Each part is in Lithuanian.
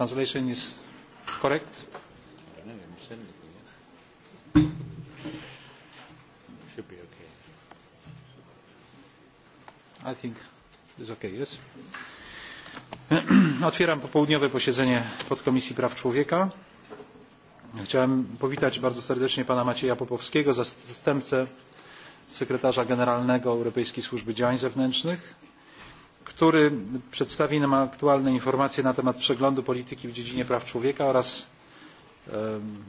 translation is correct? I don't know, you said anything. Yeah. Should be okay. I think it's okay, yes? Otwieram popołudniowe posiedzenie Podkomisji Praw Człowieka. Chciałem powitać bardzo serdecznie pana Macieja Popowskiego, zastępcę sekretarza generalnego Europejskiej Służby Działań Zewnętrznych który przedstawi nam aktualne informacje na temat przeglądu polityki w dziedzinie praw człowieka oraz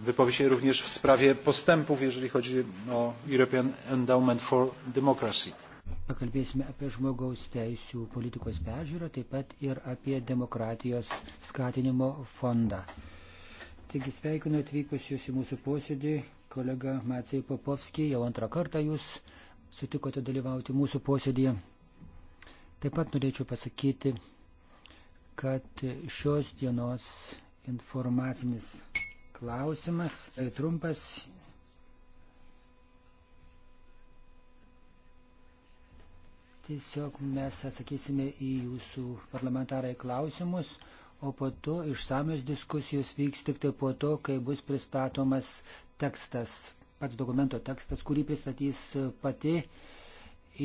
wypowie się również w sprawie postępów, jeżeli chodzi o European Endowment for Democracy. Pakalbėsime apie žmogaus teisų politikos peržiūrą, taip pat ir apie demokratijos skatinimo fondą. Taigi sveikinu atvykusius į mūsų posėdį, kolega Macijai Popovskiai, jau antrą kartą jūs sutikote dalyvauti mūsų posėdėje. Taip pat norėčiau pasakyti, kad šios dienos informacinis klausimas e, trumpas. Tiesiog mes atsakysime į jūsų parlamentarai klausimus, o po to išsamios diskusijos vyks tik tai po to, kai bus pristatomas tekstas, pats dokumento tekstas, kurį pristatys pati uh,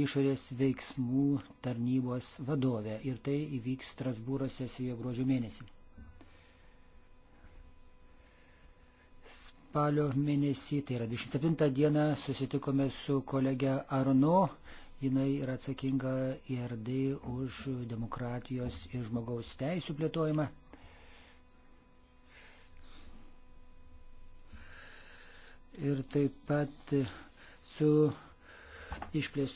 išorės veiksmų tarnybos vadovė ir tai įvyks Strasbūro sesijoje gruodžio mėnesį. Spalio mėnesį, tai yra 27 dieną, susitikome su kolege Arno, jinai yra atsakinga IRD e už demokratijos ir žmogaus teisų plėtojimą. Ir taip pat su išplės,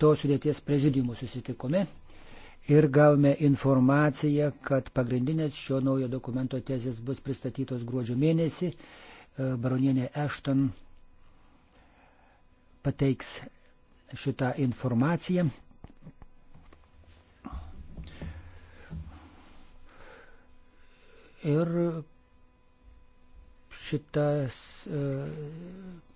tos sudėties prezidiumų susitikome ir gavome informaciją, kad pagrindinės šio naujo dokumento tezės bus pristatytos gruodžio mėnesį. E, baronienė Ešton pateiks šitą informaciją. Ir Šitas e,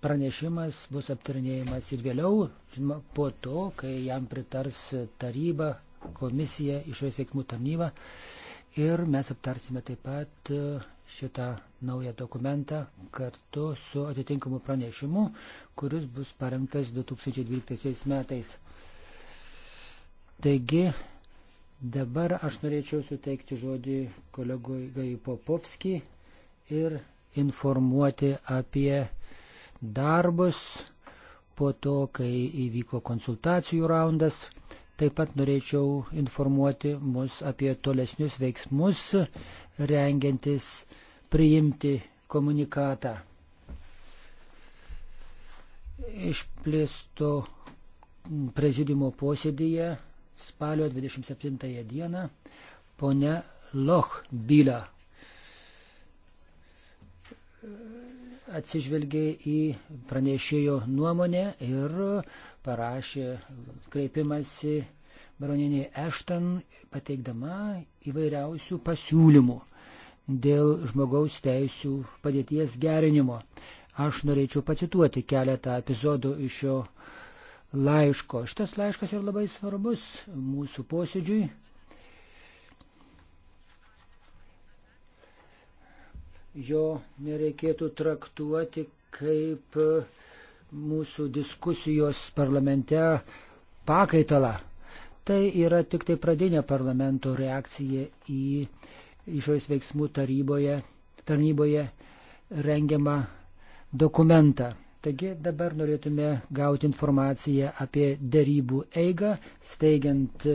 pranešimas bus aptarinėjimas ir vėliau, žinoma, po to, kai jam pritars taryba, komisija, išorės veiksmų tarnyba. Ir mes aptarsime taip pat e, šitą naują dokumentą kartu su atitinkamu pranešimu, kuris bus parengtas 2012 metais. Taigi, dabar aš norėčiau suteikti žodį kolegui Popovskį ir informuoti apie darbus po to, kai įvyko konsultacijų raundas. Taip pat norėčiau informuoti mus apie tolesnius veiksmus, rengiantis priimti komunikatą. Išplėsto prezidimo posėdėje spalio 27 dieną ponia Loch Bila atsižvelgė į pranešėjo nuomonę ir parašė kreipimasi baroniniai Ešton, pateikdama įvairiausių pasiūlymų dėl žmogaus teisų padėties gerinimo. Aš norėčiau pacituoti keletą epizodų iš šio laiško. Šitas laiškas yra labai svarbus mūsų posėdžiui. jo nereikėtų traktuoti kaip mūsų diskusijos parlamente pakaitalą. Tai yra tik tai pradinė parlamento reakcija į išorės veiksmų taryboje, tarnyboje rengiamą dokumentą. Taigi dabar norėtume gauti informaciją apie dėrybų eigą, steigiant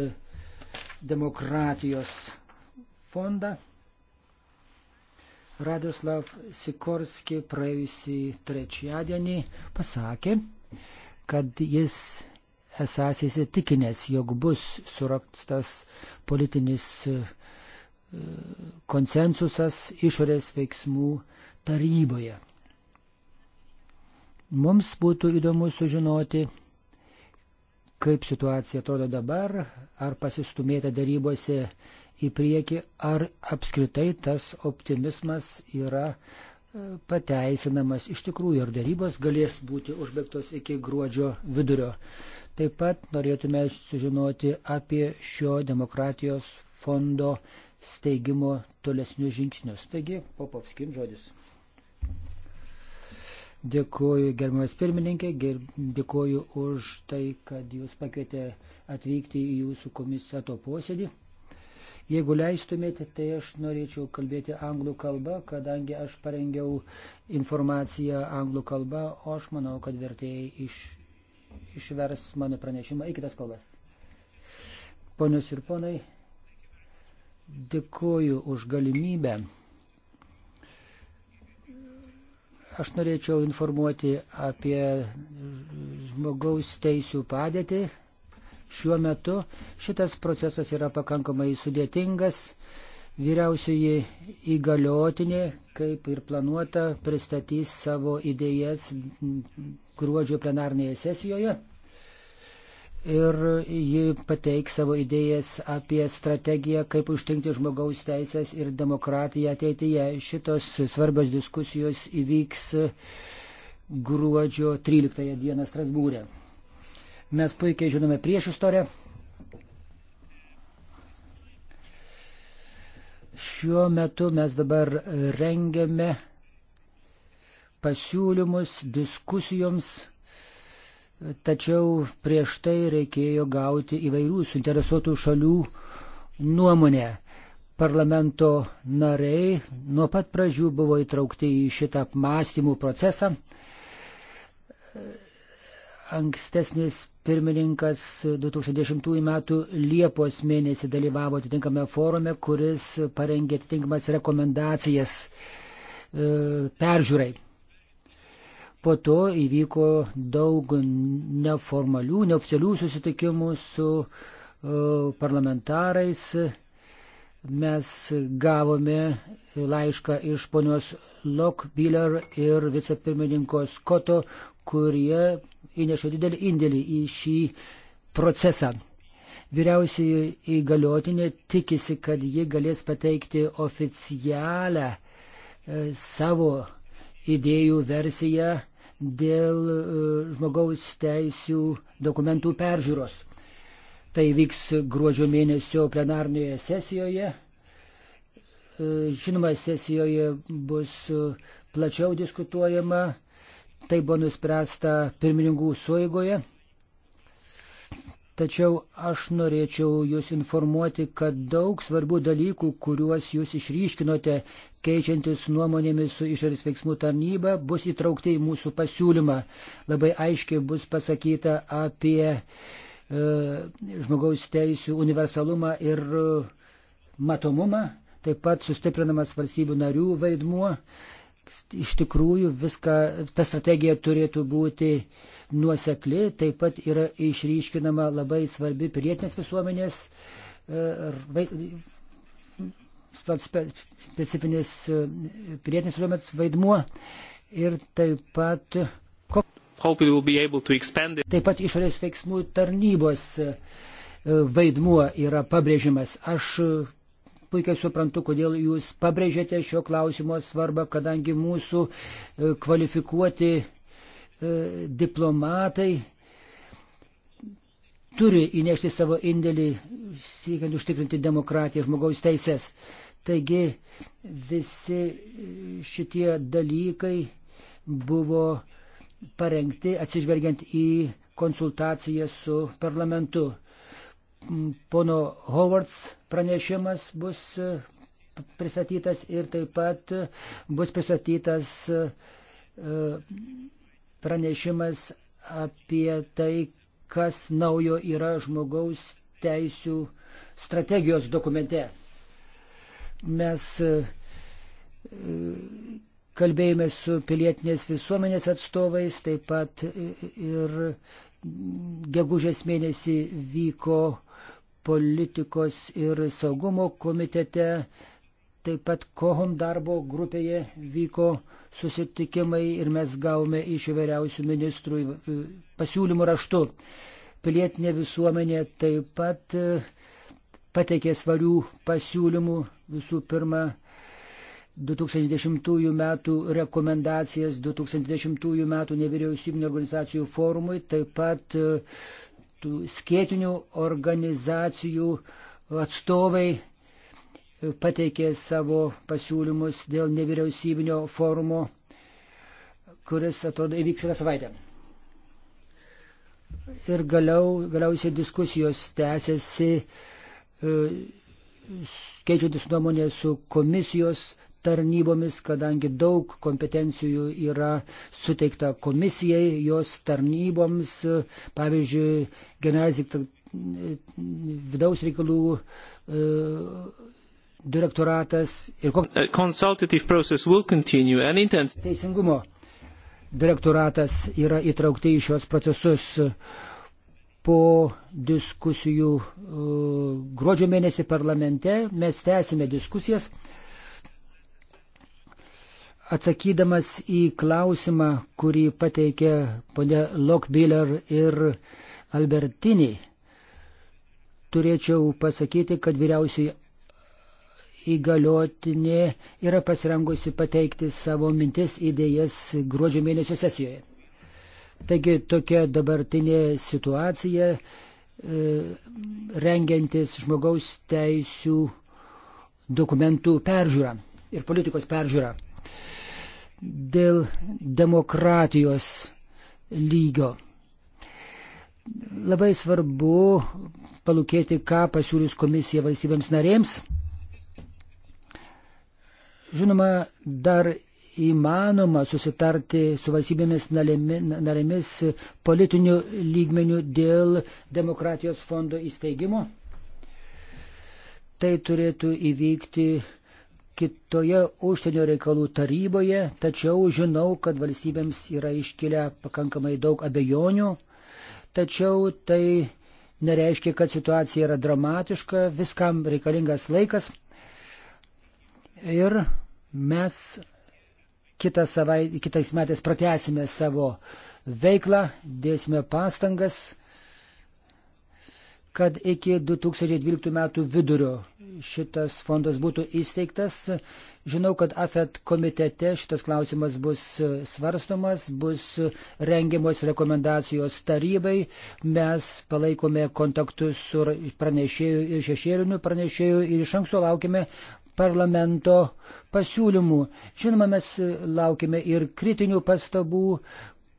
demokratijos fondą Radoslav Sikorski praėjusį trečiadienį pasakė, kad jis esas įsitikinęs, jog bus suraktas politinis e, konsensusas išorės veiksmų taryboje. Mums būtų įdomu sužinoti, kaip situacija atrodo dabar, ar pasistumėta darybose į priekį, ar apskritai tas optimizmas yra e, pateisinamas iš tikrųjų, ar darybos galės būti užbaigtos iki gruodžio vidurio. Taip pat norėtume sužinoti apie šio demokratijos fondo steigimo tolesnius žingsnius. Taigi, Popovskim žodis. Dėkuoju, gerbiamas pirmininkė, ger... dėkuoju už tai, kad jūs pakvietė atvykti į jūsų komiteto posėdį. Jeigu leistumėte, tai aš norėčiau kalbėti anglų kalbą, kadangi aš parengiau informaciją anglų kalbą, o aš manau, kad vertėjai iš, išvers mano pranešimą į kitas kalbas. Ponios ir ponai, dėkoju už galimybę. aš norėčiau informuoti apie žmogaus teisų padėtį šiuo metu. Šitas procesas yra pakankamai sudėtingas. Vyriausioji įgaliotinė, kaip ir planuota, pristatys savo idėjas gruodžio plenarnėje sesijoje. Ir ji pateiks savo idėjas apie strategiją, kaip užtinkti žmogaus teisės ir demokratiją ateityje. Šitos svarbios diskusijos įvyks gruodžio 13 dieną Strasbūrė. Mes puikiai žinome prieš istoriją. Šiuo metu mes dabar rengiame pasiūlymus diskusijoms, tačiau prieš tai reikėjo gauti įvairių suinteresuotų šalių nuomonę parlamento nariai nuo pat pradžių buvo įtraukti į šitą apmąstymų procesą ankstesnis pirmininkas 2010 m. Liepos mėnesį dalyvavo atitinkame forume, kuris parengė atitinkamas rekomendacijas e, peržiūrai. Po to įvyko daug neformalių, neoficialių susitikimų su e, parlamentarais. Mes gavome laišką iš ponios Lockbiller ir vicepirmininko Skoto, kurie įnešo didelį indėlį į šį procesą. Vyriausiai įgaliotinė tikisi, kad ji galės pateikti oficialią e, savo idėjų versiją dėl e, žmogaus teisių dokumentų peržiūros. Tai vyks gruodžio mėnesio plenarnioje sesijoje. E, žinoma, sesijoje bus plačiau diskutuojama Tai buvo nuspręsta pirmininkų suėgoje. Tačiau aš norėčiau Jūs informuoti, kad daug svarbių dalykų, kuriuos Jūs išryškinote, keičiantis nuomonėmis su išorės veiksmų tarnyba, bus įtraukti į mūsų pasiūlymą. Labai aiškiai bus pasakyta apie e, žmogaus teisų universalumą ir e, matomumą, taip pat sustiprinamas valstybių narių vaidmuo iš tikrųjų viską, ta strategija turėtų būti nuosekli, taip pat yra išryškinama labai svarbi pilietinės visuomenės e, specifinis e, pilietinės visuomenės vaidmuo ir taip pat. Taip pat išorės veiksmų tarnybos e, vaidmuo yra pabrėžimas. Aš Puikiai suprantu, kodėl jūs pabrėžėte šio klausimo svarbą, kadangi mūsų e, kvalifikuoti e, diplomatai turi įnešti savo indėlį, siekiant užtikrinti demokratiją, žmogaus teisės. Taigi visi šitie dalykai buvo parengti atsižvelgiant į konsultaciją su parlamentu pono Howards pranešimas bus e, pristatytas ir taip pat bus pristatytas e, pranešimas apie tai, kas naujo yra žmogaus teisų strategijos dokumente. Mes e, kalbėjome su pilietinės visuomenės atstovais, taip pat ir gegužės mėnesį vyko politikos ir saugumo komitete, taip pat kohom darbo grupėje vyko susitikimai ir mes gavome iš įvairiausių ministrų e, pasiūlymų raštu. Pilietinė visuomenė taip pat e, pateikė svarių pasiūlymų visų pirma 2010 m. rekomendacijas 2010 m. nevyriausybinio organizacijų forumui, taip pat e, tų skėtinių organizacijų atstovai pateikė savo pasiūlymus dėl nevyriausybinio forumo, kuris, atrodo, įvyks kitą savaitę. Ir galiau, galiausiai diskusijos tęsiasi, e, keičiantis nuomonė su komisijos tarnybomis, kadangi daug kompetencijų yra suteikta komisijai, jos tarnyboms, pavyzdžiui, generalinis vidaus reikalų e, direktoratas ir teisingumo direktoratas yra įtraukti į šios procesus po diskusijų e, gruodžio mėnesį parlamente mes tęsime diskusijas Atsakydamas į klausimą, kurį pateikė ponia Lockbiller ir Albertini, turėčiau pasakyti, kad vyriausiai įgaliotinė yra pasirengusi pateikti savo mintis idėjas gruodžio mėnesio sesijoje. Taigi tokia dabartinė situacija, e, rengiantis žmogaus teisų dokumentų peržiūrą ir politikos peržiūrą dėl demokratijos lygio. Labai svarbu palūkėti, ką pasiūlys komisija valstybėms narėms. Žinoma, dar įmanoma susitarti su valstybėmis narėmis politinių lygmenių dėl demokratijos fondo įsteigimo. Tai turėtų įvykti kitoje užsienio reikalų taryboje, tačiau žinau, kad valstybėms yra iškilę pakankamai daug abejonių, tačiau tai nereiškia, kad situacija yra dramatiška, viskam reikalingas laikas. Ir mes kitą savai, kitais metais pratęsime savo veiklą, dėsime pastangas kad iki 2012 metų vidurio šitas fondas būtų įsteigtas. Žinau, kad AFET komitete šitas klausimas bus svarstomas, bus rengiamos rekomendacijos tarybai. Mes palaikome kontaktus su pranešėju ir šešėliniu pranešėju ir iš anksto laukime parlamento pasiūlymų. Žinoma, mes laukime ir kritinių pastabų,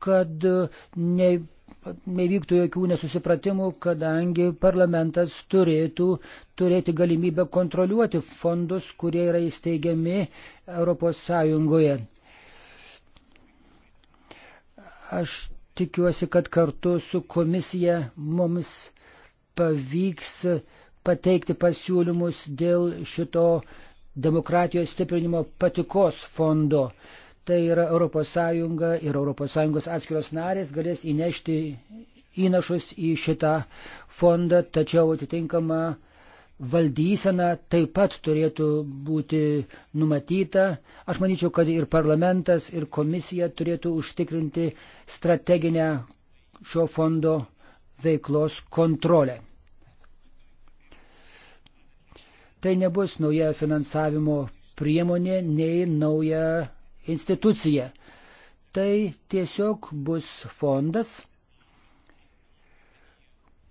kad ne nevyktų jokių nesusipratimų, kadangi parlamentas turėtų turėti galimybę kontroliuoti fondus, kurie yra įsteigiami ES. Aš tikiuosi, kad kartu su komisija mums pavyks pateikti pasiūlymus dėl šito demokratijos stiprinimo patikos fondo. Uh, tai yra ES ir ES atskiros narės galės įnešti įnašus į šitą fondą, tačiau atitinkama valdysena taip pat turėtų būti numatyta. Aš manyčiau, kad ir parlamentas, ir komisija turėtų užtikrinti strateginę šio fondo veiklos kontrolę. Tai nebus nauja finansavimo priemonė, nei nauja institucija. Tai tiesiog bus fondas,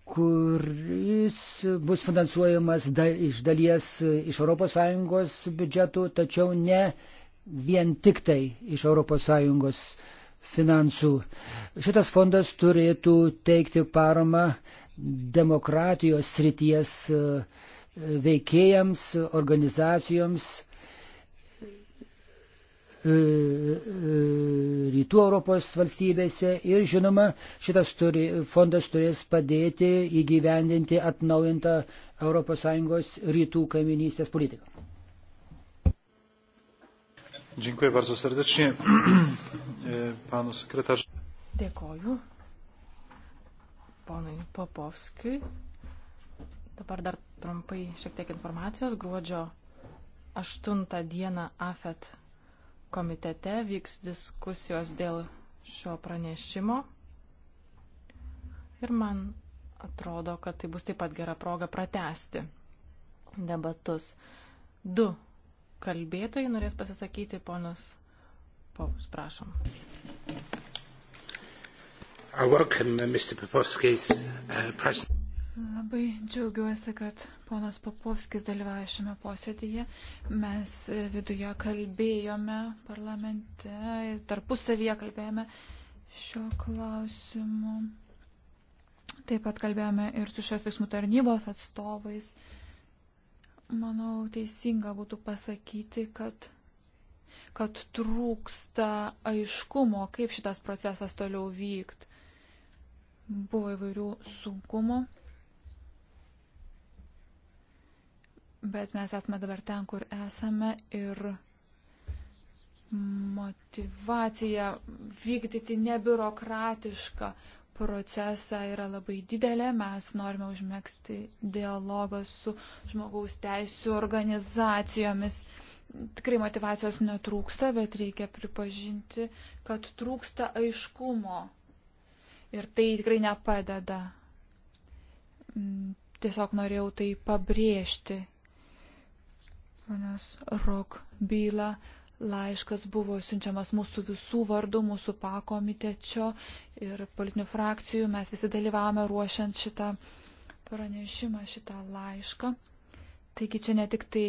kuris bus finansuojamas da, iš dalies iš ES biudžetų, tačiau ne vien tik tai iš ES finansų. Šitas fondas turėtų teikti paramą demokratijos srities e, veikėjams, organizacijoms, E, e, rytų Europos valstybėse ir žinoma, šitas turi, fondas turės padėti įgyvendinti atnaujintą ES rytų kaiminystės politiką. Dziękuję bardzo serdecznie e, panu sekretarz. Dėkoju ponui Popovskiui. Dabar dar trumpai šiek tiek informacijos. Gruodžio 8 dieną AFET komitete vyks diskusijos dėl šio pranešimo. Ir man atrodo, kad tai bus taip pat gera proga pratesti debatus. Du kalbėtojai norės pasisakyti, ponas Povus, prašom. I welcome Mr. Popovsky's uh, presentation. Labai džiaugiuosi, kad ponas Papovskis dalyvauja šiame posėdėje. Mes viduje kalbėjome parlamente, tarpusavyje kalbėjome šio klausimu. Taip pat kalbėjome ir su šios veiksmų tarnybos atstovais. Manau, teisinga būtų pasakyti, kad kad trūksta aiškumo, kaip šitas procesas toliau vykt. Buvo įvairių sunkumų. Bet mes esame dabar ten, kur esame ir motivacija vykdyti nebiurokratišką procesą yra labai didelė. Mes norime užmėgsti dialogą su žmogaus teisų organizacijomis. Tikrai motivacijos netrūksta, bet reikia pripažinti, kad trūksta aiškumo. Ir tai tikrai nepadeda. Mm, tiesiog norėjau tai pabrėžti ponios Rok bylą. Laiškas buvo siunčiamas mūsų visų vardų, mūsų pakomitečio ir politinių frakcijų. Mes visi dalyvavome ruošiant šitą pranešimą, šitą laišką. Taigi čia ne tik tai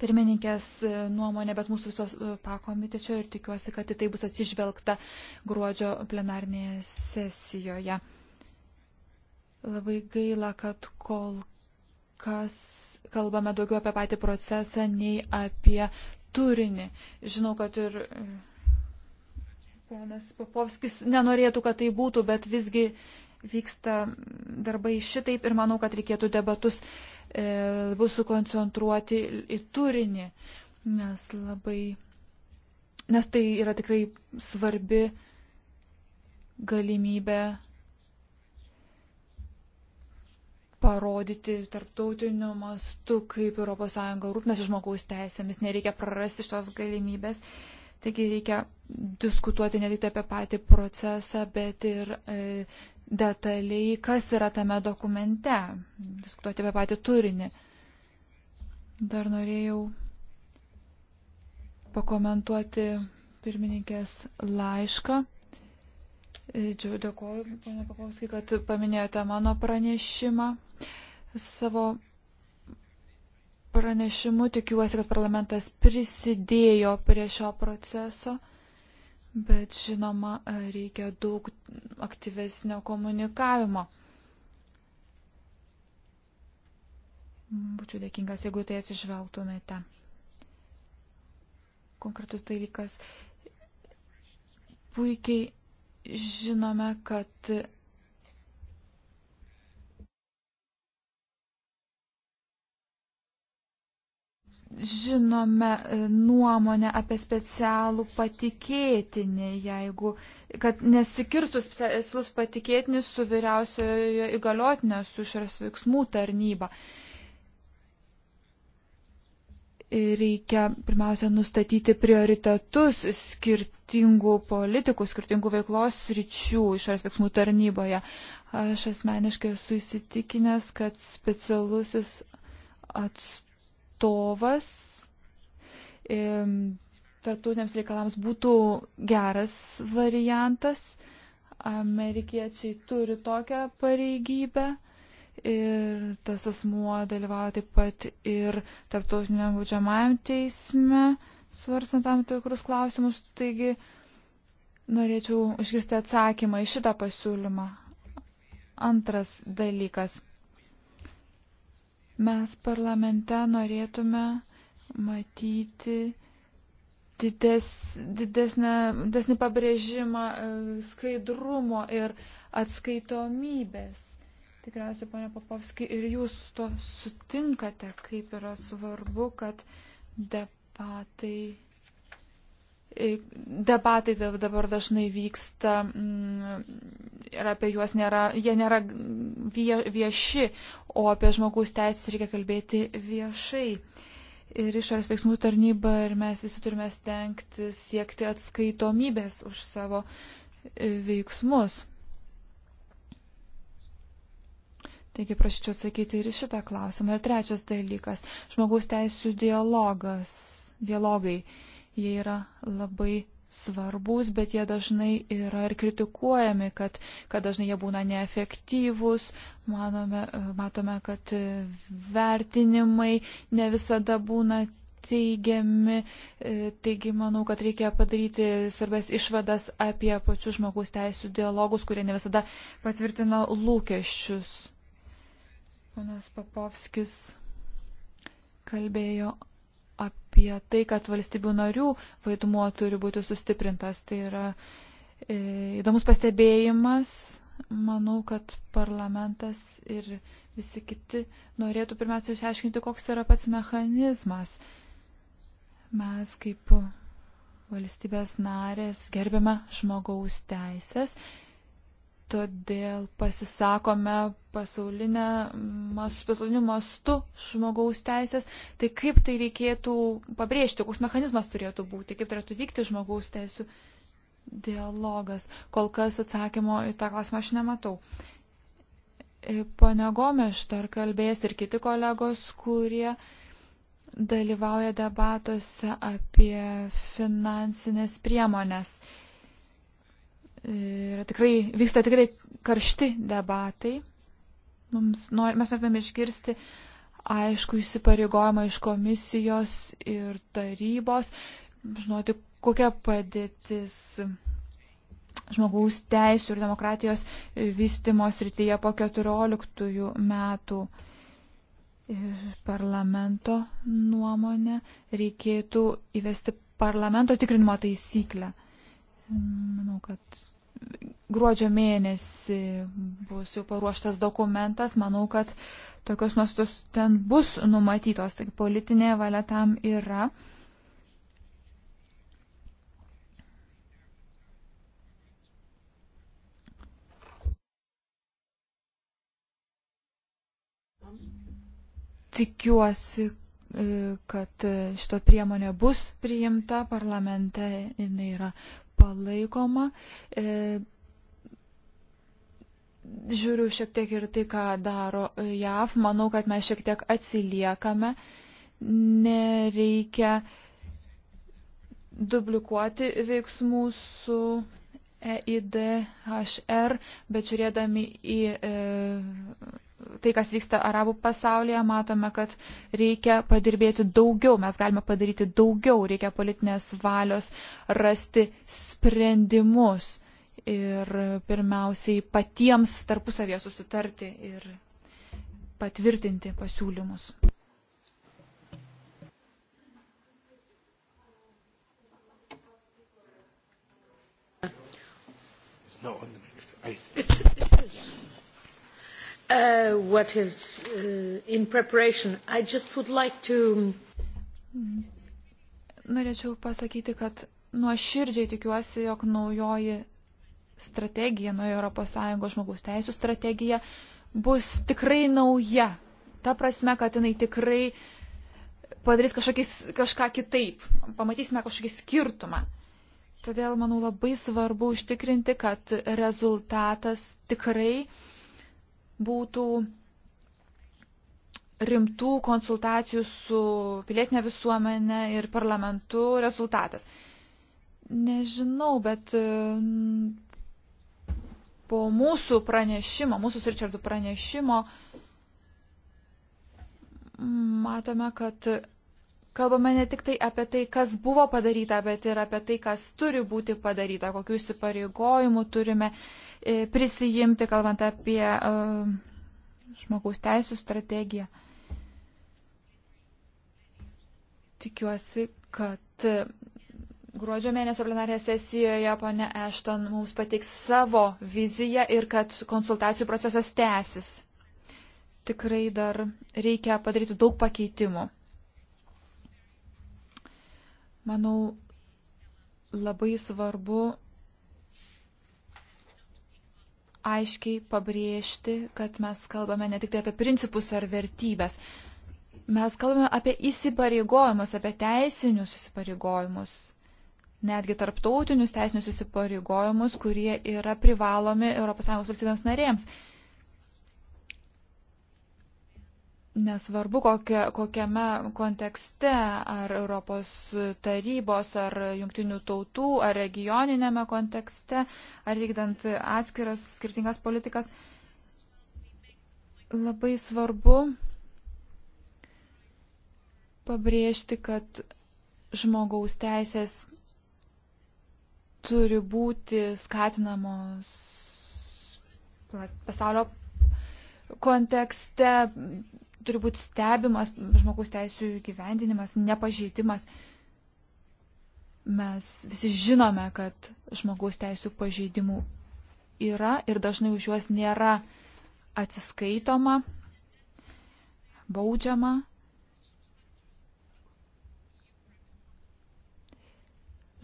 pirmininkės nuomonė, bet mūsų visos e, pakomitečio ir tikiuosi, kad į tai bus atsižvelgta gruodžio plenarnėje sesijoje. Labai gaila, kad kol kas kalbame daugiau apie patį procesą nei apie turinį. Žinau, kad ir e, ponas Popovskis nenorėtų, kad tai būtų, bet visgi vyksta darbai šitaip ir manau, kad reikėtų debatus e, bus sukoncentruoti į turinį, nes labai, nes tai yra tikrai svarbi galimybė parodyti tarptautiniu mastu, kaip ES rūpnasi žmogaus teisėmis, nereikia prarasti šios galimybės. Taigi reikia diskutuoti ne tik tai apie patį procesą, bet ir e, detaliai, kas yra tame dokumente, diskutuoti apie patį turinį. Dar norėjau pakomentuoti pirmininkės laišką. Dėkuoju, pana Pakovskai, kad paminėjote mano pranešimą. Savo pranešimu tikiuosi, kad parlamentas prisidėjo prie šio proceso. Bet žinoma, reikia daug aktyvesnio komunikavimo. Būčiau dėkingas, jeigu tai atsižvelgtumėte. Konkretus dalykas. Puikiai žinome, kad žinome e, nuomonę apie specialų patikėtinį, jeigu, kad nesikirstų specialus patikėtinis su vyriausiojo įgaliotinė, su išras veiksmų tarnyba reikia pirmiausia nustatyti prioritetus skirtingų politikų, skirtingų veiklos ryčių išorės veiksmų tarnyboje. Aš asmeniškai esu įsitikinęs, kad specialusis atstovas tarptautiniams reikalams būtų geras variantas. Amerikiečiai turi tokią pareigybę ir tas asmuo dalyvauja taip pat ir tarptautiniam būdžiamajam teisme, svarstant tam tikrus klausimus. Taigi norėčiau išgirsti atsakymą į šitą pasiūlymą. Antras dalykas. Mes parlamente norėtume matyti dides, didesnę, didesnį pabrėžimą e, skaidrumo ir atskaitomybės Tikriausiai, ponia Popovski, ir jūs to sutinkate, kaip yra svarbu, kad debatai, e, debatai dabar dažnai vyksta mm, ir apie juos nėra, jie nėra vieši, o apie žmogaus teisės reikia kalbėti viešai ir išorės veiksmų tarnyba ir mes visi turime stengti siekti atskaitomybės už savo e, veiksmus. Taigi prašyčiau atsakyti ir šitą klausimą. Ir trečias dalykas - žmogaus teisų dialogas. Dialogai. Jie yra labai svarbus, bet jie dažnai yra ir kritikuojami, kad, kad dažnai jie būna neefektyvūs. Manome, matome, kad vertinimai ne visada būna teigiami. Taigi manau, kad reikia padaryti svarbės išvadas apie pačius žmogaus teisų dialogus, kurie ne visada patvirtina lūkesčius. Ponas Papovskis kalbėjo apie tai, kad valstybių narių vaidmuo turi būti sustiprintas. Tai yra e, įdomus pastebėjimas. Manau, kad parlamentas ir visi kiti norėtų pirmiausia išaiškinti, koks yra pats mechanizmas. Mes kaip valstybės narės gerbėme žmogaus teisės Todėl pasisakome pasauliniu mastu žmogaus teisės. Tai kaip tai reikėtų pabrėžti, koks mechanizmas turėtų būti, kaip turėtų vykti žmogaus teisų dialogas. Kol kas atsakymo į tą klausimą aš nematau. E, Pane Gomeš, dar kalbės ir kiti kolegos, kurie dalyvauja debatuose apie finansinės priemonės yra tikrai, vyksta tikrai karšti debatai. Mums, nor, mes norime išgirsti aišku įsipareigojimą iš komisijos ir tarybos, žinoti, kokia padėtis žmogaus teisų ir demokratijos vystimo srityje po 14 metų. Ir parlamento nuomonė reikėtų įvesti parlamento tikrinimo taisyklę. Manau, kad gruodžio mėnesį bus jau paruoštas dokumentas. Manau, kad tokios nuostos ten bus numatytos. Taigi politinė valia tam yra. Tikiuosi, e, kad šita priemonė bus priimta parlamente, jinai yra palaikoma. E, žiūriu šiek tiek ir tai, ką daro JAV. Manau, kad mes šiek tiek atsiliekame. Nereikia duplikuoti veiksmų su EIDHR, bet žiūrėdami į e, tai, kas vyksta arabų pasaulyje, matome, kad reikia padirbėti daugiau, mes galime padaryti daugiau, reikia politinės valios rasti sprendimus ir pirmiausiai patiems tarpusavėje susitarti ir patvirtinti pasiūlymus. It's not on the microphone. It's, it's, it's uh, what is uh, in preparation. I just would like to. Mm. Norėčiau pasakyti, kad nuoširdžiai tikiuosi, jog naujoji strategija, naujoji ES žmogaus teisų strategija bus tikrai nauja. Ta prasme, kad jinai tikrai padarys kažkokis, kažką kitaip, pamatysime kažkokį skirtumą. Todėl, manau, labai svarbu užtikrinti, kad rezultatas tikrai uh, būtų rimtų konsultacijų su pilietinė visuomenė ir parlamentu rezultatas. Nežinau, bet e, po mūsų pranešimo, mūsų su Richardu pranešimo, matome, kad kalbame ne tik tai apie tai, kas buvo padaryta, bet ir apie tai, kas turi būti padaryta, kokių įsipareigojimų turime e, prisijimti, kalbant apie uh, žmogaus teisų strategiją. Tikiuosi, kad gruodžio mėnesio plenarėje sesijoje ponė Ešton mums pateiks savo viziją ir kad konsultacijų procesas tęsis. Tikrai dar reikia padaryti daug pakeitimų. Manau, labai svarbu aiškiai pabrėžti, kad mes kalbame ne tik tai apie principus ar vertybės. Mes kalbame apie įsipareigojimus, apie teisinius įsipareigojimus, netgi tarptautinius teisinius įsipareigojimus, kurie yra privalomi ES valstybėms narėms. Nesvarbu, kokia, kokiame kontekste, ar Europos tarybos, ar jungtinių tautų, ar regioninėme kontekste, ar vykdant atskiras skirtingas politikas, labai svarbu pabrėžti, kad žmogaus teisės turi būti skatinamos pasaulio kontekste turi būti stebimas žmogaus teisų gyvendinimas, nepažeidimas. Mes visi žinome, kad žmogaus teisų pažeidimų yra ir dažnai už juos nėra atsiskaitoma, baudžiama.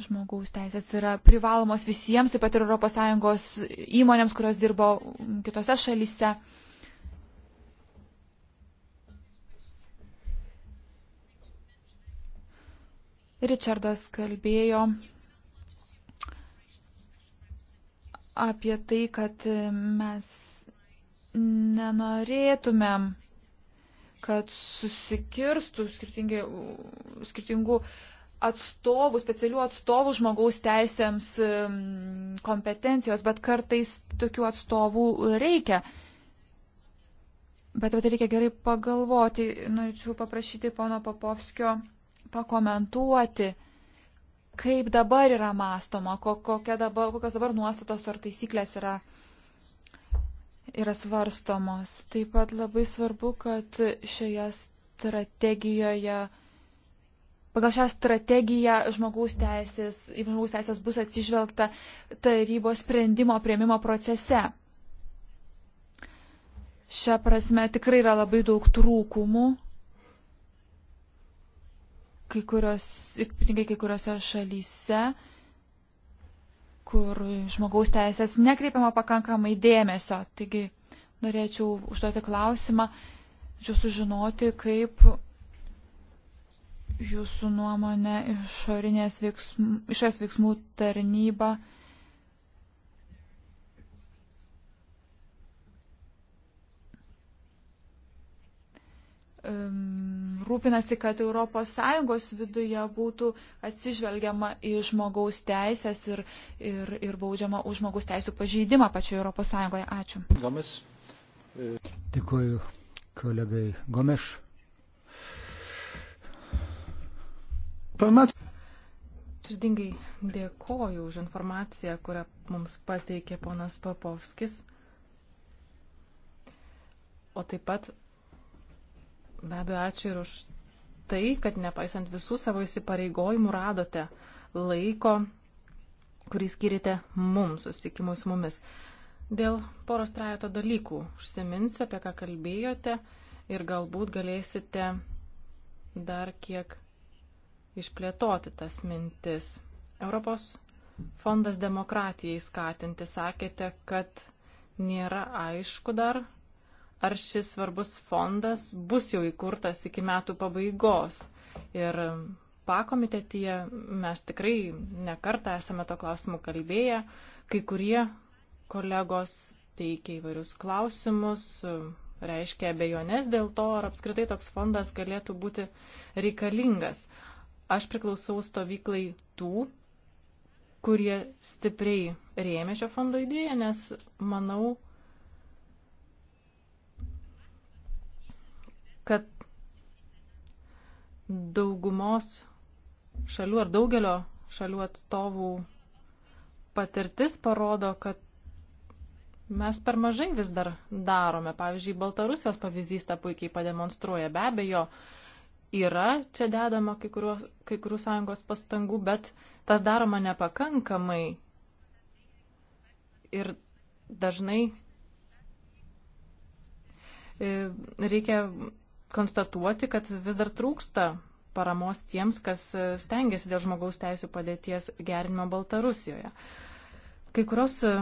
Žmogaus teisės yra privalomos visiems, taip pat ir ES įmonėms, kurios dirbo kitose šalyse. Richardas kalbėjo apie tai, kad mes nenorėtumėm, kad susikirstų skirtingų atstovų, specialių atstovų žmogaus teisėms kompetencijos, bet kartais tokių atstovų reikia. Bet apie tai reikia gerai pagalvoti. Norėčiau paprašyti pono Popovskio pakomentuoti, kaip dabar yra mąstoma, kokia dabar, kokios dabar nuostatos ar taisyklės yra, yra svarstomos. Taip pat labai svarbu, kad šioje strategijoje, pagal šią strategiją žmogaus teisės, į žmogaus teisės bus atsižvelgta tarybos sprendimo prieimimo procese. Šią prasme tikrai yra labai daug trūkumų kai kurios, ypatingai kai kuriuose šalyse, kur žmogaus teisės nekreipiama pakankamai dėmesio. Taigi norėčiau užduoti klausimą, čia sužinoti, kaip jūsų nuomonė išorinės veiksmų, išės veiksmų tarnyba um, rūpinasi, kad ES viduje būtų atsižvelgiama į žmogaus teisės ir, ir, ir baudžiama už žmogaus teisų pažeidimą pačioje ES. Ačiū. Gomes. Dėkuoju kolegai Gomeš. Pamat. Širdingai dėkoju už informaciją, kurią mums pateikė ponas Papovskis. O taip pat Be abejo, ačiū ir už tai, kad nepaisant visų savo įsipareigojimų radote laiko, kurį skirite mums, susitikimui su mumis. Dėl poros trajato dalykų užsiminsiu, apie ką kalbėjote ir galbūt galėsite dar kiek išplėtoti tas mintis. Europos fondas demokratijai skatinti, sakėte, kad nėra aišku dar, ar šis svarbus fondas bus jau įkurtas iki metų pabaigos. Ir pakomitetyje mes tikrai nekartą esame to klausimu kalbėję. Kai kurie kolegos teikia įvairius klausimus, reiškia abejonės dėl to, ar apskritai toks fondas galėtų būti reikalingas. Aš priklausau stovyklai tų, kurie stipriai rėmė šio fondo idėją, nes manau, kad daugumos šalių ar daugelio šalių atstovų patirtis parodo, kad mes per mažai vis dar darome. Pavyzdžiui, Baltarusijos pavyzdys tą puikiai pademonstruoja. Be abejo, yra čia dedama kai, kurio, kai kurių sąjungos pastangų, bet tas daroma nepakankamai. Ir dažnai e, reikia konstatuoti, kad vis dar trūksta paramos tiems, kas e, stengiasi dėl žmogaus teisų padėties gerinimo Baltarusijoje. Kai kurios e,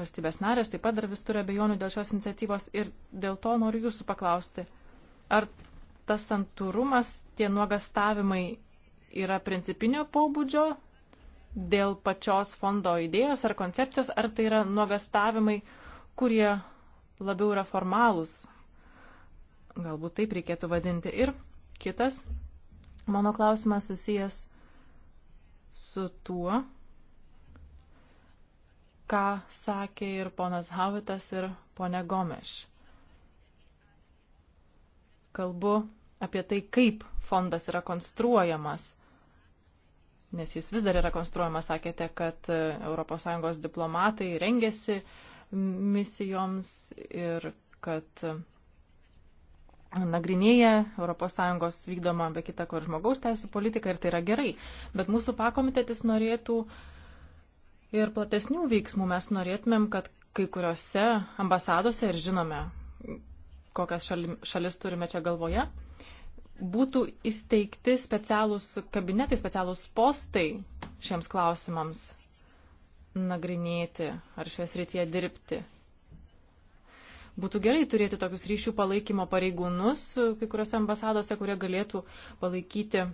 valstybės narės taip pat dar vis turi abejonių dėl šios iniciatyvos ir dėl to noriu jūsų paklausti, ar tas santūrumas, tie nuogastavimai yra principinio pobūdžio dėl pačios fondo idėjos ar koncepcijos, ar tai yra nuogastavimai, kurie labiau yra formalūs Galbūt taip reikėtų vadinti. Ir kitas mano klausimas susijęs su tuo, ką sakė ir ponas Havitas ir ponė Gomeš. Kalbu apie tai, kaip fondas yra konstruojamas, nes jis vis dar yra konstruojamas, sakėte, kad ES diplomatai rengėsi misijoms ir kad nagrinėja ES vykdomą be kita ko ir žmogaus teisų politiką ir tai yra gerai. Bet mūsų pakomitetis norėtų ir platesnių veiksmų. Mes norėtumėm, kad kai kuriuose ambasadose ir žinome, kokias šali, šalis turime čia galvoje, būtų įsteigti specialūs kabinetai, specialūs postai šiems klausimams nagrinėti ar šioje srityje dirbti. Būtų gerai turėti tokius ryšių palaikymo pareigūnus e, kai kuriuose ambasadose, kurie galėtų palaikyti e,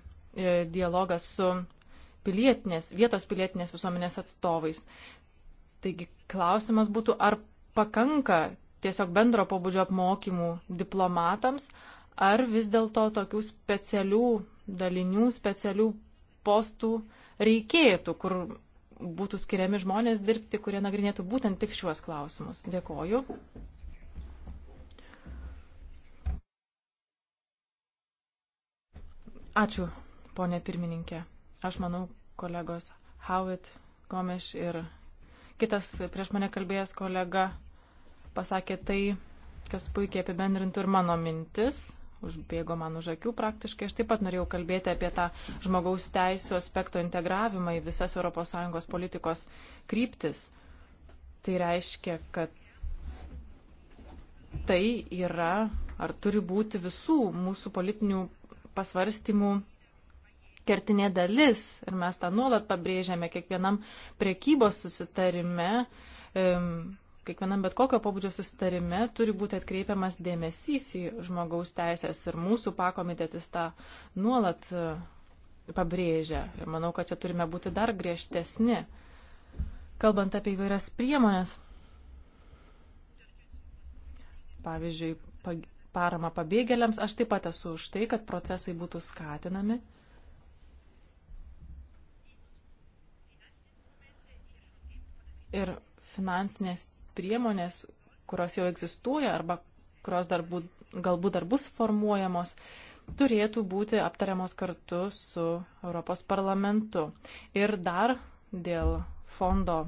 dialogą su pilietinės, vietos pilietinės visuomenės atstovais. Taigi klausimas būtų, ar pakanka tiesiog bendro pobūdžio apmokymų diplomatams, ar vis dėlto tokių specialių dalinių, specialių postų reikėtų, kur būtų skiriami žmonės dirbti, kurie nagrinėtų būtent tik šiuos klausimus. Dėkoju. Ačiū, ponė pirmininkė. Aš manau, kolegos Howitt, Gomeš ir kitas prieš mane kalbėjęs kolega pasakė tai, kas puikiai apibendrintų ir mano mintis, užbėgo man už akių praktiškai. Aš taip pat norėjau kalbėti apie tą žmogaus teisų aspekto integravimą į visas ES politikos kryptis. Tai reiškia, kad tai yra ar turi būti visų mūsų politinių pasvarstymų kertinė dalis ir mes tą nuolat pabrėžiame kiekvienam priekybos susitarime, kiekvienam bet kokio pobūdžio susitarime turi būti atkreipiamas dėmesys į žmogaus teisės ir mūsų pakomitetis tą nuolat e, pabrėžia. Ir manau, kad čia turime būti dar griežtesni, kalbant apie įvairias priemonės. Pavyzdžiui, paramą pabėgėliams. Aš taip pat esu už tai, kad procesai būtų skatinami. Ir finansinės priemonės, kurios jau egzistuoja arba kurios dar būt, galbūt dar bus formuojamos, turėtų būti aptariamos kartu su Europos parlamentu. Ir dar dėl fondo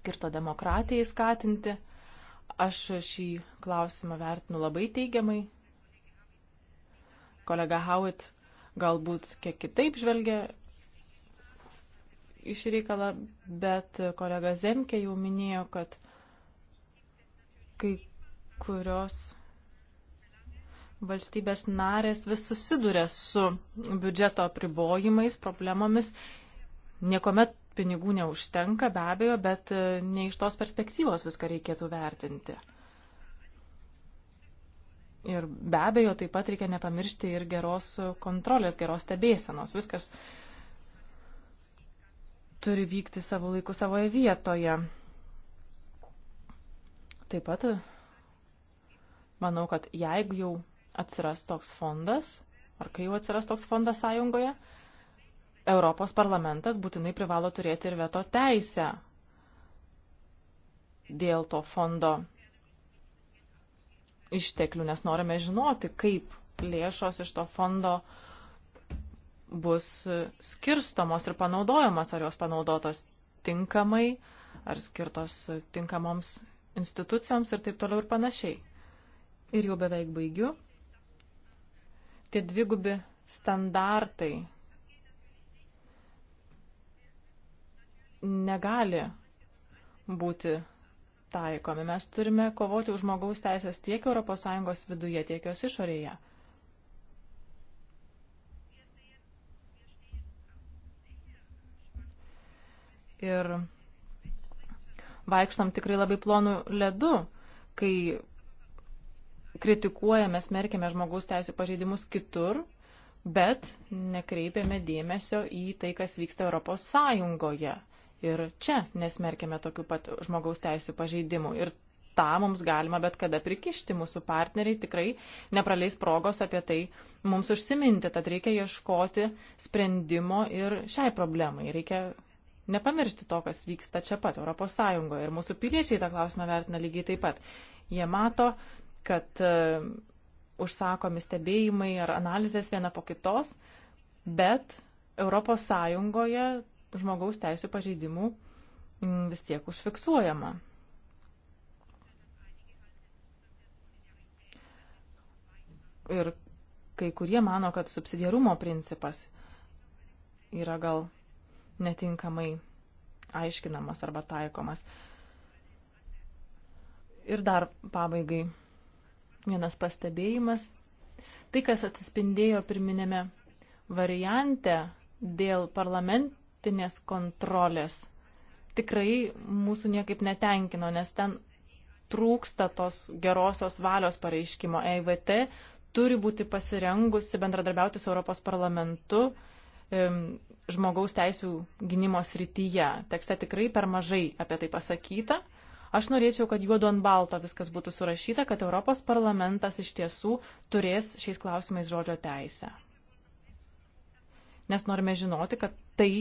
skirto demokratijai skatinti Aš šį klausimą vertinu labai teigiamai. Kolega Howitt galbūt kiek kitaip žvelgia iš reikalą, bet kolega Zemke jau minėjo, kad kai kurios valstybės narės vis susiduria su biudžeto apribojimais, problemomis, niekuomet pinigų neužtenka be abejo, bet e, ne iš tos perspektyvos viską reikėtų vertinti. Ir be abejo, taip pat reikia nepamiršti ir geros kontrolės, geros stebėsenos. Viskas turi vykti savo laiku savoje vietoje. Taip pat e, manau, kad jeigu jau atsiras toks fondas, ar kai jau atsiras toks fondas sąjungoje, Europos parlamentas būtinai privalo turėti ir veto teisę dėl to fondo išteklių, nes norime žinoti, kaip lėšos iš to fondo bus skirstomos ir panaudojamos, ar jos panaudotos tinkamai, ar skirtos tinkamoms institucijoms ir taip toliau ir panašiai. Ir jau beveik baigiu. Tie dvigubi standartai negali būti taikomi. Mes turime kovoti už žmogaus teisės tiek ES viduje, tiek jos išorėje. Ir vaikštam tikrai labai plonų ledu, kai kritikuojame, smerkiame žmogaus teisų pažeidimus kitur, bet nekreipiame dėmesio į tai, kas vyksta Europos Sąjungoje ir čia nesmerkėme tokių pat žmogaus teisų pažeidimų. Ir tą mums galima bet kada prikišti. Mūsų partneriai tikrai nepraleis progos apie tai mums užsiminti. Tad reikia ieškoti sprendimo ir šiai problemai. Reikia nepamiršti to, kas vyksta čia pat Europos Sąjungoje. Ir mūsų piliečiai tą klausimą vertina lygiai taip pat. Jie mato, kad uh, užsakomi stebėjimai ar analizės viena po kitos, bet Europos Sąjungoje žmogaus teisų pažeidimų mm, vis tiek užfiksuojama. Ir kai kurie mano, kad subsidiarumo principas yra gal netinkamai aiškinamas arba taikomas. Ir dar pabaigai vienas pastebėjimas. Tai, kas atsispindėjo pirminėme variante dėl parlament, nuolatinės kontrolės tikrai mūsų niekaip netenkino, nes ten trūksta tos gerosios valios pareiškimo. EIVT turi būti pasirengusi bendradarbiauti su Europos parlamentu žmogaus teisų gynimo srityje. Tekste tikrai per mažai apie tai pasakyta. Aš norėčiau, kad juodu ant balto viskas būtų surašyta, kad Europos parlamentas iš tiesų turės šiais klausimais žodžio teisę. Nes norime žinoti, kad tai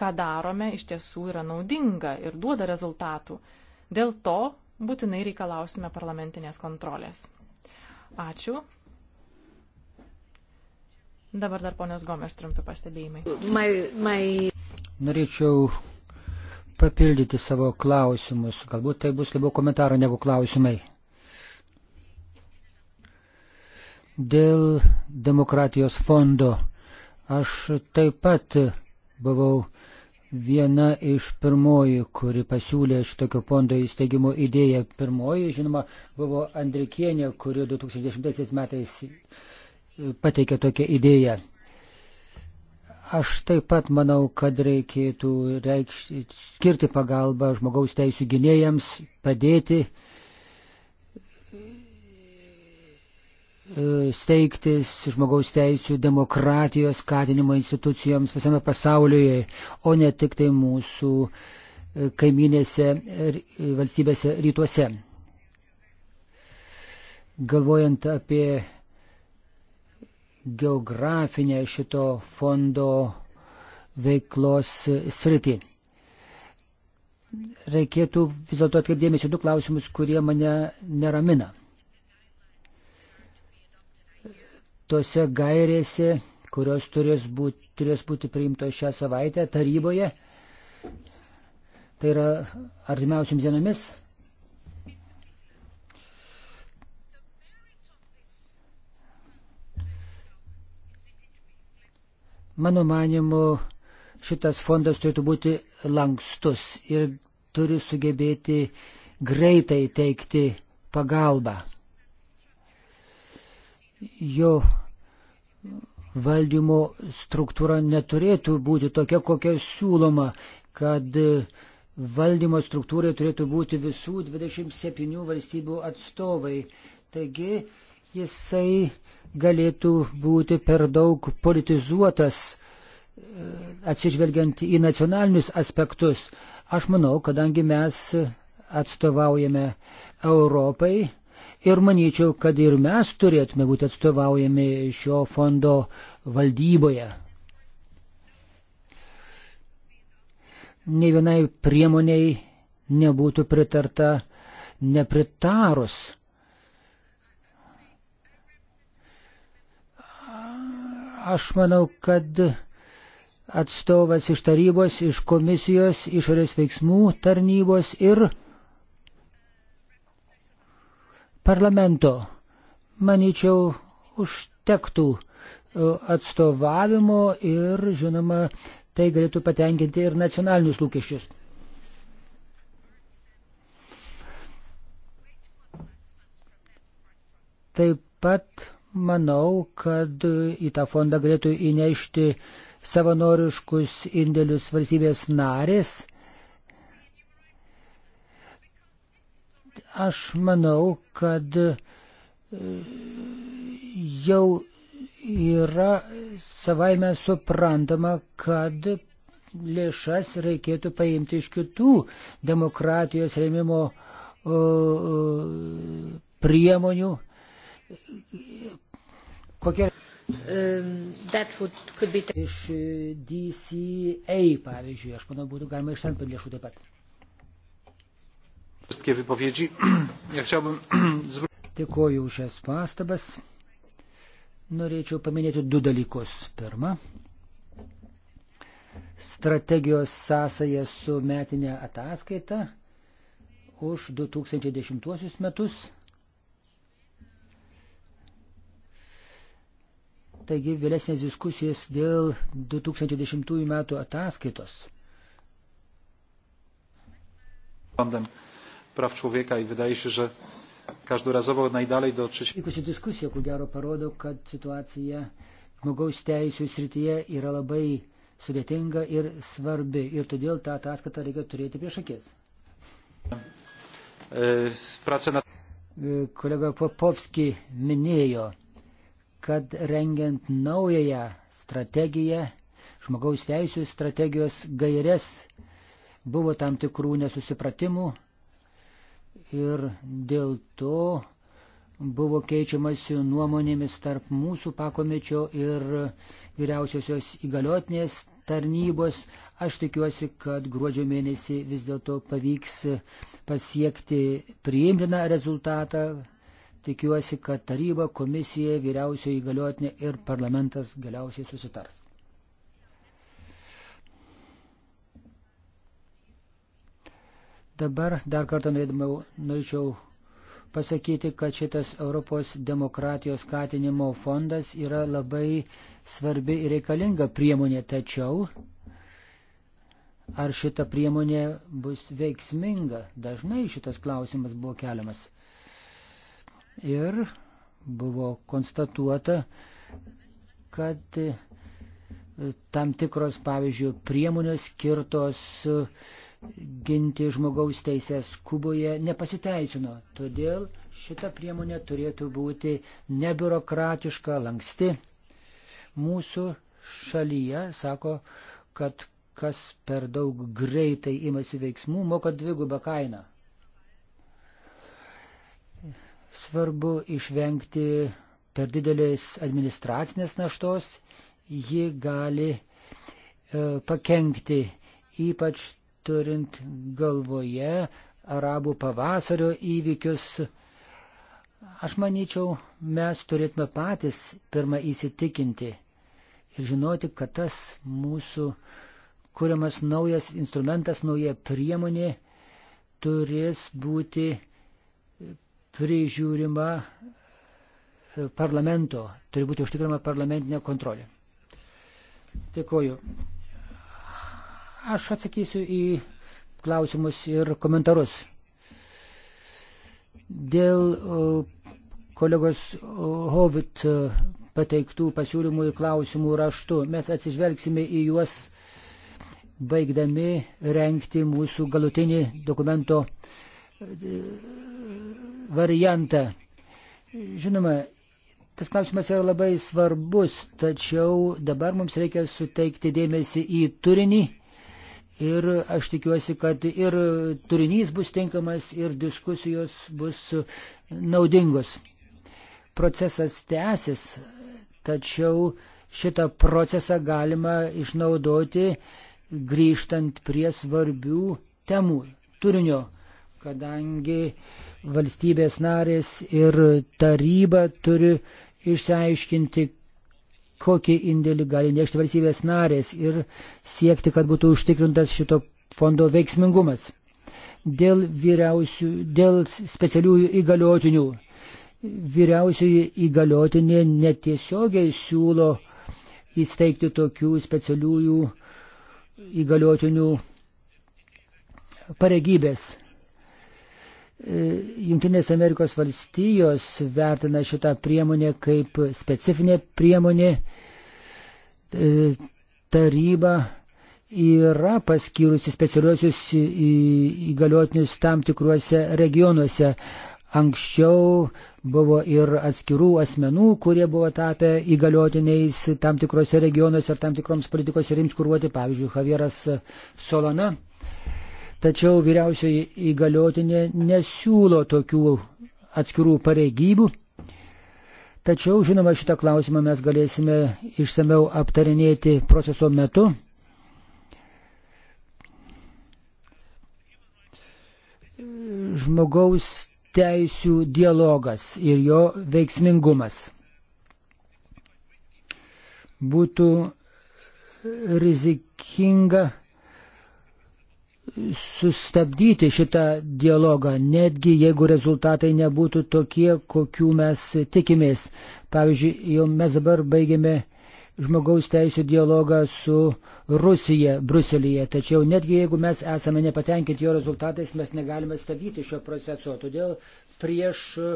ką darome, iš tiesų yra naudinga ir duoda rezultatų. Dėl to būtinai reikalausime parlamentinės kontrolės. Ačiū. Dabar dar ponios Gomes trumpi pastebėjimai. My, my... Norėčiau papildyti savo klausimus. Galbūt tai bus labiau komentarų negu klausimai. Dėl demokratijos fondo aš taip pat buvau viena iš pirmoji, kuri pasiūlė šitokio fondo įsteigimo idėją. Pirmoji, žinoma, buvo Andrikienė, kuri 2010 metais e, pateikė tokią idėją. Aš taip pat manau, kad reikėtų reikš, skirti pagalbą žmogaus teisų gynėjams, padėti uh, E, steigtis žmogaus teisų demokratijos skatinimo institucijoms visame pasaulyje, o ne tik tai mūsų e, kaiminėse e, valstybėse rytuose. Galvojant apie geografinę šito fondo veiklos sritį. Reikėtų vis dėlto atkreipdėmėsi du klausimus, kurie mane neramina. tose gairėse, kurios turės būti, turės būti priimtos šią savaitę taryboje. Tai yra artimiausiams dienomis. Mano manimu, šitas fondas turėtų būti lankstus ir turi sugebėti greitai teikti pagalbą jo valdymo struktūra neturėtų būti tokia, kokia siūloma, kad e, valdymo struktūrai turėtų būti visų 27 valstybių atstovai. Taigi jisai galėtų būti per daug politizuotas, e, atsižvelgiant į nacionalinius aspektus. Aš manau, kadangi mes atstovaujame Europai, ir manyčiau, kad ir mes turėtume būti atstovaujami šio fondo valdyboje. Ne vienai priemoniai nebūtų pritarta nepritarus. Aš manau, kad atstovas iš tarybos, iš komisijos, išorės veiksmų tarnybos ir parlamento. Manyčiau, užtektų e, atstovavimo ir, žinoma, tai galėtų patenkinti ir nacionalinius lūkesčius. Taip pat manau, kad į tą fondą galėtų įnešti savanoriškus indėlius valstybės narės Aš manau, kad e, jau yra savaime suprantama, kad lėšas reikėtų paimti iš kitų demokratijos rėmimo e, e, priemonių. Kokia um, Would, be... Iš DCA, pavyzdžiui, aš manau, būtų galima išsemti lėšų taip pat. Dėkuoju už šias pastabas. Norėčiau paminėti du dalykus. Pirma, strategijos sąsaja su metinė ataskaita už 2010 metus. Taigi vėlesnės diskusijas dėl 2010 metų ataskaitos. Bandam. Praw Człowieka i wydaje się, że każdorazowo najdalej do trzeciej. Vykusi diskusija, ko gero, parodo, kad situacija žmogaus teisų srityje yra labai sudėtinga ir svarbi ir todėl tą ataskaitą reikia turėti prieš akis. E, e, kolega Popovski minėjo, kad rengiant naująją strategiją, žmogaus teisų strategijos gairias, buvo tam tikrų nesusipratimų ir dėl to buvo keičiamasi nuomonėmis tarp mūsų pakomečio ir vyriausiosios įgaliotinės tarnybos. Aš tikiuosi, kad gruodžio mėnesį vis dėlto pavyks pasiekti priimtiną rezultatą. Tikiuosi, kad taryba, komisija, vyriausioji įgaliotinė ir parlamentas galiausiai susitars. Dabar dar kartą norėčiau pasakyti, kad šitas Europos demokratijos skatinimo fondas yra labai svarbi ir reikalinga priemonė, tačiau ar šita priemonė bus veiksminga? Dažnai šitas klausimas buvo keliamas. Ir buvo konstatuota, kad tam tikros, pavyzdžiui, priemonės skirtos uh, ginti žmogaus teisės Kuboje nepasiteisino. Todėl šita priemonė turėtų būti nebiurokratiška, lanksti. Mūsų šalyje sako, kad kas per daug greitai imasi veiksmų, moka dvigubą kainą. Svarbu išvengti per didelės administracinės naštos, ji gali e, pakengti ypač turint galvoje arabų pavasario įvykius. Aš manyčiau, mes turėtume patys pirmą įsitikinti ir žinoti, kad tas mūsų kuriamas naujas instrumentas, nauja priemonė turės būti prižiūrima e, parlamento, turi būti užtikrinama parlamentinė kontrolė. Dėkoju. Aš atsakysiu į klausimus ir komentarus. Dėl kolegos Hovit e, pateiktų pasiūlymų ir klausimų raštu mes atsižvelgsime į juos baigdami renkti mūsų galutinį dokumento e, variantą. Žinoma, tas klausimas yra labai svarbus, tačiau dabar mums reikia suteikti dėmesį į turinį Ir aš tikiuosi, kad ir turinys bus tinkamas, ir diskusijos bus naudingos. Procesas tęsis, tačiau šitą procesą galima išnaudoti grįžtant prie svarbių temų, turinio, kadangi valstybės narės ir taryba turi išsiaiškinti, kokį indėlį gali nešti valstybės narės ir siekti, kad būtų užtikrintas šito fondo veiksmingumas. Dėl, dėl specialiųjų įgaliotinių. Vyriausioji įgaliotinė netiesiogiai siūlo įsteigti tokių specialiųjų įgaliotinių pareigybės. E, Junktinės Amerikos valstijos vertina šitą priemonę kaip specifinę priemonę E, taryba yra paskyrusi specialiuosius įgaliotinius tam tikruose regionuose. Anksčiau buvo ir atskirų asmenų, kurie buvo tapę įgaliotiniais tam tikrose regionuose ar tam tikroms politikos rims kuruoti, pavyzdžiui, Javieras Solana. Tačiau vyriausioji įgaliotinė nesiūlo tokių atskirų pareigybių, Tačiau, žinoma, šitą klausimą mes galėsime išsameu aptarinėti proceso metu. Žmogaus teisių dialogas ir jo veiksmingumas būtų rizikinga sustabdyti šitą dialogą, netgi jeigu rezultatai nebūtų tokie, kokių mes tikimės. Pavyzdžiui, jau mes dabar baigėme žmogaus teisų dialogą su Rusija Bruselėje, tačiau netgi jeigu mes esame nepatenkinti jo rezultatais, mes negalime stabdyti šio proceso. Todėl prieš e,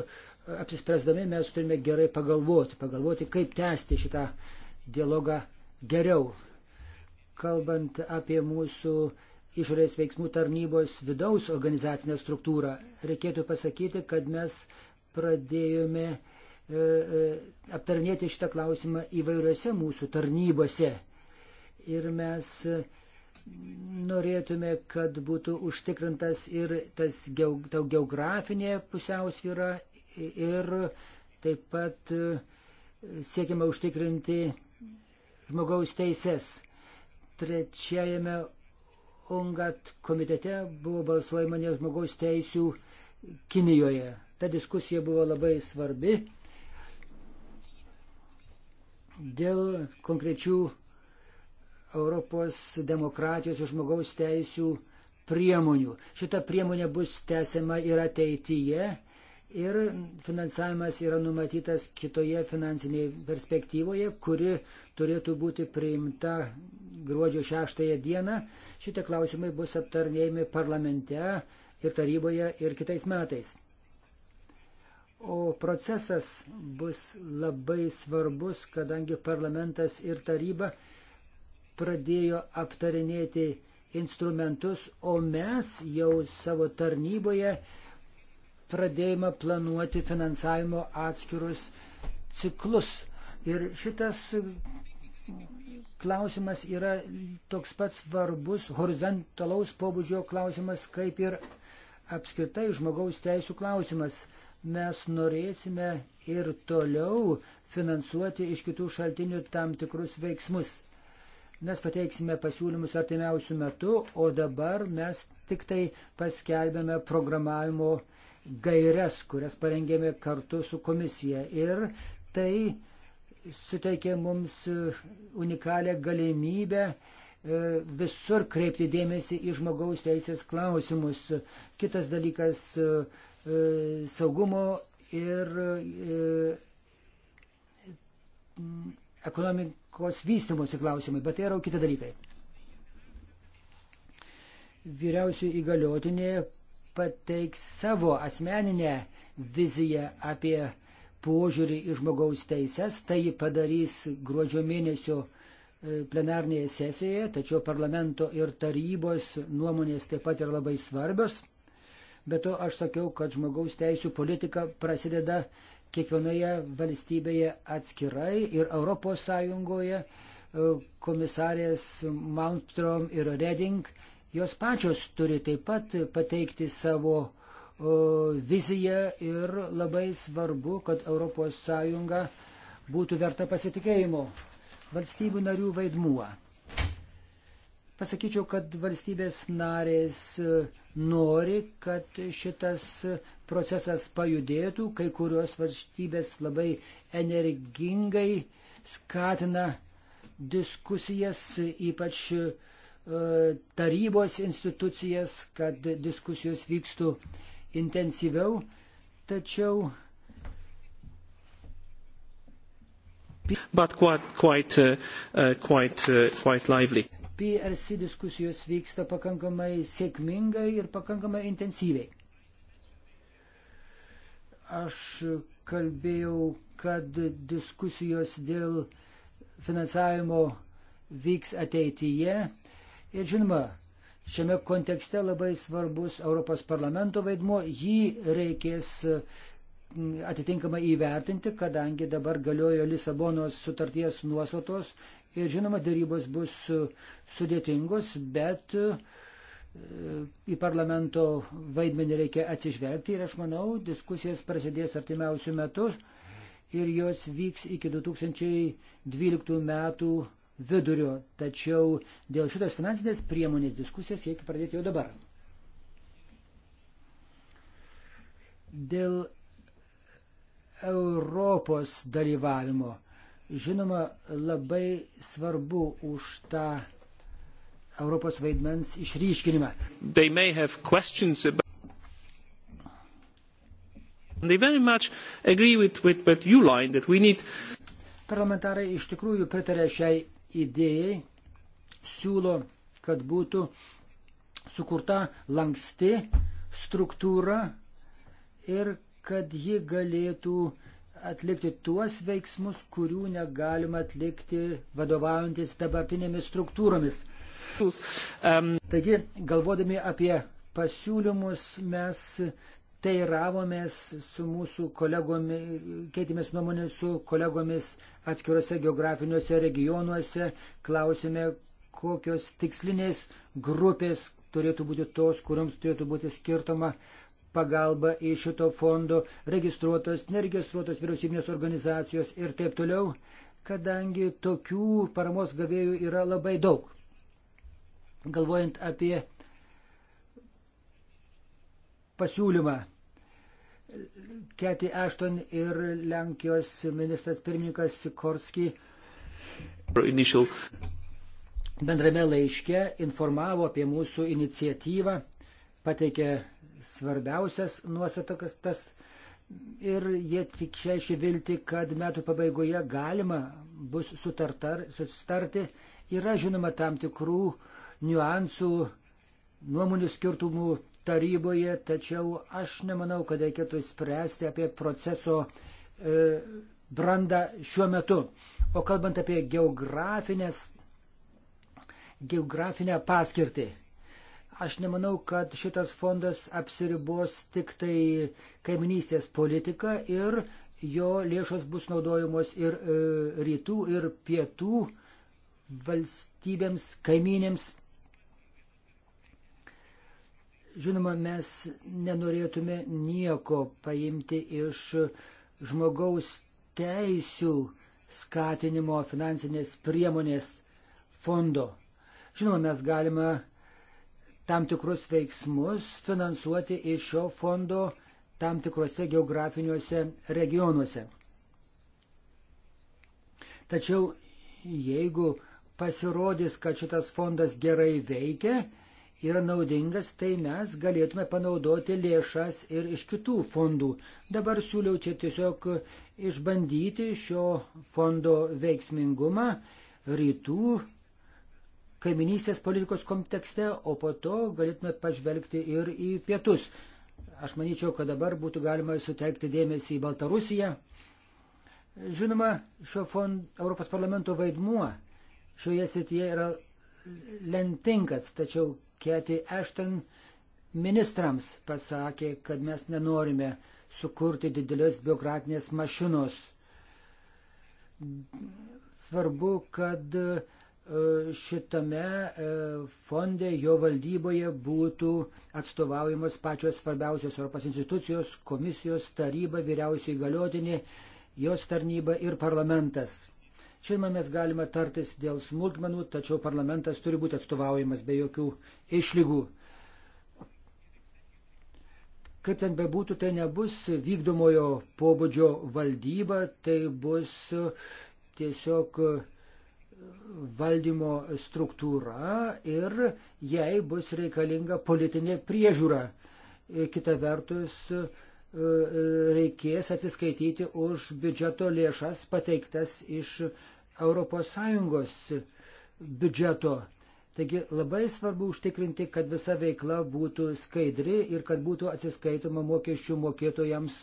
apsispręsdami mes turime gerai pagalvoti, pagalvoti, kaip tęsti šitą dialogą geriau. Kalbant apie mūsų išorės veiksmų tarnybos vidaus organizacinę struktūrą. Reikėtų pasakyti, kad mes pradėjome e, e, aptarnėti šitą klausimą įvairiose mūsų tarnybose. Ir mes norėtume, kad būtų užtikrintas ir tas geografinė pusiausvyra ir taip pat e, siekiama užtikrinti žmogaus teises. Trečiajame UNGAT komitete buvo balsuojama dėl žmogaus teisių Kinijoje. Ta diskusija buvo labai svarbi dėl konkrečių Europos demokratijos ir žmogaus teisių priemonių. Šita priemonė bus tęsiama ir ateityje ir finansavimas yra numatytas kitoje finansinėje perspektyvoje, kuri turėtų būti priimta gruodžio 6 dieną. Šitie klausimai bus aptarnėjami parlamente ir taryboje ir kitais metais. O procesas bus labai svarbus, kadangi parlamentas ir taryba pradėjo aptarinėti instrumentus, o mes jau savo tarnyboje pradėjome planuoti finansavimo atskirus ciklus. Ir šitas klausimas yra toks pats svarbus, horizontalaus pobūdžio klausimas, kaip ir apskritai žmogaus teisų klausimas. Mes norėsime ir toliau finansuoti iš kitų šaltinių tam tikrus veiksmus. Mes pateiksime pasiūlymus artimiausių metų, o dabar mes tik tai paskelbėme programavimo uh, gairias, kurias parengėme kartu su komisija. Ir tai suteikė mums unikalią galimybę e, visur kreipti dėmesį į žmogaus teisės klausimus. Kitas dalykas e, - e, saugumo ir ekonomikos vystimosi klausimai, bet tai yra kiti dalykai. Vyriausiai įgaliotinė pateiks savo asmeninę viziją apie požiūrį į žmogaus teises. Tai jį padarys gruodžio mėnesio e, plenarnėje sesijoje, tačiau parlamento ir tarybos nuomonės taip pat yra labai svarbios. Bet to aš sakiau, kad žmogaus teisų politika prasideda kiekvienoje valstybėje atskirai ir ES e, komisarės Malmstrom ir Reding Jos pačios turi taip pat pateikti savo viziją ir labai svarbu, kad ES būtų verta pasitikėjimo valstybių narių vaidmuo. Pasakyčiau, kad valstybės narės e, nori, kad šitas procesas pajudėtų, kai kurios valstybės labai energingai skatina diskusijas, ypač uh, E, tarybos institucijas, kad diskusijos vykstų intensyviau, tačiau. But quite, quite, uh, uh quite, uh, quite lively. PRC diskusijos vyksta pakankamai sėkmingai ir pakankamai intensyviai. Aš kalbėjau, kad diskusijos dėl finansavimo vyks ateityje, Ir žinoma, šiame kontekste labai svarbus Europos parlamento vaidmuo, jį reikės atitinkamai įvertinti, kadangi dabar galiojo Lisabonos sutarties nuostatos ir žinoma, dėrybos bus sudėtingos, bet e, į parlamento vaidmenį reikia atsižvelgti ir aš manau, diskusijas prasidės artimiausių metų ir jos vyks iki 2012 metų vidurio, tačiau dėl šitos finansinės priemonės diskusijas reikia pradėti jau dabar. Dėl Europos dalyvavimo. Žinoma, labai svarbu už tą Europos vaidmens išryškinimą. About... With, with, with need... Parlamentarai iš tikrųjų pritarė šiai idėjai siūlo, kad būtų sukurta lanksti struktūra ir kad ji galėtų atlikti tuos veiksmus, kurių negalima atlikti vadovaujantis dabartinėmis struktūromis. Um, Taigi, galvodami apie pasiūlymus, mes teiravomės su mūsų kolegomis, keitėmės nuomonės su kolegomis atskiruose geografiniuose regionuose, klausėme, kokios tikslinės grupės turėtų būti tos, kuriams turėtų būti skirtoma pagalba iš šito fondo, registruotos, neregistruotos vyriausybinės organizacijos ir taip toliau, kadangi tokių paramos gavėjų yra labai daug. Galvojant apie pasiūlymą Keti Ashton ir Lenkijos ministras pirmininkas Sikorski Initial. bendrame laiške informavo apie mūsų iniciatyvą, pateikė svarbiausias nuostatokas tas ir jie tik šešį vilti, kad metų pabaigoje galima bus sutartar, sutarti. Yra žinoma tam tikrų niuansų, nuomonių skirtumų taryboje, tačiau aš nemanau, kad reikėtų spręsti apie proceso e, brandą šiuo metu. O kalbant apie geografinės, geografinę paskirtį, aš nemanau, kad šitas fondas apsiribos tik tai kaiminystės politika ir jo lėšos bus naudojamos ir e, rytų, ir pietų valstybėms, kaiminėms Žinoma, mes nenorėtume nieko paimti iš žmogaus teisių skatinimo finansinės priemonės fondo. Žinoma, mes galime tam tikrus veiksmus finansuoti iš šio fondo tam tikrose geografiniuose regionuose. Tačiau jeigu pasirodys, kad šitas fondas gerai veikia, yra naudingas, tai mes galėtume panaudoti lėšas ir iš kitų fondų. Dabar siūliau čia tiesiog išbandyti šio fondo veiksmingumą rytų kaiminystės politikos kontekste, o po to galėtume pažvelgti ir į pietus. Aš manyčiau, kad dabar būtų galima sutelkti dėmesį į Baltarusiją. Žinoma, šio fond, Europos parlamento vaidmuo šioje srityje yra lentingas, tačiau Keti Ešton ministrams pasakė, kad mes nenorime sukurti didelės biurokratinės mašinos. Svarbu, kad e, šitame e, fonde, jo valdyboje būtų atstovaujamos pačios svarbiausios Europos institucijos, komisijos, taryba, vyriausiai galiotinė, jos tarnyba ir parlamentas. Žinoma, mes galime tartis dėl smulkmenų, tačiau parlamentas turi būti atstovaujamas be jokių išlygų. Kaip ten bebūtų, tai nebus vykdomojo pobūdžio valdyba, tai bus tiesiog valdymo struktūra ir jai bus reikalinga politinė priežiūra. Kita vertus, reikės atsiskaityti už biudžeto lėšas pateiktas iš ES biudžeto. Taigi labai svarbu užtikrinti, kad visa veikla būtų skaidri ir kad būtų atsiskaitoma mokesčių mokėtojams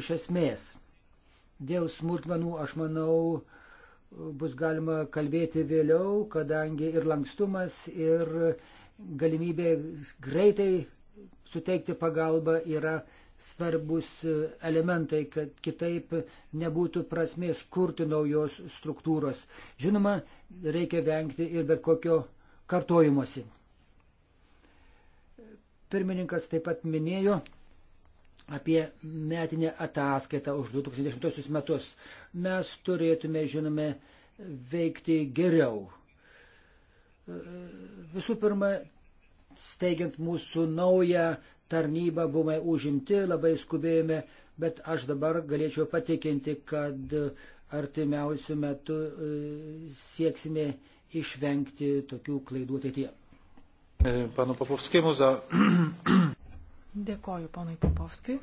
iš esmės. Dėl smulkmenų, aš manau, bus galima kalbėti vėliau, kadangi ir lankstumas, ir galimybė greitai suteikti pagalbą yra svarbus elementai, kad kitaip nebūtų prasmės kurti naujos struktūros. Žinoma, reikia vengti ir bet kokio kartojimuosi. Pirmininkas taip pat minėjo apie metinę ataskaitą už 2010 metus. Mes turėtume, žinome, veikti geriau. Visų pirma, steigiant mūsų naują tarnybą, buvome užimti, labai skubėjome, bet aš dabar galėčiau patikinti, kad e, artimiausių metų e, sieksime išvengti tokių klaidų ateityje. E, panu Papovskiemu za. Dėkoju ponui Papovskiui.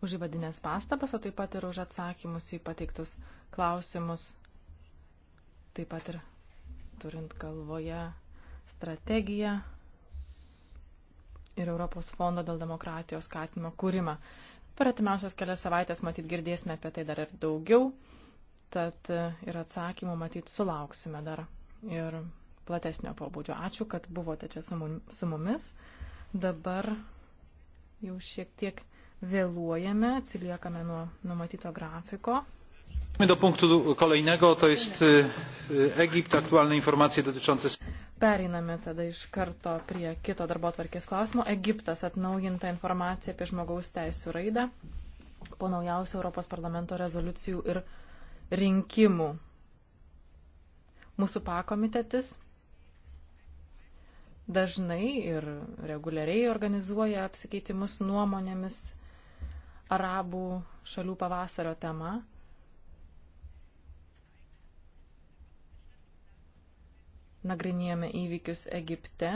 Už įvadinės pastabas, o taip pat ir už atsakymus į pateiktus klausimus. Taip pat ir turint galvoje strategiją ir Europos fondo dėl demokratijos skatinimo kūrimą. Per atimiausias kelias savaitės matyt girdėsime apie tai dar ir daugiau, tad e, ir atsakymų matyt sulauksime dar ir platesnio pobūdžio. Ačiū, kad buvote čia su mumis. Dabar jau šiek tiek vėluojame, atsiliekame nuo numatyto grafiko. Do punktu kolejnego to jest e, e, Egipt, aktualne informacje dotyczące. Pereiname tada iš karto prie kito darbo tvarkės klausimo. Egiptas atnaujinta informacija apie žmogaus teisų raidą po naujausio Europos parlamento rezoliucijų ir rinkimų. Mūsų pakomitetis dažnai ir reguliariai organizuoja apsikeitimus nuomonėmis arabų šalių pavasario tema. nagrinėjame įvykius Egipte.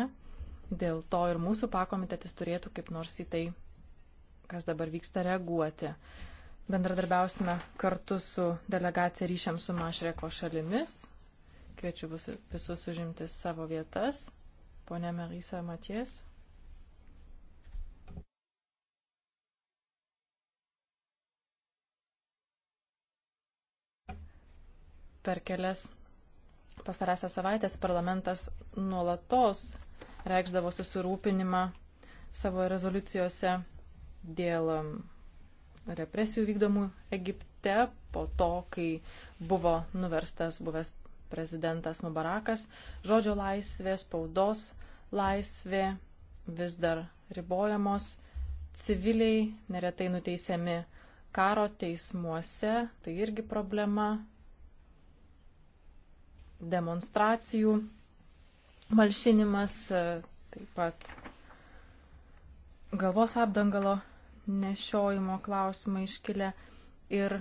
Dėl to ir mūsų pakomitetis turėtų kaip nors į tai, kas dabar vyksta, reaguoti. Bendradarbiausime kartu su delegacija ryšiam su Mašreko šalimis. Kviečiu visus užimti savo vietas. Pone Marisa Maties. Per kelias pastarąsias savaitės parlamentas nuolatos reikšdavo susirūpinimą savo rezoliucijose dėl um, represijų vykdomų Egipte po to, kai buvo nuverstas buvęs prezidentas Mubarakas. Žodžio laisvė, spaudos laisvė vis dar ribojamos, civiliai neretai nuteisiami karo teismuose, tai irgi problema, demonstracijų malšinimas, e, taip pat galvos apdangalo nešiojimo klausimai iškilę ir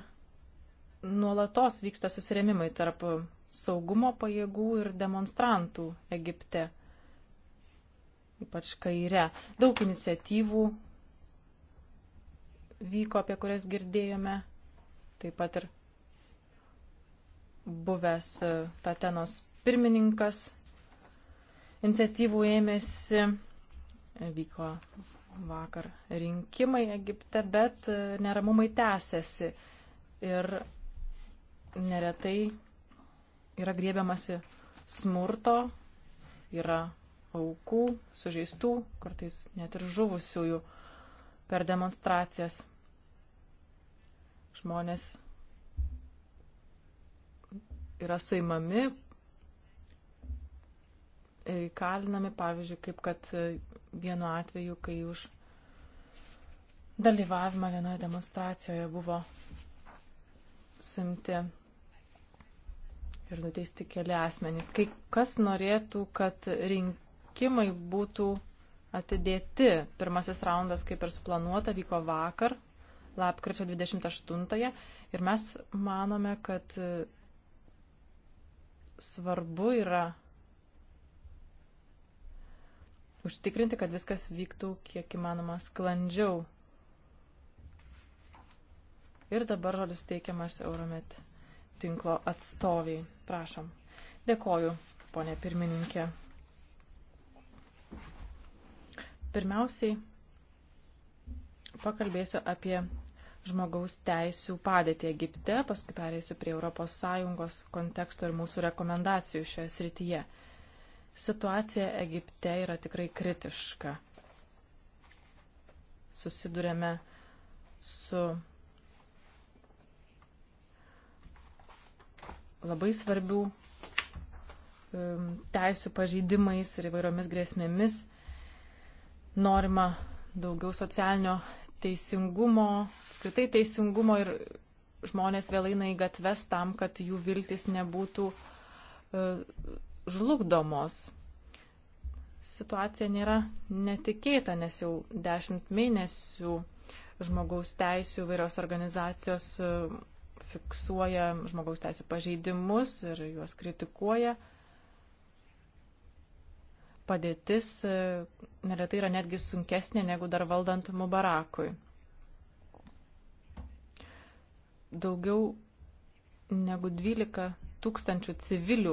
nuolatos vyksta susirėmimai tarp saugumo pajėgų ir demonstrantų Egipte, ypač kaire. Daug iniciatyvų vyko, apie kurias girdėjome, taip pat ir buvęs e, Tatenos pirmininkas iniciatyvų ėmėsi, e, vyko vakar rinkimai Egipte, bet e, neramumai tęsiasi ir neretai yra griebiamasi smurto, yra aukų, sužeistų, kartais net ir žuvusiųjų per demonstracijas. Žmonės yra suimami ir įkalinami, pavyzdžiui, kaip kad e, vienu atveju, kai už dalyvavimą vienoje demonstracijoje buvo suimti ir nuteisti keli asmenys. Kai kas norėtų, kad rinkimai būtų atidėti. Pirmasis raundas, kaip ir suplanuota, vyko vakar, lapkričio 28-ąją. Ir mes manome, kad e, svarbu yra užtikrinti, kad viskas vyktų kiek įmanoma sklandžiau. Ir dabar žodis teikiamas Euromet tinklo atstoviai. Prašom. Dėkoju, ponė pirmininkė. Pirmiausiai pakalbėsiu apie žmogaus teisų padėtį Egipte, paskui pereisiu prie ES konteksto ir mūsų rekomendacijų šioje srityje. Situacija Egipte yra tikrai kritiška. Susidurėme su labai svarbių um, teisų pažeidimais ir įvairiomis grėsmėmis. Norima daugiau socialinio teisingumo, apskritai teisingumo ir žmonės vėl eina į gatves tam, kad jų viltis nebūtų e, žlugdomos. Situacija nėra netikėta, nes jau dešimt mėnesių žmogaus teisų vairios organizacijos e, fiksuoja žmogaus teisų pažeidimus ir juos kritikuoja. Padėtis e, neretai yra netgi sunkesnė negu dar valdant Mubarakui daugiau negu 12 tūkstančių civilių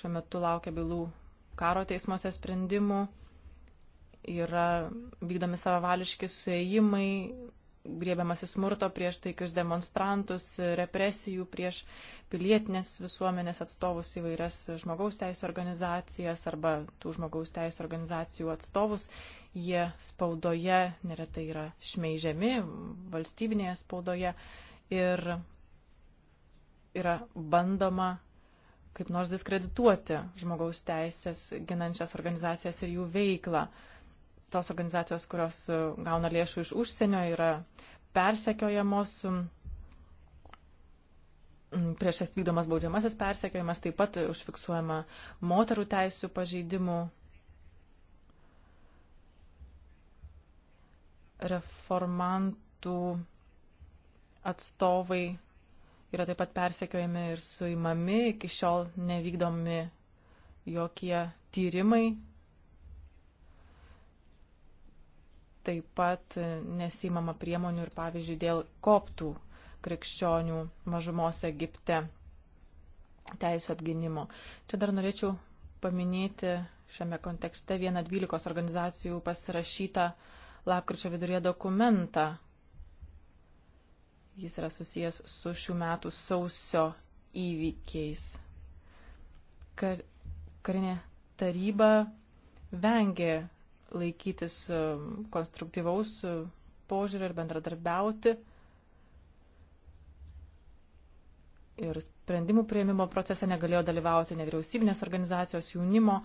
šiuo metu laukia bylų karo teismuose sprendimų, yra vykdomi savavališki suėjimai, griebiamasi smurto prieš taikius demonstrantus, represijų prieš pilietinės visuomenės atstovus įvairias žmogaus teisų organizacijas arba tų žmogaus teisų organizacijų atstovus. Jie spaudoje neretai yra šmeižiami, valstybinėje spaudoje ir yra bandoma kaip nors diskredituoti žmogaus teisės ginančias organizacijas ir jų veiklą. Tos organizacijos, kurios e, gauna lėšų iš užsienio, yra persekiojamos, prieš jas vykdomas baudžiamasis persekiojimas, taip pat užfiksuojama moterų teisų pažeidimų. Reformantų atstovai yra taip pat persekiojami ir suimami, iki šiol nevykdomi jokie tyrimai. Taip pat nesimama priemonių ir pavyzdžiui dėl koptų krikščionių mažumos Egipte teisų apginimo. Čia dar norėčiau paminėti šiame kontekste vieną 12 organizacijų pasirašytą lapkričio viduryje dokumentą, Jis yra susijęs su šių metų sausio įvykiais. Kar, karinė taryba vengė laikytis um, konstruktyvaus um, požiūrį ir bendradarbiauti. ir sprendimų prieimimo procese negalėjo dalyvauti nevyriausybinės organizacijos, jaunimo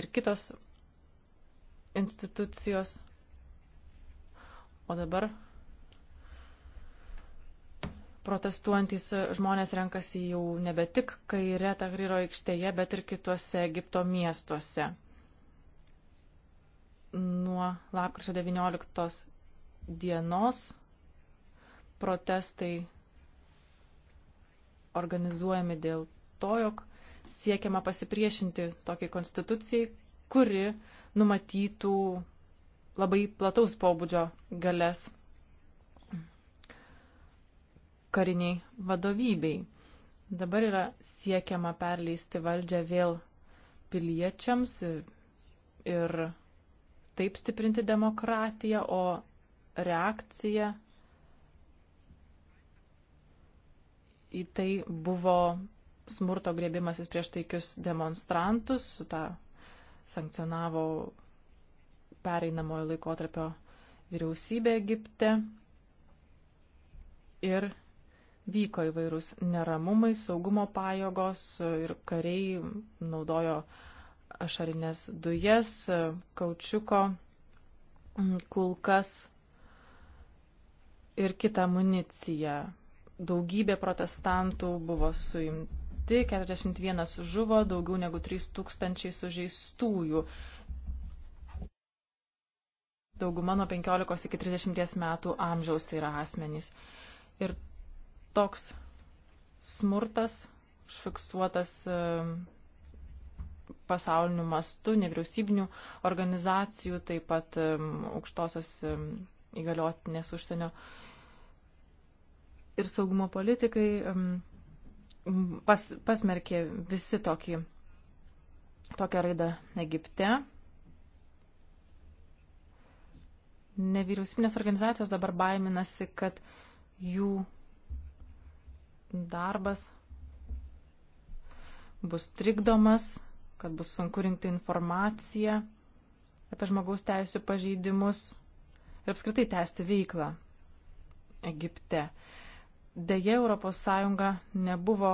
ir kitos institucijos. O dabar protestuojantys žmonės renkasi jau nebe tik kairė Tahryro aikštėje, bet ir kituose Egipto miestuose. Nuo lapkričio 19 dienos protestai organizuojami dėl to, jog siekiama pasipriešinti tokiai konstitucijai, kuri numatytų labai plataus pobūdžio galės kariniai vadovybei. Dabar yra siekiama perleisti valdžią vėl piliečiams ir taip stiprinti demokratiją, o reakcija į tai buvo smurto grėbimasis prieš taikius demonstrantus, tą sankcionavo pereinamojo laikotarpio vyriausybė Egipte ir vyko įvairūs neramumai, saugumo pajėgos ir kariai naudojo ašarinės dujas, kaučiuko, kulkas ir kitą municiją. Daugybė protestantų buvo suimti, 41 žuvo, daugiau negu 3000 sužeistųjų. Dauguma nuo 15 iki 30 metų amžiaus tai yra asmenys. Ir toks smurtas užfiksuotas e, pasauliniu mastu, nevyriausybinių organizacijų, taip pat e, aukštosios e, įgaliotinės užsienio ir saugumo politikai pas, pasmerkė visi tokį, tokią raidą Egipte. Nevyriausybinės organizacijos dabar baiminasi, kad jų darbas bus trikdomas, kad bus sunku rinkti informaciją apie žmogaus teisų pažeidimus ir apskritai tęsti veiklą Egipte. Deja, ES nebuvo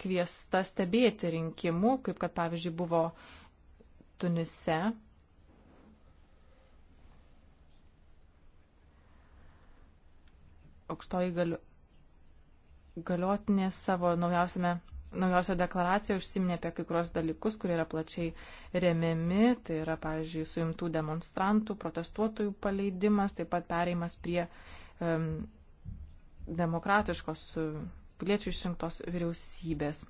kviesta stebėti rinkimų, kaip kad pavyzdžiui buvo Tunise. Aukštoji galiu galiotinė savo naujausiame, naujausio deklaracijoje užsiminė apie kai kurios dalykus, kurie yra plačiai remiami. Tai yra, pavyzdžiui, suimtų demonstrantų, protestuotojų paleidimas, taip pat pereimas prie um, demokratiškos piliečių išrinktos vyriausybės.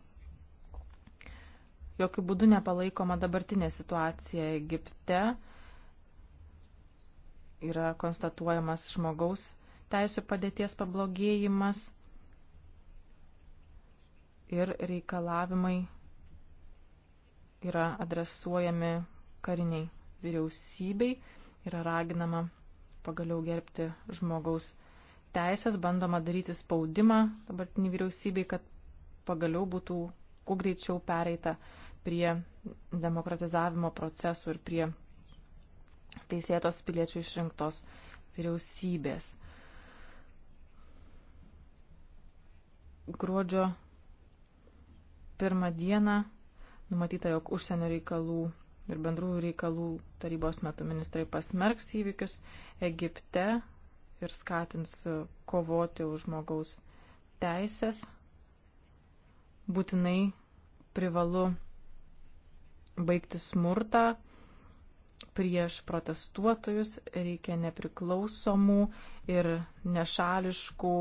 Jokių būdų nepalaikoma dabartinė situacija Egipte. Yra konstatuojamas žmogaus teisų padėties pablogėjimas ir reikalavimai yra adresuojami kariniai vyriausybei, yra raginama pagaliau gerbti žmogaus teisės, bandoma daryti spaudimą dabartinį vyriausybei, kad pagaliau būtų kuo greičiau pereita prie demokratizavimo procesų ir prie teisėtos piliečių išrinktos vyriausybės. Gruodžio pirmą dieną numatyta, jog užsienio reikalų ir bendrųjų reikalų tarybos metu ministrai pasmerks įvykius Egipte ir skatins kovoti už žmogaus teisės. Būtinai privalu baigti smurtą prieš protestuotojus, reikia nepriklausomų ir nešališkų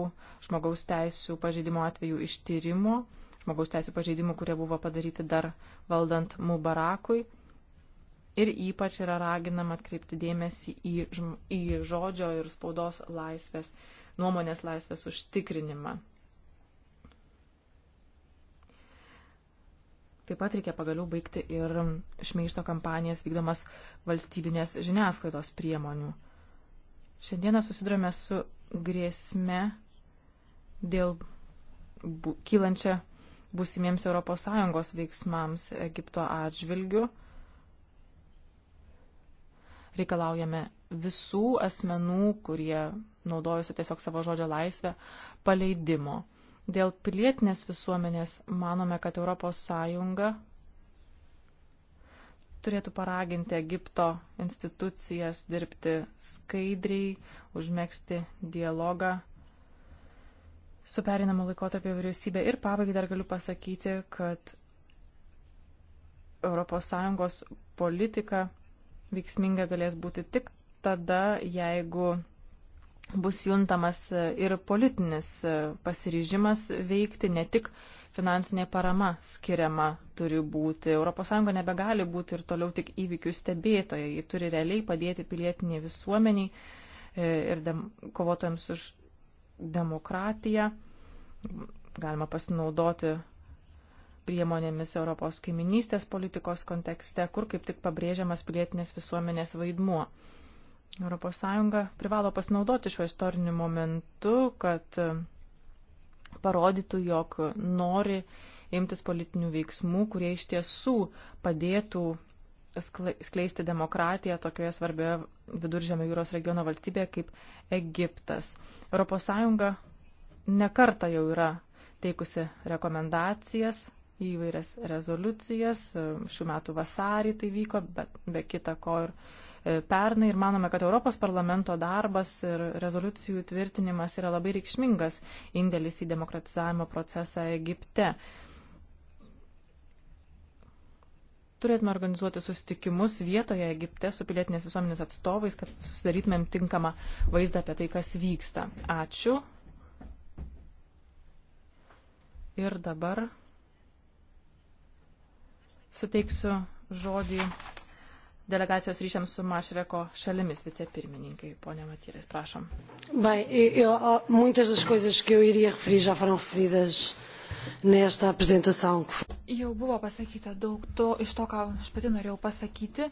žmogaus teisų pažeidimo atvejų ištyrimo žmogaus teisų pažeidimų, kurie buvo padaryti dar valdant Mubarakui. Ir ypač yra raginama atkreipti dėmesį į, į žodžio ir spaudos laisvės, nuomonės laisvės užtikrinimą. Taip pat reikia pagaliau baigti ir šmeišto kampanijas vykdomas valstybinės žiniasklaidos priemonių. Šiandieną susidurime su grėsme dėl kylančia būsimiems ES veiksmams Egipto atžvilgiu. Reikalaujame visų asmenų, kurie naudojasi tiesiog savo žodžio laisvę, paleidimo. Dėl pilietinės visuomenės manome, kad ES turėtų paraginti Egipto institucijas dirbti skaidriai, užmėgsti dialogą su perinamo laikotarpio vyriausybė. Ir pabaigai dar galiu pasakyti, kad ES politika veiksminga galės būti tik tada, jeigu bus juntamas ir politinis pasiryžimas veikti, ne tik finansinė parama skiriama turi būti. ES nebegali būti ir toliau tik įvykių stebėtoja, ji turi realiai padėti pilietiniai visuomeniai e, ir dem, kovotojams už demokratiją, galima pasinaudoti priemonėmis Europos kaiminystės politikos kontekste, kur kaip tik pabrėžiamas pilietinės visuomenės vaidmuo. ES privalo pasinaudoti šiuo istoriniu momentu, kad e, parodytų, jog nori imtis politinių veiksmų, kurie iš tiesų padėtų skleisti demokratiją tokioje svarbioje viduržėmio jūros regiono valstybėje kaip Egiptas. ES nekarta jau yra teikusi rekomendacijas į įvairias rezoliucijas. Šių metų vasarį tai vyko, bet be kita ko ir e, pernai. Ir manome, kad Europos parlamento darbas ir rezoliucijų tvirtinimas yra labai reikšmingas indėlis į demokratizavimo procesą Egipte. Turėtume organizuoti susitikimus vietoje Egipte su pilietinės visuomenės atstovais, kad susidarytumėm tinkamą vaizdą apie tai, kas vyksta. Ačiū. Ir dabar suteiksiu žodį delegacijos ryšiams su Mašreko šalimis vicepirmininkai. Pone Matyrės, prašom. Bem, eu, muitas das coisas que eu iria referir já foram referidas uh, nesta apresentação. Jau buvo pasakyta daug to, iš to, ką aš pati norėjau pasakyti.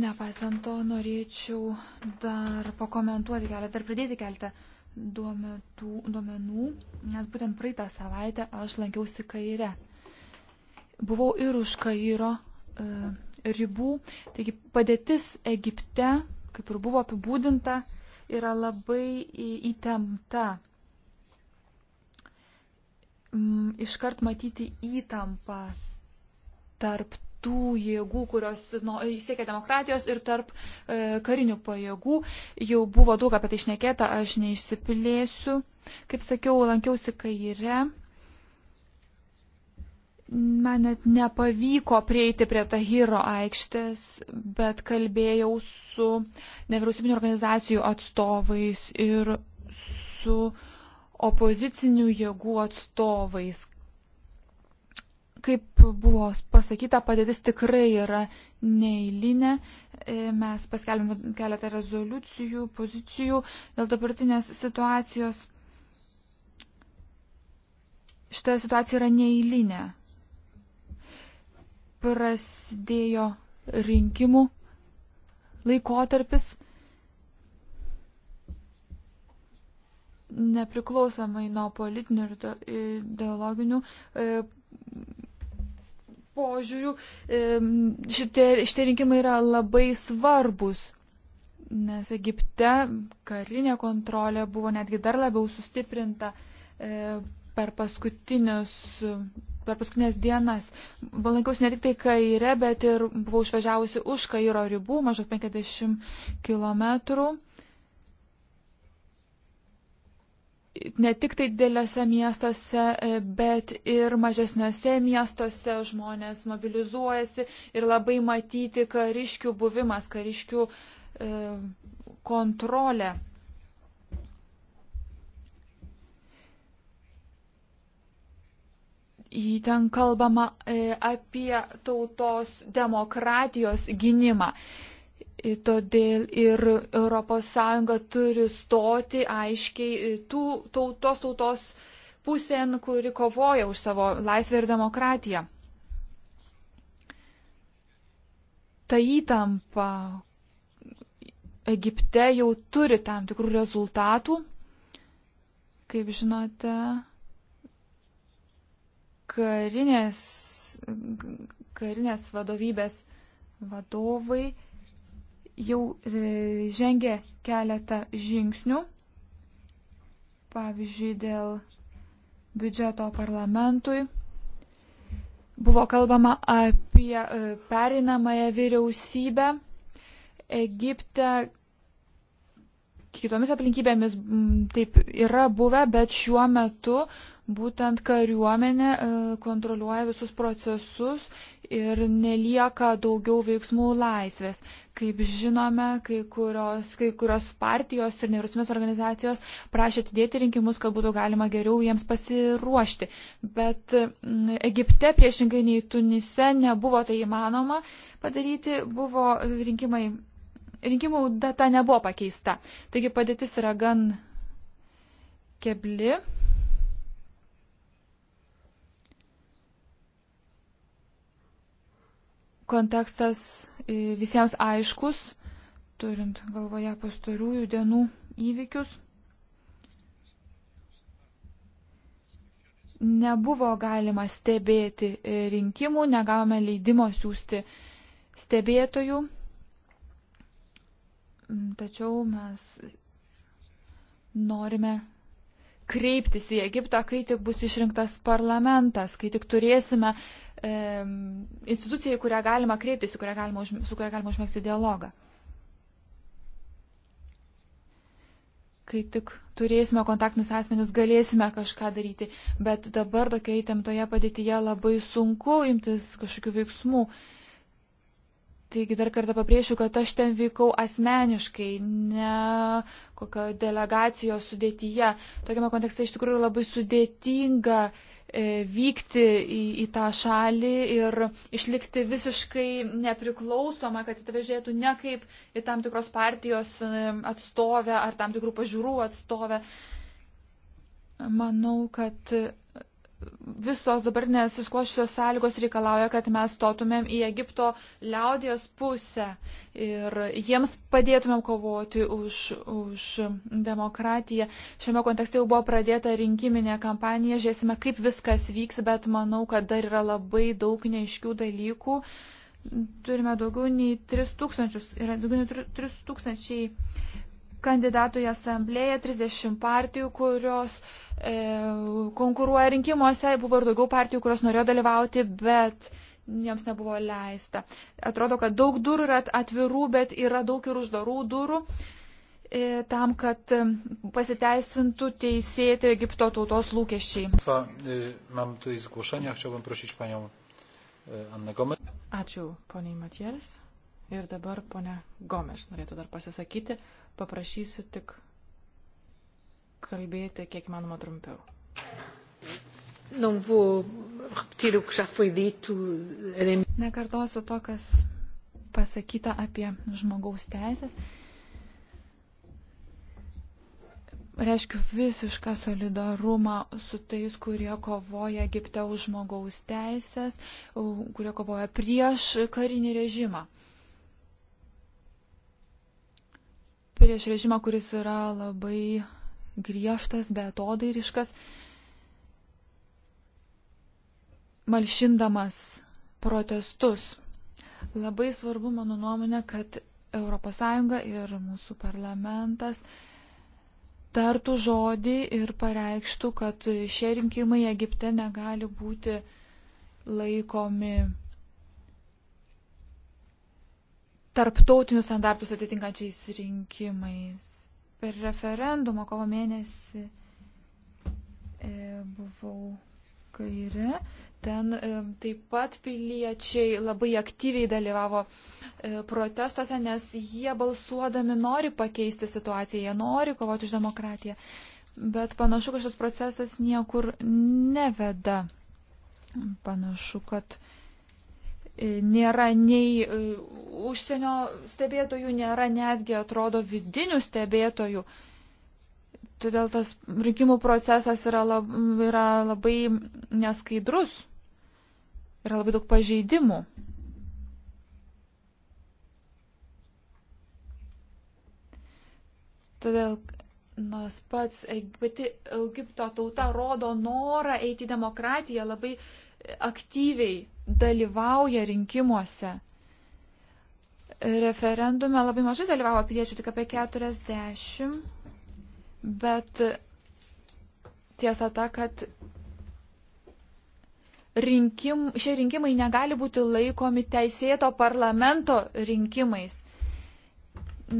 Nepaisant to, norėčiau dar pakomentuoti keletą, dar pridėti keletą duometų, duomenų, nes būtent praeitą savaitę aš lankiausi kaire. Buvau ir už kairo e, ribų, taigi padėtis Egipte, kaip ir buvo apibūdinta, yra labai įtempta mm, iškart matyti įtampą tarp tų jėgų, kurios nu, siekia demokratijos ir tarp e, karinių pajėgų. Jau buvo daug apie tai išnekėta, aš neišsiplėsiu. Kaip sakiau, lankiausi kaire. Man net nepavyko prieiti prie Tahiro aikštės, bet kalbėjau su nevyriausybinio organizacijų atstovais ir su opozicinių jėgų atstovais. Kaip buvo pasakyta, padėtis tikrai yra neįlinė. E, mes paskelbėme keletą rezoliucijų, pozicijų dėl dabartinės situacijos. Šita situacija yra neįlinė. Prasidėjo rinkimų laikotarpis nepriklausomai nuo politinių ir ideologinių e, požiūrių. E, šitie, šitie rinkimai yra labai svarbus, nes Egipte karinė kontrolė buvo netgi dar labiau sustiprinta e, per, per paskutinės dienas. Lankiausi ne tik tai kaire, bet ir buvau išvažiavusi už kairo ribų, maždaug 50 km. ne tik tai dideliuose miestuose, e, bet ir mažesniuose miestuose žmonės mobilizuojasi ir labai matyti kariškių buvimas, kariškių e, kontrolę. Ten kalbama e, apie tautos demokratijos gynimą. Todėl ir ES turi stoti aiškiai tų, tautos tautos pusėn, kuri kovoja už savo laisvę ir demokratiją. Ta įtampa Egipte jau turi tam tikrų rezultatų. Kaip žinote, karinės, karinės vadovybės vadovai jau e, žengė keletą žingsnių, pavyzdžiui, dėl biudžeto parlamentui. Buvo kalbama apie e, perinamąją vyriausybę Egipte kitomis aplinkybėmis taip yra buvę, bet šiuo metu būtent kariuomenė e, kontroliuoja visus procesus ir nelieka daugiau veiksmų laisvės. Kaip žinome, kai kurios, kai kurios partijos ir nevyriausybės organizacijos prašė atidėti rinkimus, kad būtų galima geriau jiems pasiruošti. Bet Egipte priešingai nei Tunise nebuvo tai įmanoma padaryti, buvo rinkimai rinkimų data nebuvo pakeista. Taigi padėtis yra gan kebli. Kontekstas e, visiems aiškus, turint galvoje pastarųjų dienų įvykius. Nebuvo galima stebėti e, rinkimų, negavome leidimo siūsti stebėtojų. Mm, tačiau mes norime kreiptis į Egiptą, kai tik bus išrinktas parlamentas, kai tik turėsime e, instituciją, į kurią galima kreiptis, su kuria galima, už, su kuria galima užmėgti dialogą. Kai tik turėsime kontaktinius asmenius, galėsime kažką daryti, bet dabar tokioje įtemptoje padėtyje labai sunku imtis kažkokių veiksmų. E, Taigi dar kartą pabrėšiu, kad aš ten vykau asmeniškai, ne kokio delegacijos sudėtyje. Tokiame kontekste iš tikrųjų labai sudėtinga e, vykti į, į tą šalį ir išlikti visiškai nepriklausoma, kad į tave žiūrėtų ne kaip į tam tikros partijos e, atstovę ar tam tikrų pažiūrų atstovę. Manau, kad visos dabartinės išklošusios sąlygos reikalauja, kad mes stotumėm į Egipto liaudijos pusę ir jiems padėtumėm kovoti už, už demokratiją. Šiame kontekste jau buvo pradėta rinkiminė kampanija, žiūrėsime, kaip viskas vyks, bet manau, kad dar yra labai daug neiškių dalykų. Turime daugiau nei 3000, yra daugiau nei 3000 kandidatų į asamblėją, 30 partijų, kurios e, konkuruoja rinkimuose, buvo ir daugiau partijų, kurios norėjo dalyvauti, bet jiems nebuvo leista. Atrodo, kad daug durų yra atvirų, bet yra daug ir uždarų durų e, tam, kad e, pasiteisintų teisėti Egipto tautos lūkesčiai. E, e, Ačiū, poniai Matielis. Ir dabar ponia Gomes norėtų dar pasisakyti paprašysiu tik kalbėti kiek manoma trumpiau. Nekartosiu to, kas pasakyta apie žmogaus teisės. Reiškiu visišką solidarumą su tais, kurie kovoja Egipte už žmogaus teisės, kurie kovoja prieš karinį režimą. prieš režimą, kuris yra labai griežtas, betodairiškas, malšindamas protestus. Labai svarbu, mano nuomonė, kad ES ir mūsų parlamentas tartų žodį ir pareikštų, kad šie rinkimai Egipte negali būti laikomi tarptautinius standartus atitinkančiais rinkimais. Per referendumą kovo mėnesį e, buvau kaire. Ten e, taip pat piliečiai labai aktyviai dalyvavo e, protestuose, nes jie balsuodami nori pakeisti situaciją, jie nori kovoti už demokratiją. Bet panašu, kad šis procesas niekur neveda. Panašu, kad e, E, nėra nei e, užsienio stebėtojų, nėra netgi atrodo vidinių stebėtojų. Todėl tas rinkimų procesas yra, lab, yra labai neskaidrus, yra labai daug pažeidimų. Todėl nors pats e, pati Egipto tauta rodo norą eiti į demokratiją labai aktyviai dalyvauja rinkimuose. Referendume labai mažai dalyvavo piliečių, tik apie 40, bet tiesa ta, kad rinkim, šie rinkimai negali būti laikomi teisėto parlamento rinkimais.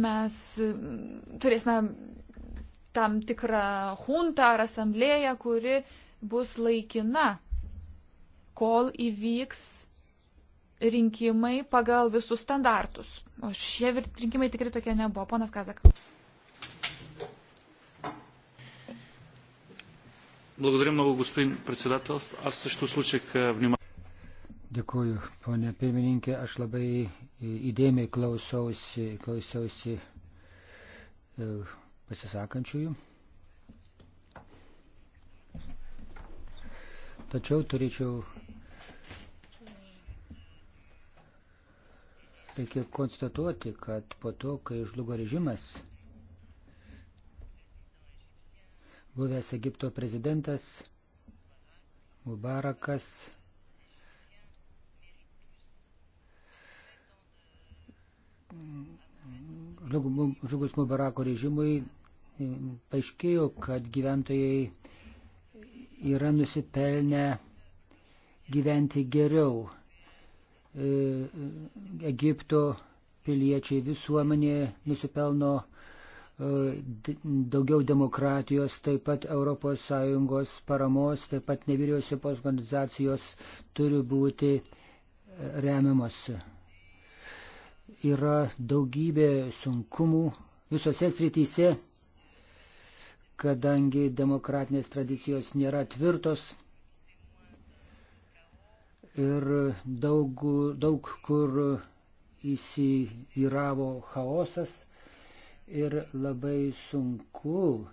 Mes mm, turėsime tam tikrą huntą ar asamblėją, kuri bus laikina kol įvyks rinkimai pagal visus standartus. O šie rinkimai tikrai tokie nebuvo. Ponas Kazak. Благодаря много, господин председател. Аз също слушах внимание. Dėkuoju, ponė pirmininkė, aš labai įdėmiai klausiausi, klausiausi pasisakančiųjų. Tačiau turėčiau Reikia konstatuoti, kad po to, kai žlugo režimas, buvęs Egipto prezidentas Mubarakas žlugus Mubarako režimui e, paaiškėjo, kad gyventojai yra nusipelnę gyventi geriau E, Egipto piliečiai visuomenė nusipelno e, daugiau demokratijos, taip pat ES paramos, taip pat nevyriausybos organizacijos turi būti e, remiamos. Yra daugybė sunkumų visose srityse, kadangi demokratinės tradicijos nėra tvirtos ir daug, daug kur įsivyravo chaosas ir labai sunku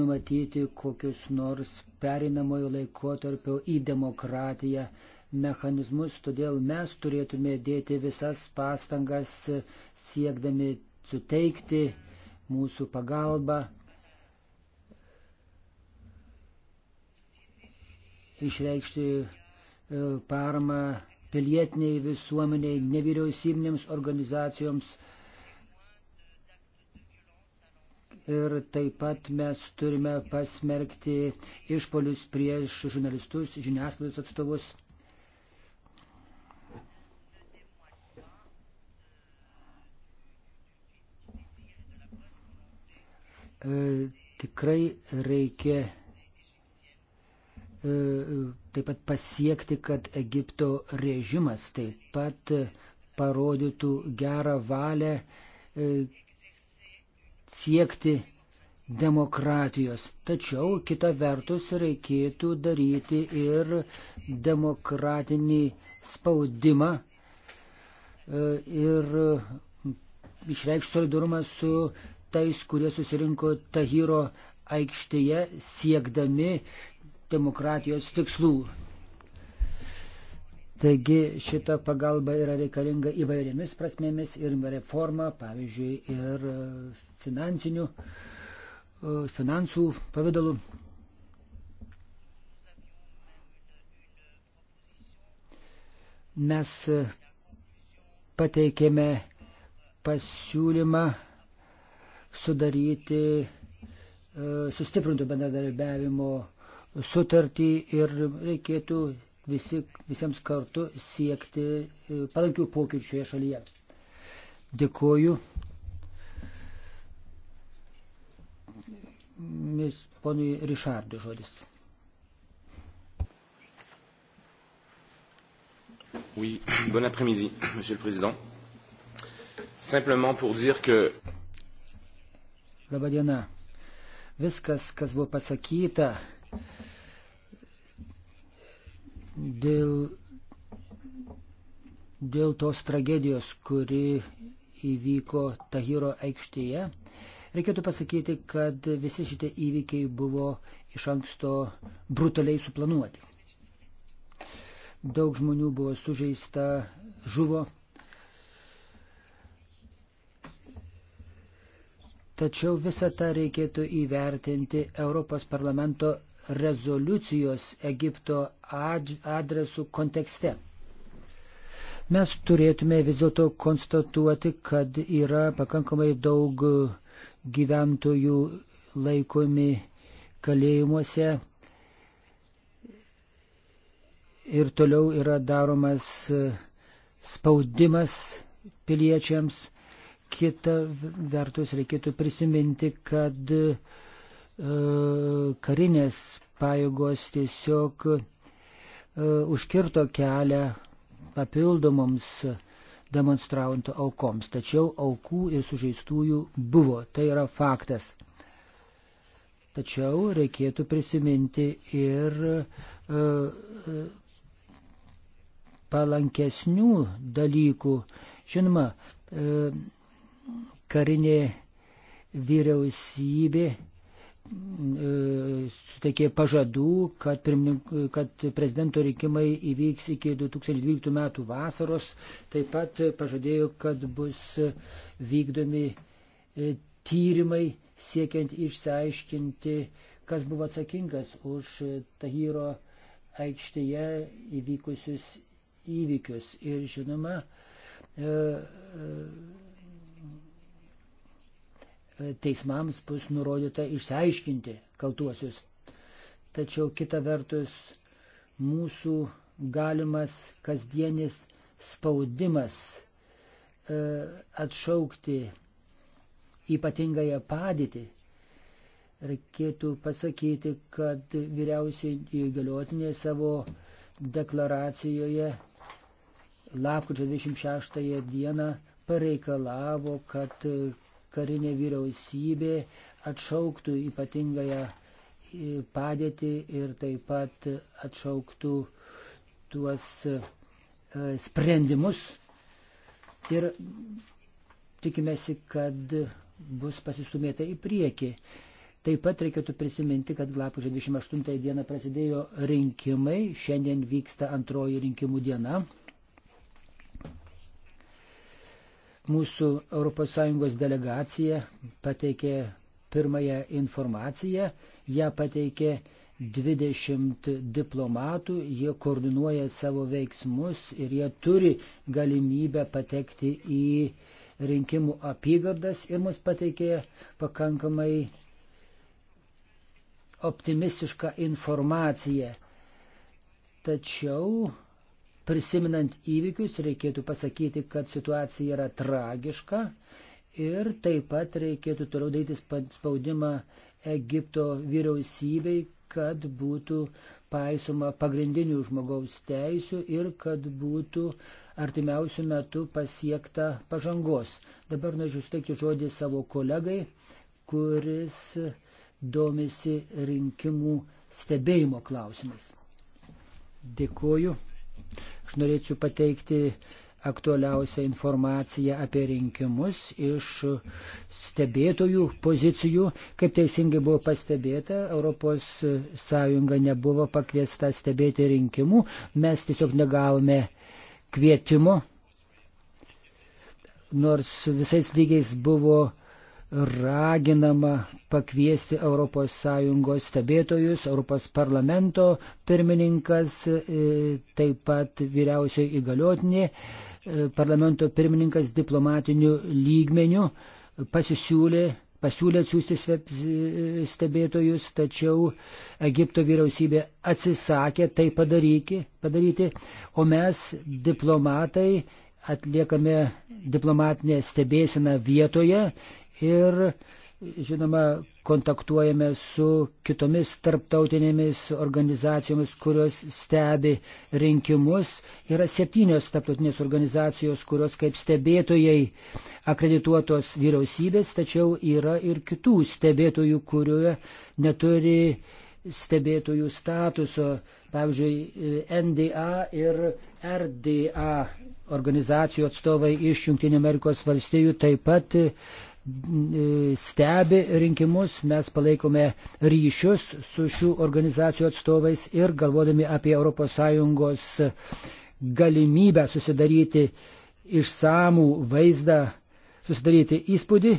numatyti kokius nors perinamojo laikotarpio į demokratiją mechanizmus, todėl mes turėtume dėti visas pastangas siekdami suteikti mūsų pagalbą, išreikšti E, paramą pilietiniai visuomeniai, nevyriausybinėms organizacijoms. Ir taip pat mes turime pasmerkti išpolius prieš žurnalistus, žiniasklaidos atstovus. E, tikrai reikia E, taip pat pasiekti, kad Egipto režimas taip pat parodytų gerą valią e, siekti demokratijos. Tačiau kita vertus reikėtų daryti ir demokratinį spaudimą e, ir išreikšti solidarumą su tais, kurie susirinko Tahiro aikštėje siekdami demokratijos tikslų. Taigi šita pagalba yra reikalinga įvairiomis prasmėmis ir reforma, pavyzdžiui, ir e, finansinių, e, finansų pavydalu. Mes e, pateikėme pasiūlymą sudaryti sustiprintų bendradarbiavimo sutartį ir reikėtų visi, visiems kartu siekti e, palankių pokyčių šioje šalyje. Dėkoju. Mis ponui Rišardui žodis. Oui, bon après-midi, Monsieur le Président. Simplement pour dire que. Labadiena. Viskas, kas buvo pasakyta, dėl, dėl tos tragedijos, kuri įvyko Tahiro aikštėje. Reikėtų pasakyti, kad visi šitie įvykiai buvo iš anksto brutaliai suplanuoti. Daug žmonių buvo sužeista, žuvo. Tačiau visą tą reikėtų įvertinti Europos parlamento rezoliucijos Egipto adresų kontekste. Mes turėtume vis dėlto konstatuoti, kad yra pakankamai daug gyventojų laikomi kalėjimuose ir toliau yra daromas spaudimas piliečiams. Kita vertus reikėtų prisiminti, kad uh, E, karinės pajėgos tiesiog e, užkirto kelią papildomoms demonstrantų aukoms. Tačiau aukų ir sužeistųjų buvo, tai yra faktas. Tačiau reikėtų prisiminti ir e, palankesnių dalykų. Žinoma, karinė vyriausybė E, suteikė pažadų, kad, pirmink, kad prezidento rinkimai įvyks iki 2012 metų vasaros. Taip pat pažadėjo, kad bus vykdomi e, tyrimai siekiant išsiaiškinti, kas buvo atsakingas už Tahyro aikštėje įvykusius įvykius. Ir žinoma, e, teismams bus nurodyta išsiaiškinti kaltuosius. Tačiau kita vertus mūsų galimas kasdienis spaudimas e, atšaukti ypatingąją padėtį. Reikėtų pasakyti, kad vyriausiai įgaliotinė savo deklaracijoje lapkričio 26 dieną pareikalavo, kad karinė vyriausybė atšauktų ypatingąją e, padėtį ir taip pat atšauktų tuos e, sprendimus. Ir tikimėsi, kad bus pasistumėta į priekį. Taip pat reikėtų prisiminti, kad lapkričio 28 dieną prasidėjo rinkimai, šiandien vyksta antroji rinkimų diena. mūsų ES delegacija pateikė pirmąją informaciją, ją pateikė 20 diplomatų, jie koordinuoja savo veiksmus ir jie turi galimybę patekti į rinkimų apygardas ir mus pateikė pakankamai optimistišką informaciją. Tačiau Prisiminant įvykius, reikėtų pasakyti, kad situacija yra tragiška ir taip pat reikėtų toliau daryti spaudimą Egipto vyriausybei, kad būtų paisoma pagrindinių žmogaus teisių ir kad būtų artimiausių metų pasiekta pažangos. Dabar norėčiau suteikti žodį savo kolegai, kuris domisi rinkimų stebėjimo klausimais. Dėkuoju. Aš norėčiau pateikti aktualiausią informaciją apie rinkimus iš stebėtojų pozicijų. Kaip teisingai buvo pastebėta, ES nebuvo pakviesta stebėti rinkimų, mes tiesiog negavome kvietimo, nors visais lygiais buvo raginama pakviesti ES stebėtojus, ES parlamento pirmininkas, e, taip pat vyriausiai įgaliotinė, e, parlamento pirmininkas diplomatiniu lygmeniu pasisiūlė, pasiūlė atsiųsti stebėtojus, tačiau Egipto vyriausybė atsisakė tai padaryti, padaryti o mes diplomatai atliekame diplomatinę stebėsiną vietoje ir žinoma, kontaktuojame su kitomis tarptautinėmis organizacijomis, kurios stebi rinkimus. Yra septynios tarptautinės organizacijos, kurios kaip stebėtojai akredituotos vyriausybės, tačiau yra ir kitų stebėtojų, kurioje neturi stebėtojų statuso. Pavyzdžiui, NDA ir RDA organizacijų atstovai iš Junktinė Amerikos valstijų taip pat stebi rinkimus, mes palaikome ryšius su šių organizacijų atstovais ir galvodami apie ES galimybę susidaryti išsamų vaizdą, susidaryti įspūdį,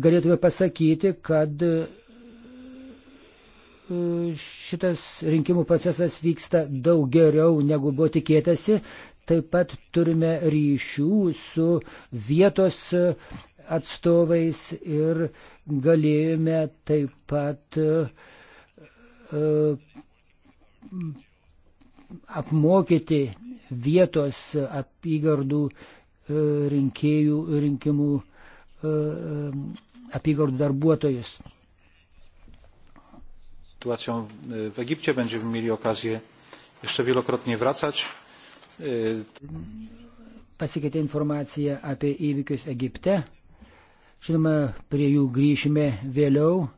galėtume pasakyti, kad e, šitas rinkimų procesas vyksta daug geriau negu buvo tikėtasi, Taip pat turime ryšių su vietos atstovais ir galėjome taip pat e, apmokyti vietos apygardų e, rinkėjų rinkimų e, apygardų darbuotojus. Sytuacją w Egipcie będziemy mieli okazję jeszcze wielokrotnie wracać. Pasikeitė informacija apie įvykius Egipte. Žinoma, prie jų grįšime vėliau.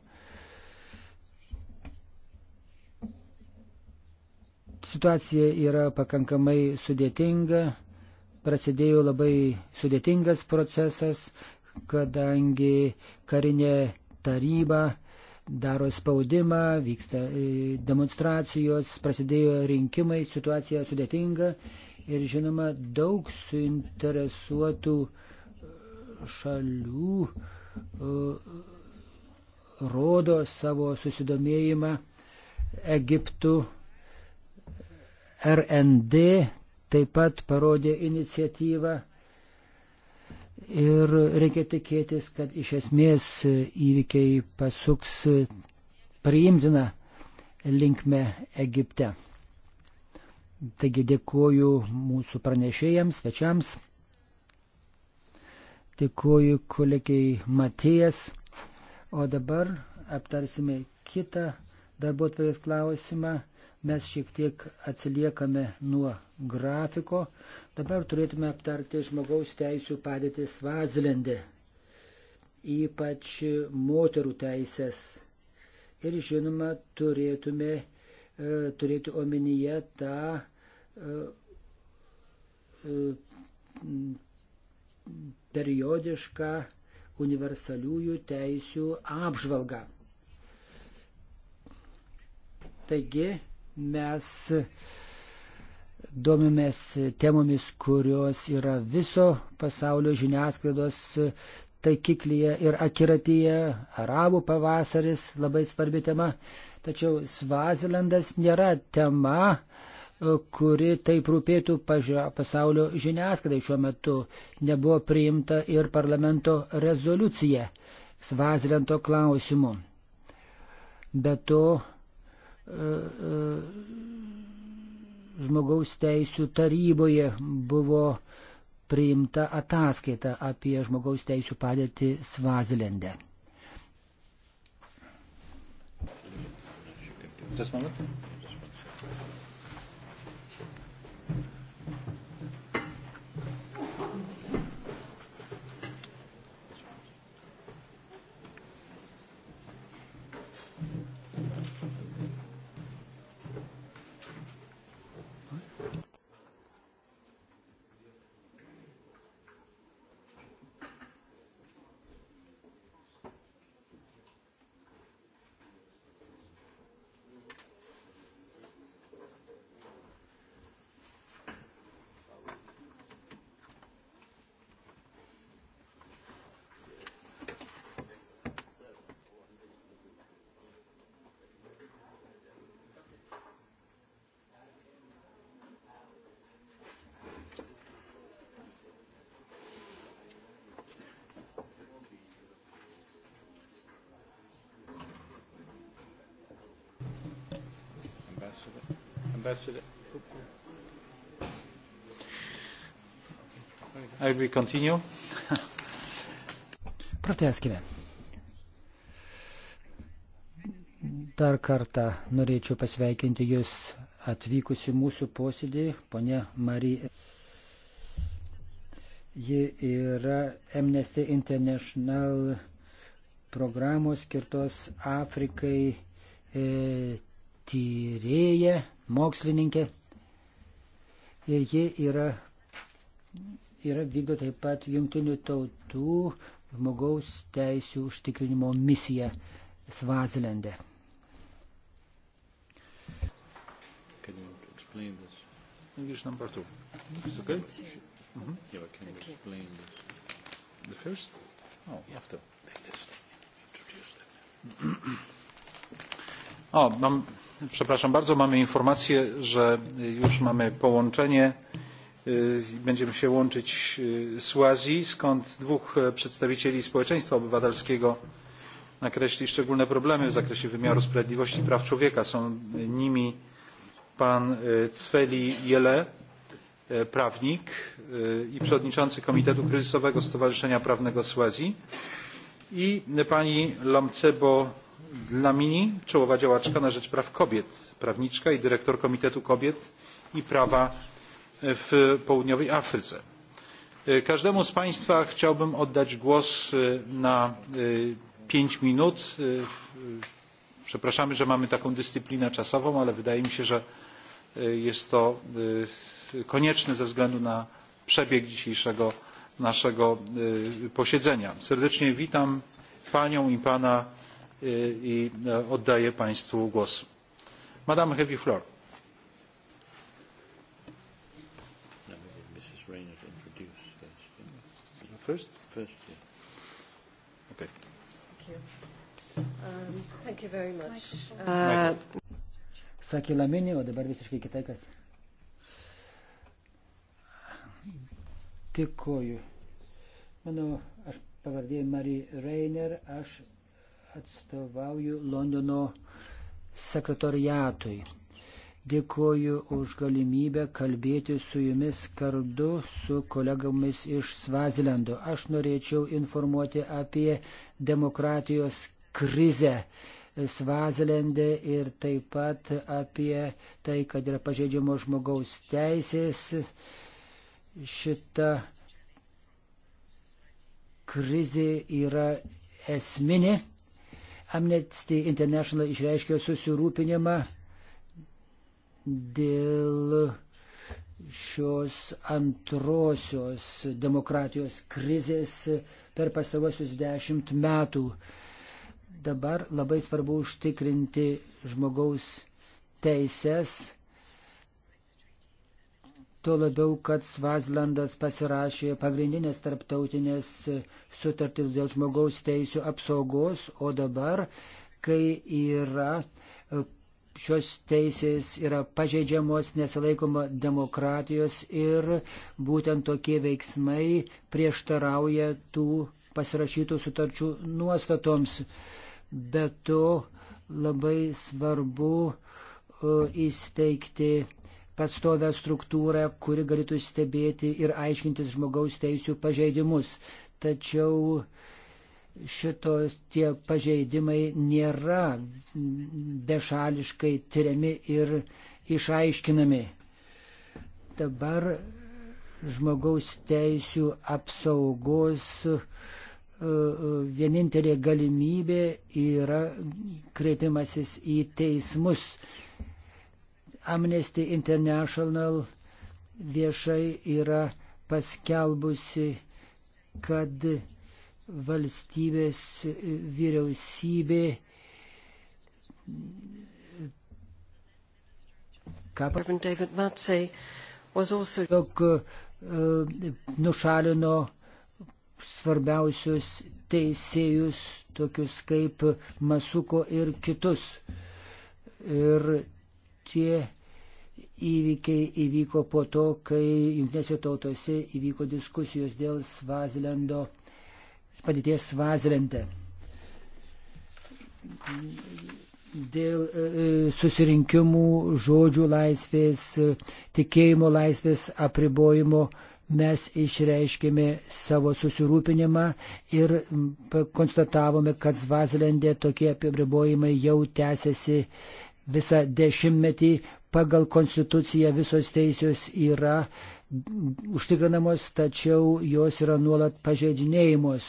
Situacija yra pakankamai sudėtinga. Prasidėjo labai sudėtingas procesas, kadangi karinė taryba daro spaudimą, vyksta e, demonstracijos, prasidėjo rinkimai, situacija sudėtinga ir žinoma daug suinteresuotų e, šalių e, rodo savo susidomėjimą Egiptų RND taip pat parodė iniciatyvą Ir reikia tikėtis, kad iš esmės įvykiai pasuks priimtina linkme Egipte. Taigi dėkuoju mūsų pranešėjams, svečiams. Dėkuoju kolegiai Matijas. O dabar aptarsime kitą darbuotojas klausimą mes šiek tiek atsiliekame nuo grafiko. Dabar turėtume aptarti žmogaus teisų padėtį Svazilende, ypač moterų teisės. Ir žinoma, turėtume e, turėti omenyje tą e, e, periodišką universaliųjų teisių apžvalgą. Taigi, mes domimės temomis, kurios yra viso pasaulio žiniasklaidos taikiklyje ir akiratyje. Arabų pavasaris labai svarbi tema. Tačiau Svazilandas nėra tema, kuri taip rūpėtų pasaulio žiniasklaidai šiuo metu. Nebuvo priimta ir parlamento rezoliucija Svazilando klausimu. Be to, žmogaus teisų taryboje buvo priimta ataskaita apie žmogaus teisų padėtį Svazilende. Tas momentas? Ambassador. I will continue. Prateskime. Dar kartą norėčiau pasveikinti Jūs atvykusi mūsų posėdį, ponia Marija. Ji yra Amnesty International programos skirtos Afrikai e, tyrėja mokslininkė ir ji yra, yra vykdo taip pat jungtinių tautų žmogaus teisų užtikrinimo misiją Svazilende. Can you explain this? English number two. It's okay? Mm-hmm. Yeah, but can you explain this? The first? No, oh, after. Introduce them. O, mam oh, um, Przepraszam bardzo, mamy informację, że już mamy połączenie. Będziemy się łączyć z Łazji, skąd dwóch e, przedstawicieli społeczeństwa obywatelskiego nakreśli szczególne problemy w zakresie wymiaru sprawiedliwości i praw człowieka. Są nimi pan e, Cweli Jele, e, prawnik i przewodniczący Komitetu Kryzysowego Stowarzyszenia Prawnego Słazji i pani Lamcebo Dlamini, czołowa działaczka na rzecz praw kobiet, prawniczka i dyrektor Komitetu Kobiet i Prawa w Południowej Afryce. E, każdemu z Państwa chciałbym oddać głos e, na e, pięć minut. Przepraszamy, że mamy taką dyscyplinę czasową, ale wydaje mi się, że jest to konieczne ze względu na przebieg dzisiejszego naszego posiedzenia. Serdecznie witam Panią i Pana i e, oddaję państwu głos. madame heavy floor. First? First, yeah. Okay. Thank you. Um, thank you very much. Uh, Sakė Laminė, o dabar visiškai kitai kas. Tikoju. Manau, aš pavardėjau Marie Reiner, aš atstovauju Londono sekretoriatui. Dėkuoju už galimybę kalbėti su jumis kardu su kolegomis iš Svazilendo. Aš norėčiau informuoti apie demokratijos krizę Svazilende ir taip pat apie tai, kad yra pažeidžiamo žmogaus teisės. Šita krizė yra esminė Amnesty International išreiškė susirūpinimą dėl šios antrosios demokratijos krizės per pastaruosius dešimt metų. Dabar labai svarbu užtikrinti žmogaus teises Tuo labiau, kad Svazlandas pasirašė pagrindinės tarptautinės sutartis dėl žmogaus teisų apsaugos, o dabar, kai yra šios teisės yra pažeidžiamos, nesilaikoma demokratijos ir būtent tokie veiksmai prieštarauja tų pasirašytų sutarčių nuostatoms. Be to labai svarbu e, įsteigti pastovę struktūrą, kuri galėtų stebėti ir aiškintis žmogaus teisų pažeidimus. Tačiau šitos tie pažeidimai nėra bešališkai tyriami ir išaiškinami. Dabar žmogaus teisų apsaugos e, e, vienintelė galimybė yra kreipimasis į teismus. Amnesty International viešai yra paskelbusi, kad valstybės vyriausybė ką pasakė, jog e, nušalino svarbiausius teisėjus, tokius kaip Masuko ir kitus. Ir tie įvykiai įvyko po to, kai jungtinėse tautose įvyko diskusijos dėl Svazilendo, padėties Svazilende. Dėl e, susirinkimų, žodžių laisvės, tikėjimo laisvės apribojimo mes išreiškėme savo susirūpinimą ir konstatavome, kad Svazilende tokie apribojimai jau tęsiasi visą dešimtmetį pagal konstituciją visos teisės yra užtikrinamos, tačiau jos yra nuolat pažeidinėjimos,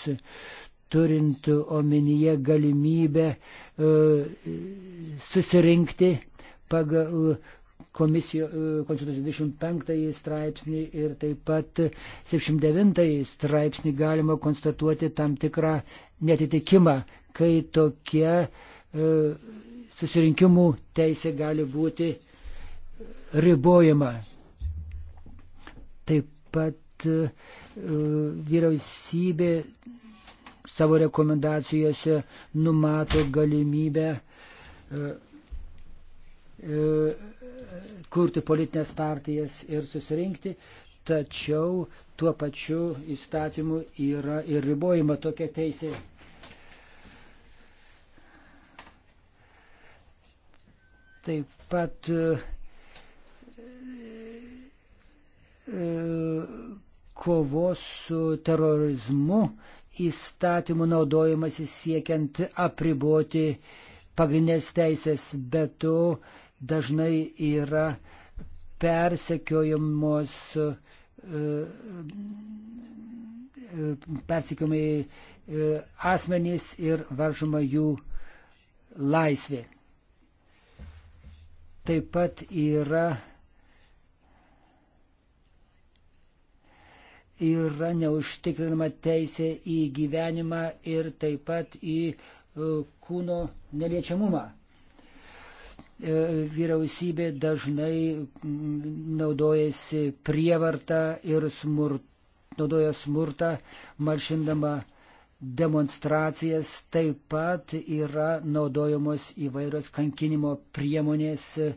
turint omenyje galimybę e, susirinkti pagal komisijo, e, konstitucijos 25 straipsnį ir taip pat 79 straipsnį galima konstatuoti tam tikrą netitikimą, kai tokia e, susirinkimų teisė gali būti ribojama. Taip pat e, vyriausybė savo rekomendacijose numato galimybę e, e, kurti politinės partijas ir susirinkti, tačiau tuo pačiu įstatymu yra ir ribojama tokia teisė. Taip pat E, kovos su terorizmu įstatymų naudojimas siekiant apriboti pagrindinės teisės, bet to dažnai yra persekiojamos e, persekiojami e, asmenys ir varžoma jų laisvė. Taip pat yra yra neužtikrinama teisė į gyvenimą ir taip pat į e, kūno neliečiamumą. E, vyriausybė dažnai mm, naudojasi prievartą ir smurt, naudoja smurtą, maršindama demonstracijas, taip pat yra naudojamos įvairios kankinimo priemonės e,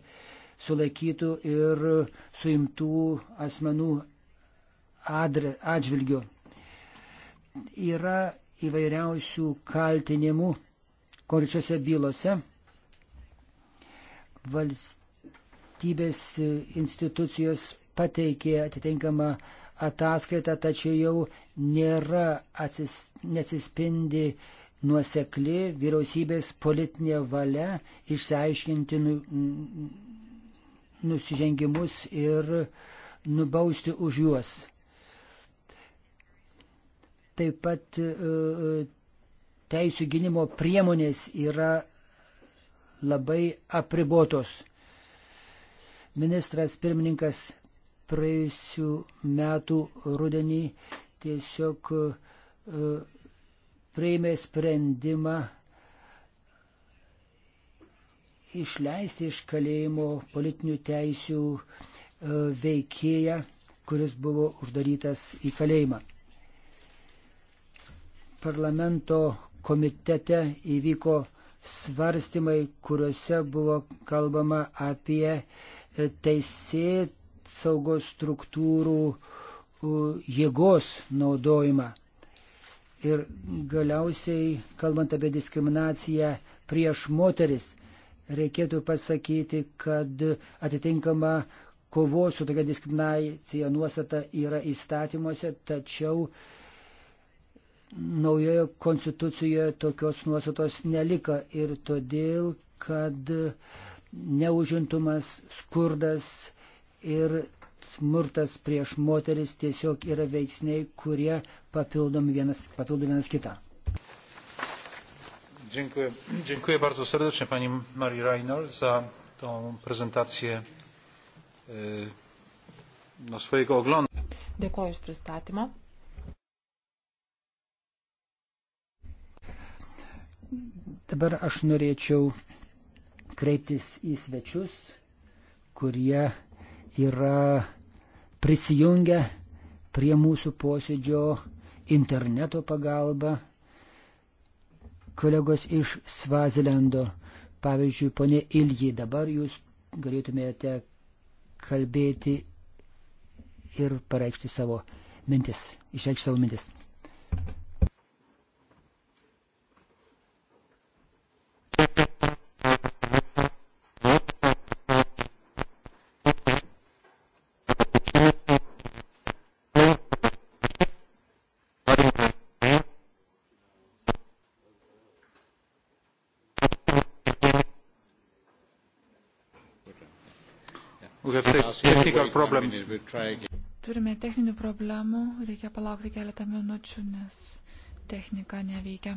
sulaikytų ir suimtų asmenų adre, atžvilgiu. Yra įvairiausių kaltinimų korčiose bylose. Valstybės institucijos pateikė atitinkamą ataskaitą, tačiau jau nėra atsis, neatsispindi nuosekli vyriausybės politinė valia išsiaiškinti nu, nusižengimus ir nubausti už juos. Taip pat e, e, teisų gynimo priemonės yra labai apribotos. Ministras pirmininkas praėjusių metų rudenį tiesiog e, prieimė sprendimą išleisti iš kalėjimo politinių teisių veikėją, kuris buvo uždarytas į kalėjimą parlamento komitete įvyko svarstymai, kuriuose buvo kalbama apie e, teisėt saugos struktūrų jėgos naudojimą. Ir galiausiai, kalbant apie diskriminaciją prieš moteris, reikėtų pasakyti, kad atitinkama kovos su tokia diskriminacija nuostata yra įstatymuose, tačiau naujoje konstitucijoje tokios nuostatos nelika ir todėl, kad neužimtumas, skurdas ir smurtas prieš moteris tiesiog yra veiksniai, kurie papildom vienas, papildom vienas kitą. Dziękuję. Dziękuję bardzo serdecznie pani Marii Reiner za tą prezentację no, swojego oglądu. Dėkoju už pristatymą. Dabar aš norėčiau kreiptis į svečius, kurie yra prisijungę prie mūsų posėdžio interneto pagalba. Kolegos iš Svazilendo, pavyzdžiui, ponė Ilgi, dabar jūs galėtumėte kalbėti ir pareikšti savo mintis, išreikšti savo mintis. Turime techninių problemų, reikia palaukti keletą minučių, nes technika neveikia.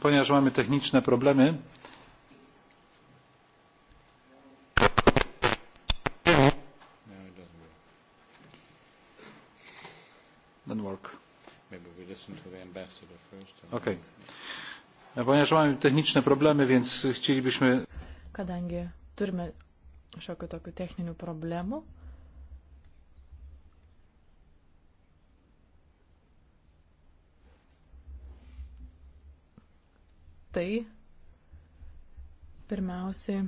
ponieważ mamy techniczne problemy Okay. Ponieważ mamy techniczne problemy, więc chcielibyśmy. Kadangi turime šiokių tokių techninių problemų, tai pirmiausiai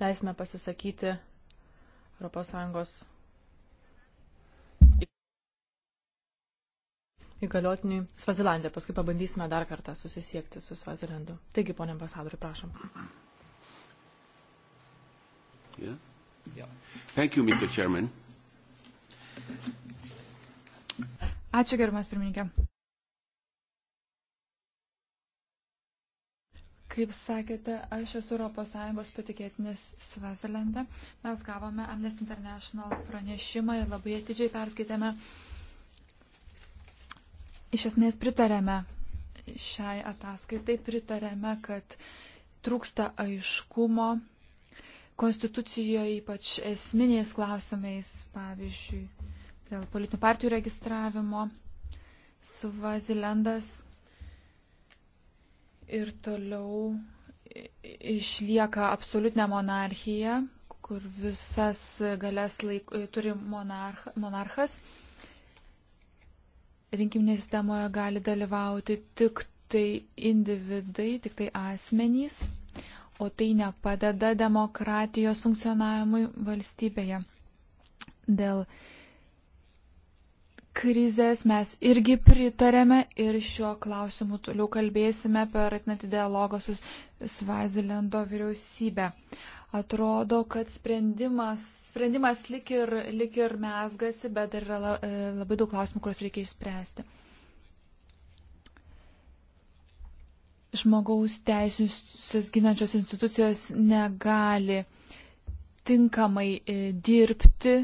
leisime pasisakyti ES įgaliotiniui Svazilandė. Paskui pabandysime dar kartą susisiekti su Svazilandu. Taigi, ponė ambasadoriu, prašom. Yeah. Yeah. Thank you, Mr. Chairman. Ačiū, gerbiamas pirmininkė. Kaip sakėte, aš esu ES patikėtinis Svazalende. Mes gavome Amnesty International pranešimą ir labai atidžiai perskaitėme. Iš esmės pritarėme šiai ataskaitai, pritarėme, kad trūksta aiškumo konstitucijoje, ypač esminiais klausimais, pavyzdžiui, dėl politinių partijų registravimo. Svazilendas ir toliau išlieka absoliutinė monarchija, kur visas galės laik, turi monarch, monarchas. Rinkiminėje sistemoje gali dalyvauti tik tai individai, tik tai asmenys, o tai nepadeda demokratijos funkcionavimui valstybėje. Dėl uh, krizės mes irgi pritarėme ir šiuo klausimu toliau kalbėsime per atnatį dialogą su Svazilendo vyriausybė. Atrodo, kad sprendimas, sprendimas lik, ir, lik ir mesgasi, bet dar yra e, labai daug klausimų, kuriuos reikia išspręsti. Žmogaus teisės ginančios institucijos negali tinkamai e, dirbti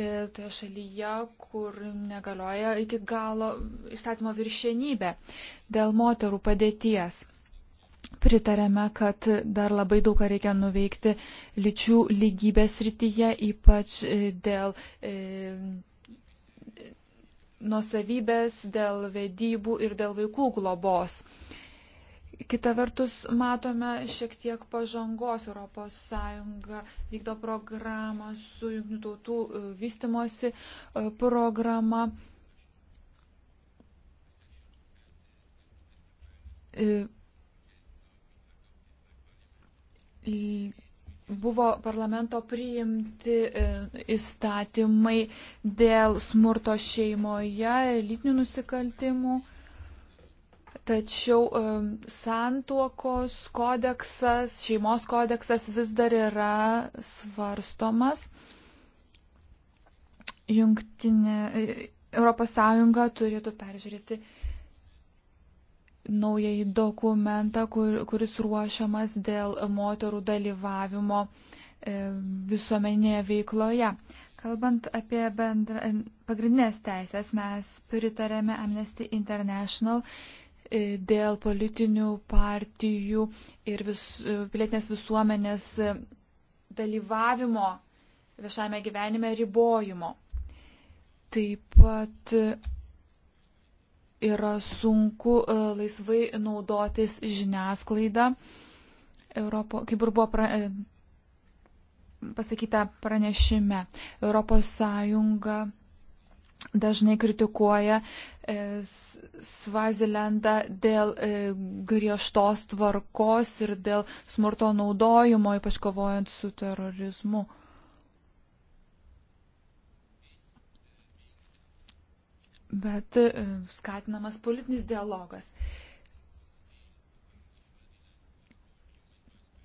E, toje šalyje, kur negalioja iki galo įstatymo viršienybė dėl moterų padėties. Pritarėme, kad dar labai daug ką reikia nuveikti lyčių lygybės rytyje, ypač e, dėl e, nuosavybės, dėl vedybų ir dėl vaikų globos. E, Kita vertus, matome šiek tiek pažangos. ES vykdo programą su jungtinių tautų e, vystimosi e, programa. E, buvo parlamento priimti įstatymai dėl smurto šeimoje, lytinių nusikaltimų. Tačiau um, santuokos kodeksas, šeimos kodeksas vis dar yra svarstomas. Jungtinė e, Europos Sąjunga turėtų peržiūrėti naująjį dokumentą, kur, kuris ruošiamas dėl moterų dalyvavimo e, visuomenėje veikloje. Kalbant apie bendra, pagrindinės teisės, mes pritarėme Amnesty International E, dėl politinių partijų ir vis, e, pilietinės visuomenės e, dalyvavimo viešame gyvenime ribojimo. Taip pat yra sunku laisvai naudotis žiniasklaida, Europo, kaip ir buvo pra, pasakyta pranešime. Europos Sąjunga dažnai kritikuoja e, Svazilendą dėl e, griežtos tvarkos ir dėl smurto naudojimo, ypač kovojant su terorizmu. Bet e, skatinamas politinis dialogas.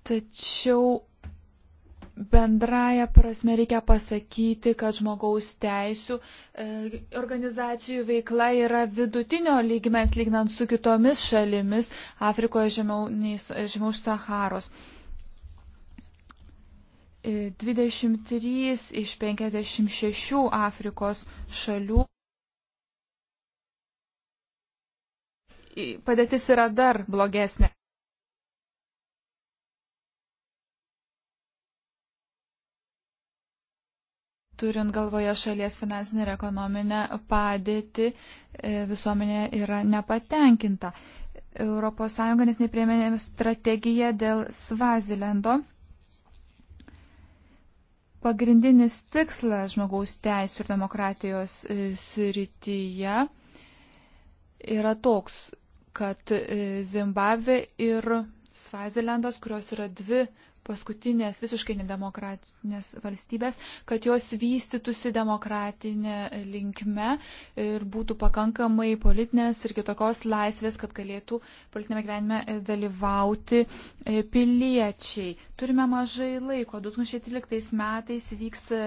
Tačiau Bendraja prasme reikia pasakyti, kad žmogaus teisų e, organizacijų veikla yra vidutinio lygmens lygnant su kitomis šalimis Afrikoje žemiau, žemiau už Saharos. 23 e, iš 56 Afrikos šalių. Padėtis yra dar blogesnė. turint galvoje šalies finansinę ir ekonominę padėtį, e, visuomenė yra nepatenkinta. ES nesnei priemė strategiją dėl Svazilendo. Pagrindinis tikslas žmogaus teisų ir demokratijos e, srityje yra toks, kad e, Zimbabvė ir Svazilendas, kurios yra dvi paskutinės visiškai nedemokratinės valstybės, kad jos vystytųsi demokratinė linkme ir būtų pakankamai politinės ir kitokios laisvės, kad galėtų politinėme gyvenime e, dalyvauti e, piliečiai. Turime mažai laiko. 2013 metais vyks e,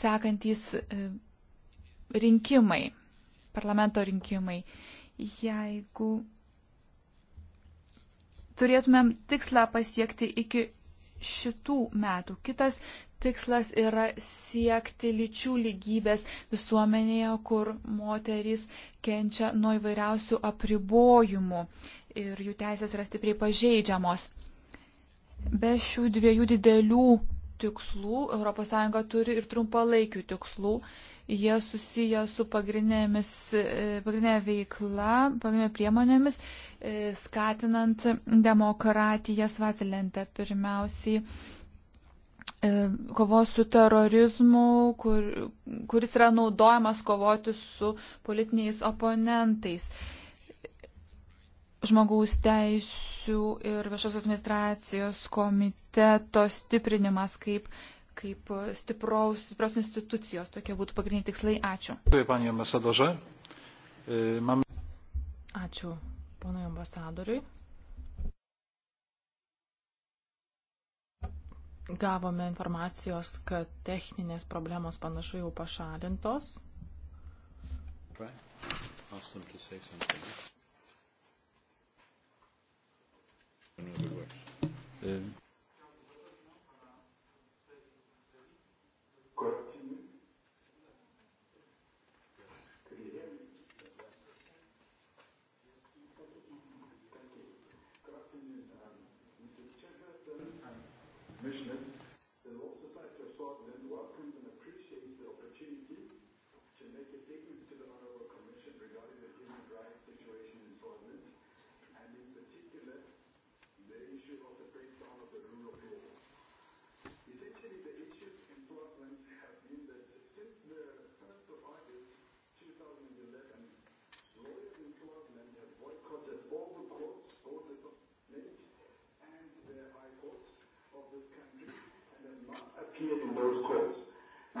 sekantys rinkimai, parlamento rinkimai. Jeigu turėtumėm tikslą pasiekti iki šitų metų. Kitas tikslas yra siekti lyčių lygybės visuomenėje, kur moterys kenčia nuo įvairiausių apribojimų ir jų teisės yra stipriai pažeidžiamos. Be šių dviejų didelių tikslų ES turi ir trumpalaikių tikslų Jie susiję su e, pagrindinė veikla, pagrindinė priemonėmis, e, skatinant demokratiją Svazilente. Pirmiausiai e, kovos su terorizmu, kur, kuris yra naudojamas kovoti su politiniais oponentais žmogaus teisų ir viešos administracijos komiteto stiprinimas kaip kaip stipros, stipros institucijos. Tokie būtų pagrindiniai tikslai. Ačiū. E, Ačiū ponui ambasadoriui. Gavome informacijos, kad techninės problemos panašu jau pašalintos. Right. Ask them to say something. Another word. Um.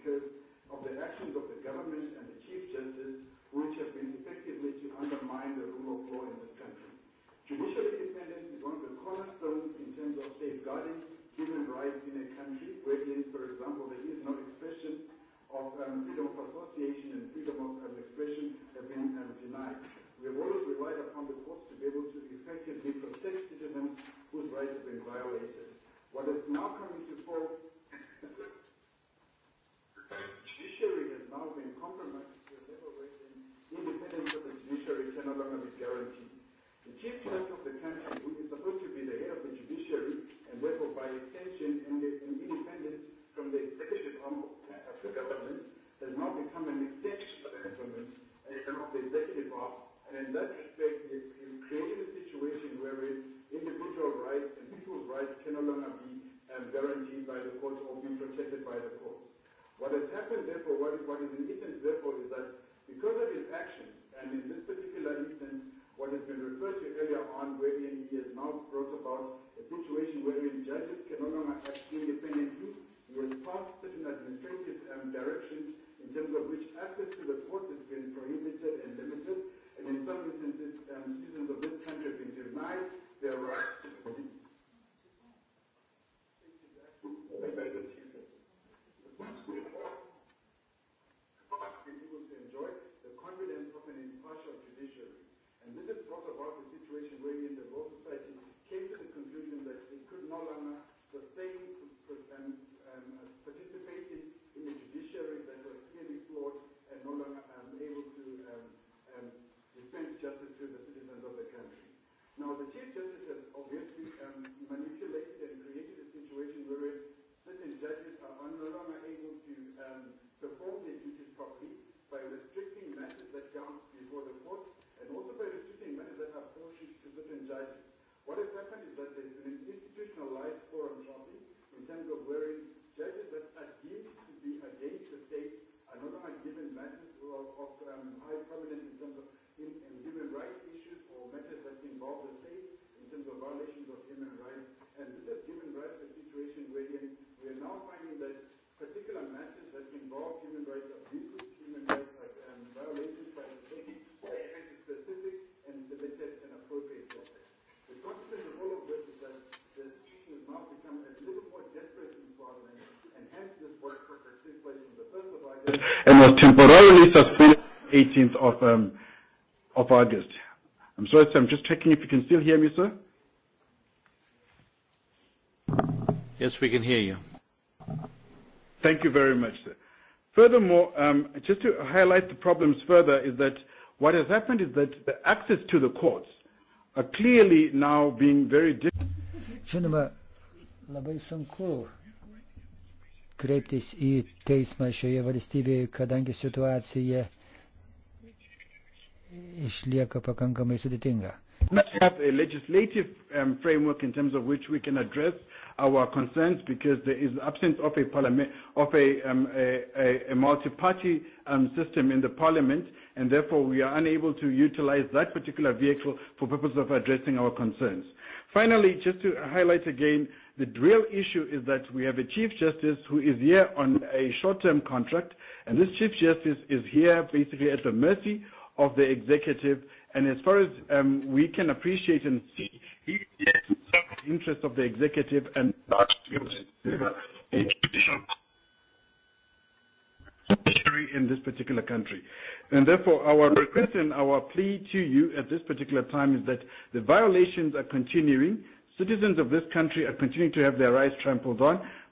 because of the actions of the government and the Chief Justice, which have been effectively to undermine the rule of law in this country. Judicial independence is one of the cornerstones in terms of safeguarding human rights in a country wherein, for example, there is no expression of um, freedom of association and freedom of um, expression have been um, denied. We have always relied upon the courts to be able to effectively protect citizens whose rights have been violated. What is now coming to fall compromise to a level where the independence of the judiciary can no longer be guaranteed. The chief judge of the country, who is supposed to be the head of the judiciary and therefore by extension and independence from the executive arm of the government, has now become an extension of the government and of the executive arm. And in that respect, it, it created a situation wherein individual rights and people's rights can no longer be um, guaranteed by the court or be protected by the court. What has happened, therefore, what is, what is in essence, therefore, is that because of his actions, and in this particular instance, what has been referred to earlier on, wherein he has now brought about a situation wherein judges can no longer act independently. He has passed certain administrative um, directions in terms of which access to the court has been prohibited and limited, and in some instances, um, citizens of this country have been denied their rights no longer able to um, perform their duties properly by restricting matters that count before the court and also by restricting matters that are portions to certain judges. What has happened is that there's been an institutionalized forum shopping in terms of wherein judges that are deemed to be against the state are no longer given matters of, of um, high prominence in terms of in, in human rights issues or matters that involve the state in terms of violations of human rights. And this has given rise to a situation wherein we are now finding that particular matters that involve human rights abuses, human rights um, violations by the state, where it is specific and selected and appropriate for that. The consequence of all of this is that the EU has now become a little more desperate in Parliament, and hence this boycott that took place on the 1st of August and was temporarily suspended 18th of, um, of August. I'm sorry, sir, I'm just checking if you can still hear me, sir. Yes, we can hear you. Thank you very much, sir. Furthermore, um, just to highlight the problems further is that what has happened is that the access to the courts are clearly now being very difficult. Žinoma, labai sunku kreiptis į teismą šioje valstybėje, kadangi situacija išlieka pakankamai sudėtinga. We have a legislative um, framework in terms of which we can address uh, our concerns because there is absence of a parliament of a, um, a, a, a multi-party um, system in the parliament, and therefore we are unable to utilize that particular vehicle for purpose of addressing our concerns. Finally, just to highlight again, the real issue is that we have a chief justice who is here on a short-term contract, and this chief justice is here basically at the mercy of the executive. And as far as um, we can appreciate and see, interest of the executive and judiciary in this particular country. And therefore, our request and our plea to you at this particular time is that the violations are continuing. Citizens of this country are continuing to have their rights trampled on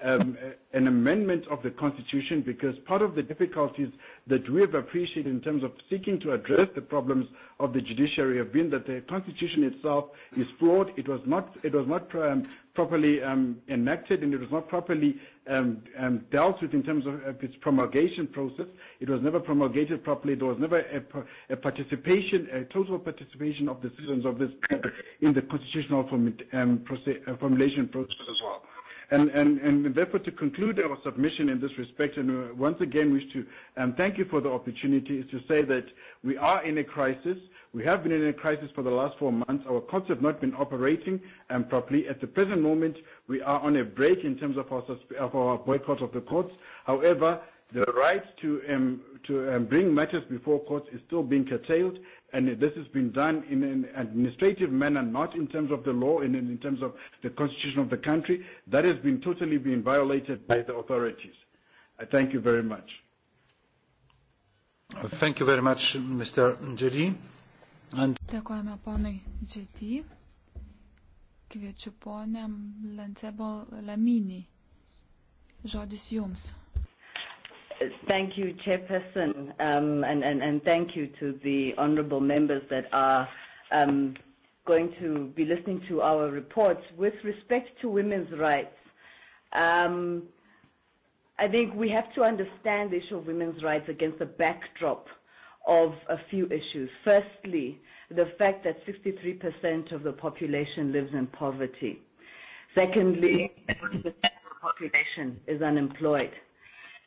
um, an amendment of the constitution because part of the difficulties that we have appreciated in terms of seeking to address the problems of the judiciary have been that the constitution itself is flawed. It was not, it was not um, properly um, enacted and it was not properly um, um, dealt with in terms of its promulgation process. It was never promulgated properly. There was never a, a participation, a total participation of the citizens of this country in the constitutional form, um, process, uh, formulation process as well. And, and, and therefore, to conclude our submission in this respect, and uh, once again wish to um, thank you for the opportunity, is to say that we are in a crisis. We have been in a crisis for the last four months. Our courts have not been operating um, properly. At the present moment, we are on a break in terms of our, of our boycott of the courts. However, the right to, um, to um, bring matters before courts is still being curtailed And this has been done in an administrative manner, not in terms of the law and in terms of the constitution of the country. That has been totally been violated by the authorities. I thank you very much. Thank you very much, Mr. Džedį. And... Dėkojame ponui Džedį. Kviečiu ponę Lancebo Laminį. Žodis jums. Thank you, Chairperson, um, and, and, and thank you to the honourable members that are um, going to be listening to our reports. With respect to women's rights, um, I think we have to understand the issue of women's rights against the backdrop of a few issues. Firstly, the fact that 63% of the population lives in poverty. Secondly, 40% of the population is unemployed.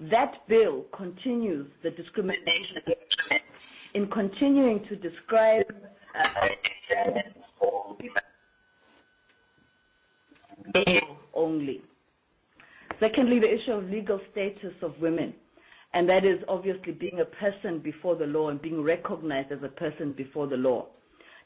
That bill continues the discrimination in continuing to describe uh, only. Secondly, the issue of legal status of women, and that is obviously being a person before the law and being recognized as a person before the law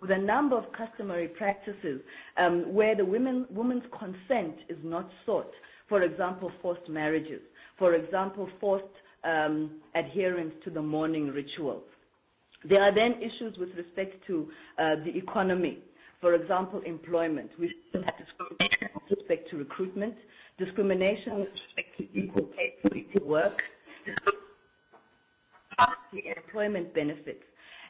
with a number of customary practices um, where the women, woman's consent is not sought. For example, forced marriages. For example, forced um, adherence to the mourning rituals. There are then issues with respect to uh, the economy. For example, employment. We still have discrimination with respect to recruitment, discrimination with respect to equal pay for equal work, employment benefits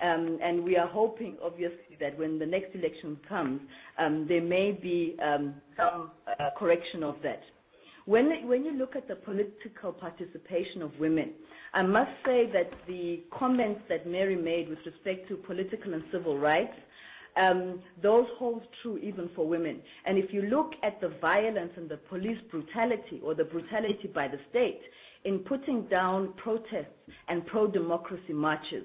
Um, and we are hoping, obviously, that when the next election comes, um, there may be um, some uh, correction of that. When, when you look at the political participation of women, I must say that the comments that Mary made with respect to political and civil rights, um, those hold true even for women. And if you look at the violence and the police brutality or the brutality by the state in putting down protests and pro-democracy marches,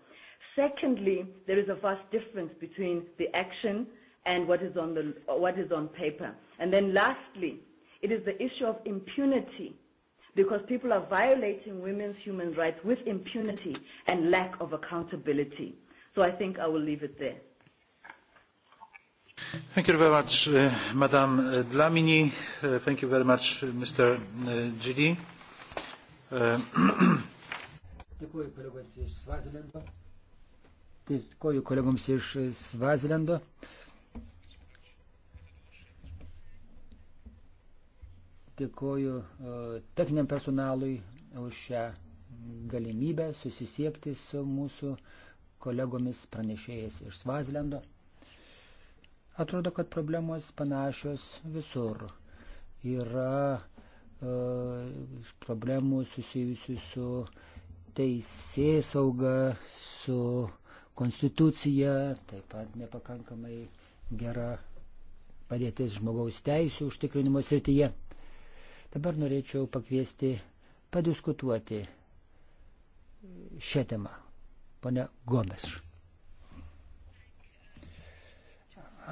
Secondly, there is a vast difference between the action and what is on, the, what is on paper. And then lastly, it is the issue of impunity because people are violating women's human rights with impunity and lack of accountability. So I think I will leave it there. Thank you very much, uh, Madame Dlamini. Uh, thank you very much, Mr. Gidi. Uh, Dėkuoju, kolegos iš Svazilendo. Dėkoju kolegoms iš Svazilendo. Dėkoju e, techniniam personalui už šią galimybę susisiekti su mūsų kolegomis pranešėjais iš Svazilendo. Atrodo, kad problemos panašios visur. Yra e, problemų susijusių su teisėsauga, su konstitucija, taip pat nepakankamai gera padėtis žmogaus teisų užtikrinimo srityje. Dabar norėčiau pakviesti padiskutuoti šią temą. Pone Gomes.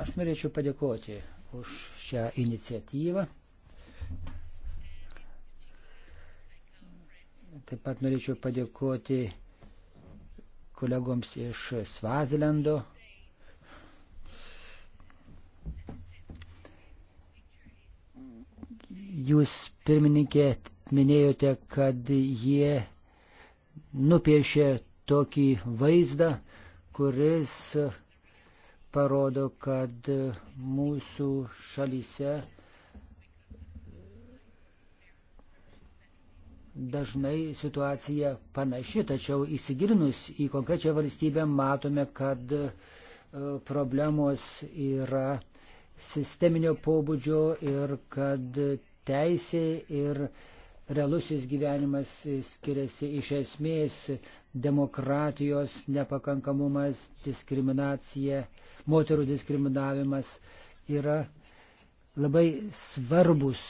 Aš norėčiau padėkoti už šią iniciatyvą. Taip pat norėčiau padėkoti kolegoms iš Svazilendo. Jūs, pirmininkė, minėjote, kad jie nupiešė tokį vaizdą, kuris parodo, kad mūsų šalyse dažnai situacija panaši, tačiau įsigilinus į konkrečią valstybę matome, kad e, problemos yra sisteminio pobūdžio ir kad teisė ir realusis gyvenimas skiriasi iš esmės demokratijos nepakankamumas, diskriminacija, moterų diskriminavimas yra labai svarbus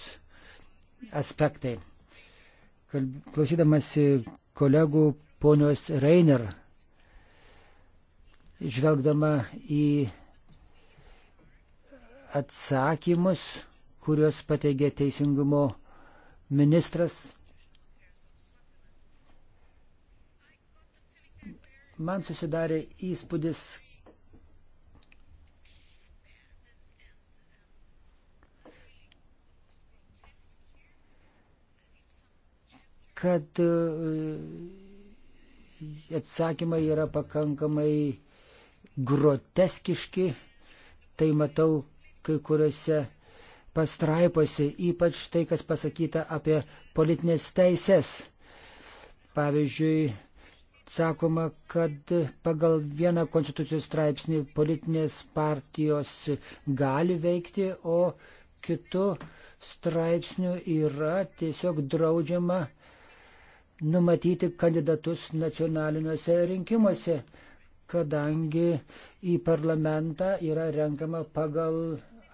aspektai klausydamasi kolegų ponios Reiner, žvelgdama į atsakymus, kuriuos pateigė teisingumo ministras. Man susidarė įspūdis, kad e, atsakymai yra pakankamai groteskiški. Tai matau kai kuriuose pastraipose, ypač tai, kas pasakyta apie politinės teisės. Pavyzdžiui, sakoma, kad pagal vieną konstitucijos straipsnį politinės partijos gali veikti, o kitų straipsnių yra tiesiog draudžiama numatyti kandidatus nacionaliniuose rinkimuose, kadangi į parlamentą yra renkama pagal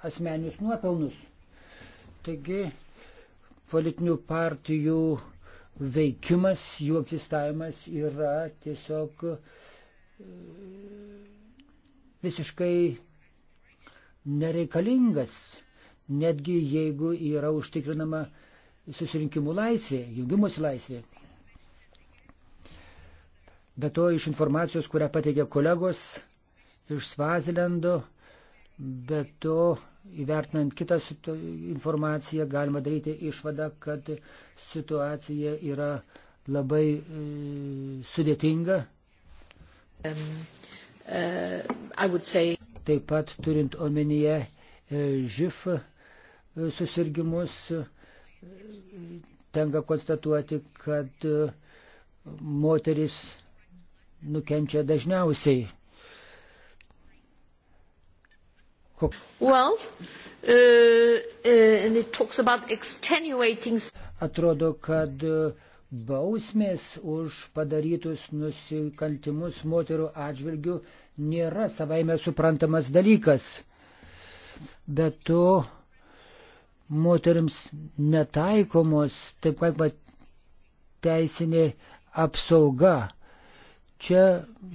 asmenius nuopelnus. Taigi politinių partijų veikimas, jų egzistavimas yra tiesiog e, visiškai nereikalingas, netgi jeigu yra užtikrinama susirinkimų laisvė, jungimosi laisvė. Be to, iš informacijos, kurią pateikė kolegos iš Svazilendo, be to, įvertinant kitą informaciją, galima daryti išvadą, kad situacija yra labai e, sudėtinga. Um, uh, say... Taip pat turint omenyje e, živ e, susirgymus, e, tenka konstatuoti, kad e, moteris nukenčia dažniausiai. Kok... Well, uh, uh, extenuating... Atrodo, kad uh, bausmės už padarytus nusikaltimus moterų atžvilgių nėra savaime suprantamas dalykas. Bet to moteriams netaikomos, taip pat teisinė apsauga Čia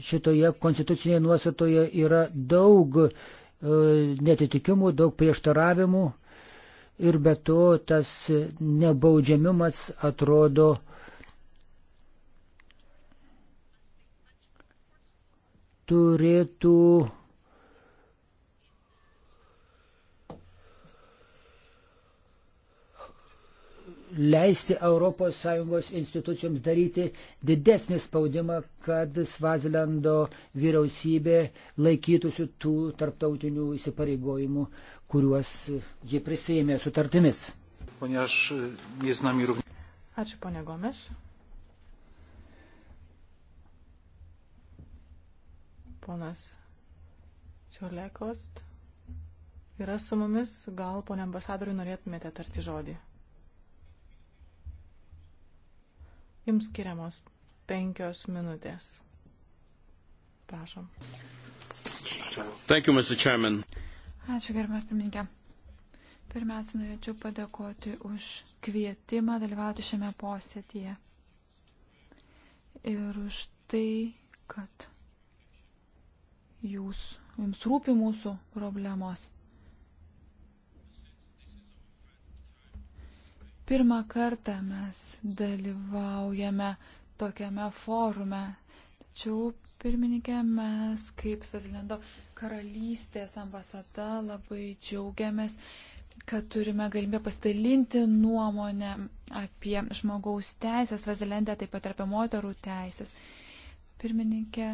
šitoje konstitucinėje nuostatoje yra daug e, netitikimų, daug prieštaravimų ir be to tas nebaudžiamimas atrodo turėtų leisti ES institucijoms daryti didesnį spaudimą, kad Svazilando vyriausybė laikytųsi tų tarptautinių įsipareigojimų, kuriuos ji prisėmė sutartimis. E, Ačiū, ponė Gomes. Ponas Čiolėkost yra su mumis, gal ponė ambasadoriui norėtumėte tarti žodį. Jums skiriamos penkios minutės. Prašom. Thank you, Mr. Chairman. Ačiū, gerbiamas pirmininkė. Pirmiausia, norėčiau padėkoti už kvietimą dalyvauti šiame posėdėje. Ir už tai, kad jūs, jums rūpi mūsų problemos. Pirmą kartą mes dalyvaujame tokiame forume. Tačiau, pirmininkė, mes kaip Sazilendo karalystės ambasada labai džiaugiamės, kad turime galimybę pasidalinti nuomonę apie žmogaus teisės Sazilende, taip pat apie moterų teisės. Pirmininkė,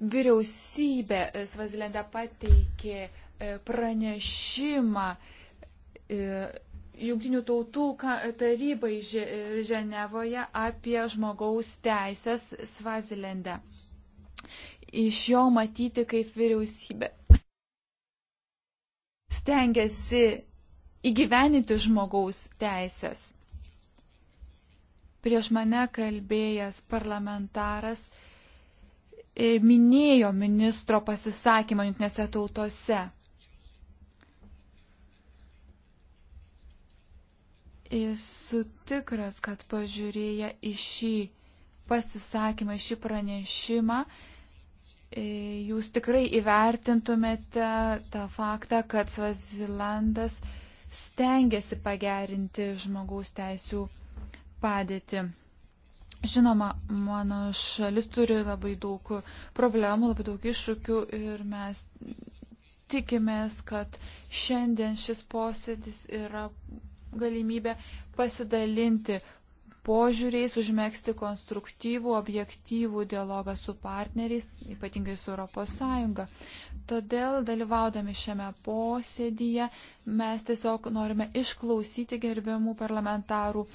Vyriausybė e, Svazilende pateikė e, pranešimą e, Junktinių tautų tarybai Ženevoje apie žmogaus teisės Svazilende. Iš jo matyti, kaip vyriausybė stengiasi įgyveninti žmogaus teisės. Prieš mane kalbėjęs parlamentaras E, minėjo ministro pasisakymą jungtinėse tautose. Esu tikras, kad pažiūrėję į šį pasisakymą, šį pranešimą, e, jūs tikrai įvertintumėte tą faktą, kad Svazilandas stengiasi pagerinti žmogaus teisų padėtį. Žinoma, mano šalis turi labai daug problemų, labai daug iššūkių ir mes tikimės, kad šiandien šis posėdis yra galimybė pasidalinti požiūriais, užmėgsti konstruktyvų, objektyvų dialogą su partneriais, ypatingai su ES. Todėl dalyvaudami šiame posėdyje mes tiesiog norime išklausyti gerbiamų parlamentarų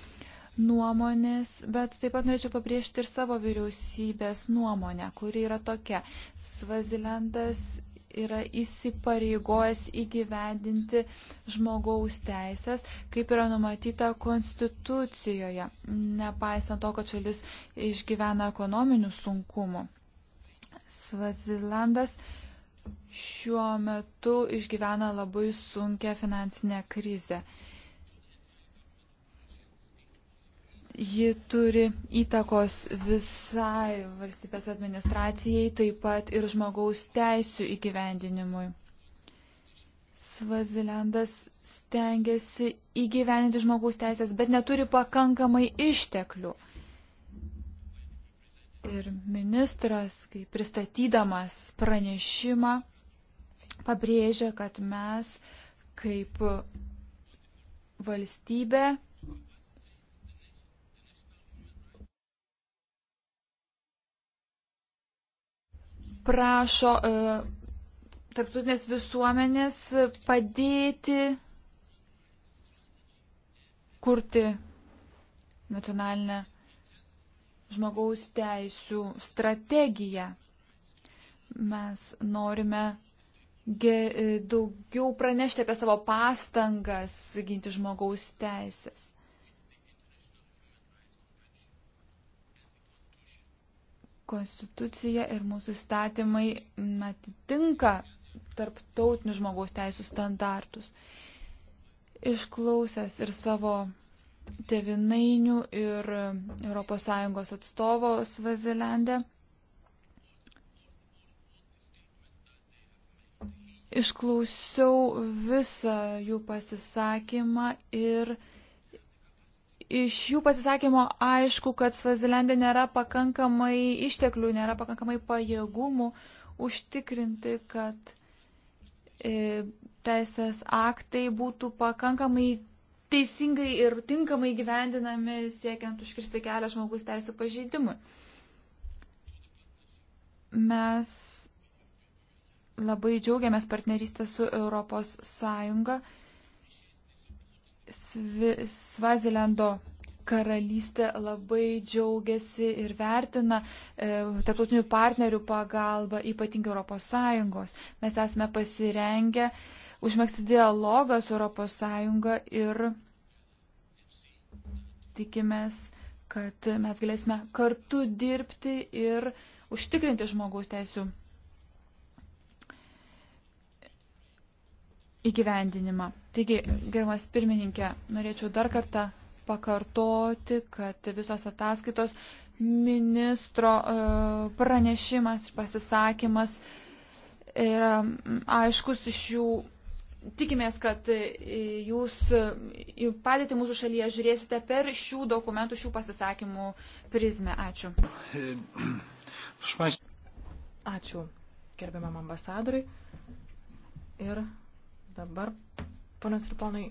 nuomonės, bet taip pat norėčiau pabrėžti ir savo vyriausybės nuomonę, kuri yra tokia. Svazilendas yra įsipareigojęs įgyvendinti žmogaus teisės, kaip yra numatyta konstitucijoje, nepaisant to, kad šalis išgyvena ekonominių sunkumų. Svazilandas šiuo metu išgyvena labai sunkę finansinę krizę. ji turi įtakos visai valstybės administracijai, taip pat ir žmogaus teisų įgyvendinimui. Svazilendas stengiasi įgyvendinti žmogaus teisės, bet neturi pakankamai išteklių. Ir ministras, kai pristatydamas pranešimą, pabrėžia, kad mes kaip valstybė prašo e, tarptautinės visuomenės padėti kurti nacionalinę žmogaus teisų strategiją. Mes norime e, daugiau pranešti apie savo pastangas ginti žmogaus teisės. konstitucija ir mūsų statymai atitinka tarptautinius žmogaus teisų standartus. Išklausęs ir savo tevinainių ir ES atstovo Svazilende, išklausiau visą jų pasisakymą ir Iš jų pasisakymo aišku, kad Svazilendė nėra pakankamai išteklių, nėra pakankamai pajėgumų užtikrinti, kad e, teisės aktai būtų pakankamai teisingai ir tinkamai gyvendinami, siekiant užkirsti kelią žmogus teisų pažeidimui. Mes labai džiaugiamės partnerystę su Europos Sąjunga Svazilendo karalystė labai džiaugiasi ir vertina e, tarptautinių partnerių pagalbą, ypatingai ES. Mes esame pasirengę užmėgsti dialogą su ES ir tikimės, kad mes galėsime kartu dirbti ir užtikrinti žmogaus teisų įgyvendinimą. Taigi, gerbiamas pirmininkė, norėčiau dar kartą pakartoti, kad visos ataskaitos ministro e, pranešimas ir pasisakymas yra aiškus iš jų. Tikimės, kad e, jūs e, padėti mūsų šalyje žiūrėsite per šių dokumentų, šių pasisakymų prizmę. Ačiū. Ačiū gerbiamam ambasadoriui. Ir Dabar, ponios ir ponai,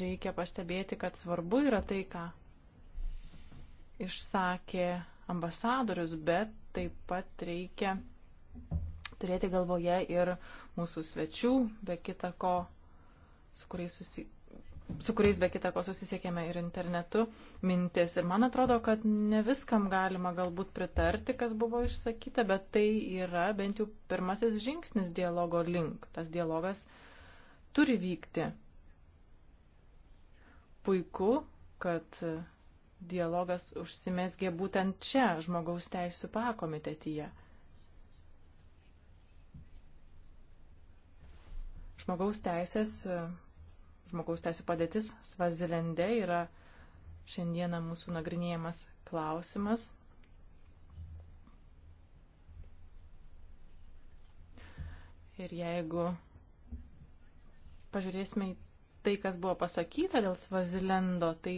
reikia pastebėti, kad svarbu yra tai, ką išsakė ambasadorius, bet taip pat reikia turėti galvoje ir mūsų svečių, be kita ko, su kuriais, susi... su kuriais be kita ko susisiekėme ir internetu mintis. Ir man atrodo, kad ne viskam galima galbūt pritarti, kas buvo išsakyta, bet tai yra bent jau pirmasis žingsnis dialogo link. Tas dialogas uh, turi vykti. Puiku, kad dialogas užsimesgė būtent čia, žmogaus teisų pakomitetyje. Žmogaus teisės, žmogaus teisų padėtis Svazilende yra šiandieną mūsų nagrinėjamas klausimas. Ir jeigu pažiūrėsime į tai, kas buvo pasakyta dėl Svazilendo, tai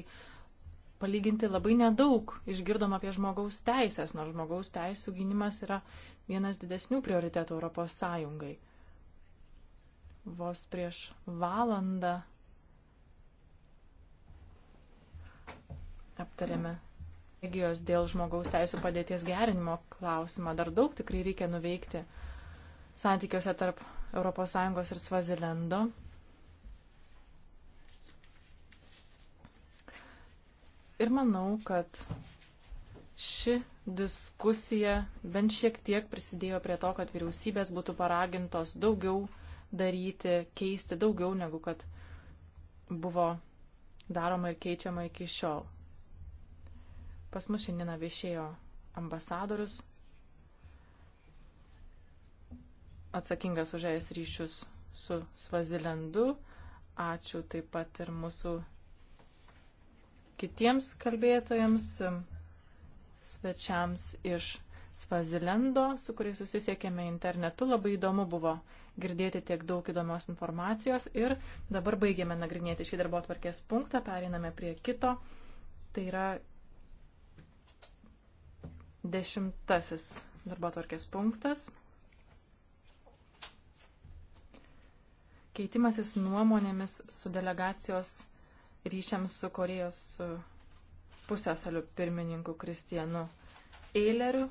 palyginti labai nedaug išgirdom apie žmogaus teisės, nors žmogaus teisų gynimas yra vienas didesnių prioritetų Europos Sąjungai. Vos prieš valandą aptarėme strategijos dėl žmogaus teisų padėties gerinimo klausimą. Dar daug tikrai reikia nuveikti santykiuose tarp ES ir Svazilendo. Ir manau, kad ši diskusija bent šiek tiek prisidėjo prie to, kad vyriausybės būtų paragintos daugiau daryti, keisti daugiau negu kad buvo daroma ir keičiama iki šiol. Pas mus šiandieną viešėjo ambasadorius, atsakingas už es ryšius su Svazilendu. Ačiū taip pat ir mūsų kitiems kalbėtojams, svečiams iš Svazilendo, su kuriais susisiekėme internetu. Labai įdomu buvo girdėti tiek daug įdomios informacijos ir dabar baigėme nagrinėti šį darbo tvarkės punktą, pereiname prie kito. Tai yra dešimtasis darbo tvarkės punktas. Keitimasis nuomonėmis su delegacijos ryšiams su Korejos e, pusėsaliu pirmininku Kristijanu Eileriu